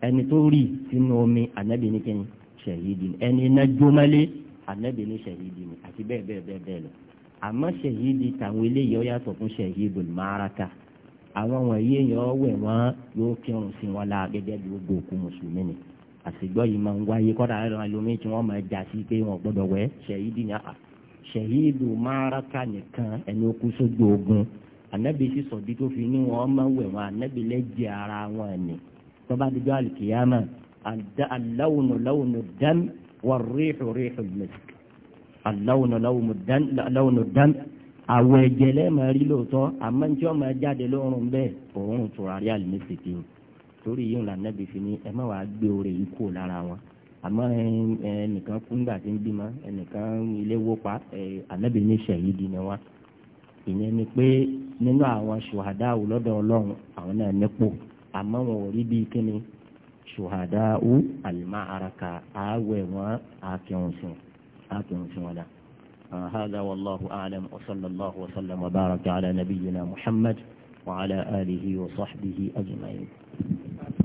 ẹni tó rí sínú omi ànábì ní kíni ṣèyídì ni ẹni iná jómálé anabi ní ṣẹ̀yídì ni àti bẹ́ẹ̀ bẹ́ẹ̀ bẹ́ẹ̀ bẹ́ẹ̀ lọ àmọ́ ṣẹ̀yídì tàwọn eléyìí ó yàtọ̀ fún ṣẹ̀yídì máraka àwọn wọ̀nyí èèyàn wẹ̀ wọ́n yóò kírun sí wọn láà gẹ́gẹ́ bí gbogbo òkú mùsùlùmí ni àṣìgbọ́ yìí máa ń wáyé kọ́dà ẹran ẹlòmíì tí wọ́n máa jà sí pé wọn gbọ́dọ̀ wẹ̀ ṣẹ̀yídì ni àà ṣẹ̀yídì máraka nìkan ẹni ó kú sójú ogun anabi sì sọ̀dí tó fi ní wọn máa wẹ̀ wọn anabi lẹ́jẹ̀ ara wọn ni tọ́ba dídọ́ àlùkìyàmà àdáhùn lọ́wọ́n والريح ريح المسك اللون لون الدم لون الدم àwọ̀ ẹ̀jẹ̀ lẹ́ẹ̀mọ̀ rí lóòótọ́ àmọ́ ní tí wọ́n máa jáde lọ́rùn bẹ́ẹ̀ òórùn tùràrí àlùmísìkì o torí yìí ńlá nẹ́bi fi ni ẹ má wàá gbé oore yìí kúrò lára wọn àmọ́ ẹnìkan kú nígbà tí ń bímọ ẹnìkan ilé wó pa ànábì ní sẹ̀yìn di ni wọn ìyẹn ni pé nínú àwọn ṣùhàdá àwòlọ́dọ̀ ọlọ́run àwọn náà nípò àmọ́ wọn ò rí bíi kíni شهداء المعركة àwẹ̀ wọn àkẹ́hùnsìn àkẹ́hùnsìn wọn هذا والله أعلم وصلى الله وسلم وبارك على نبينا محمد وعلى آله وصحبه أجمعين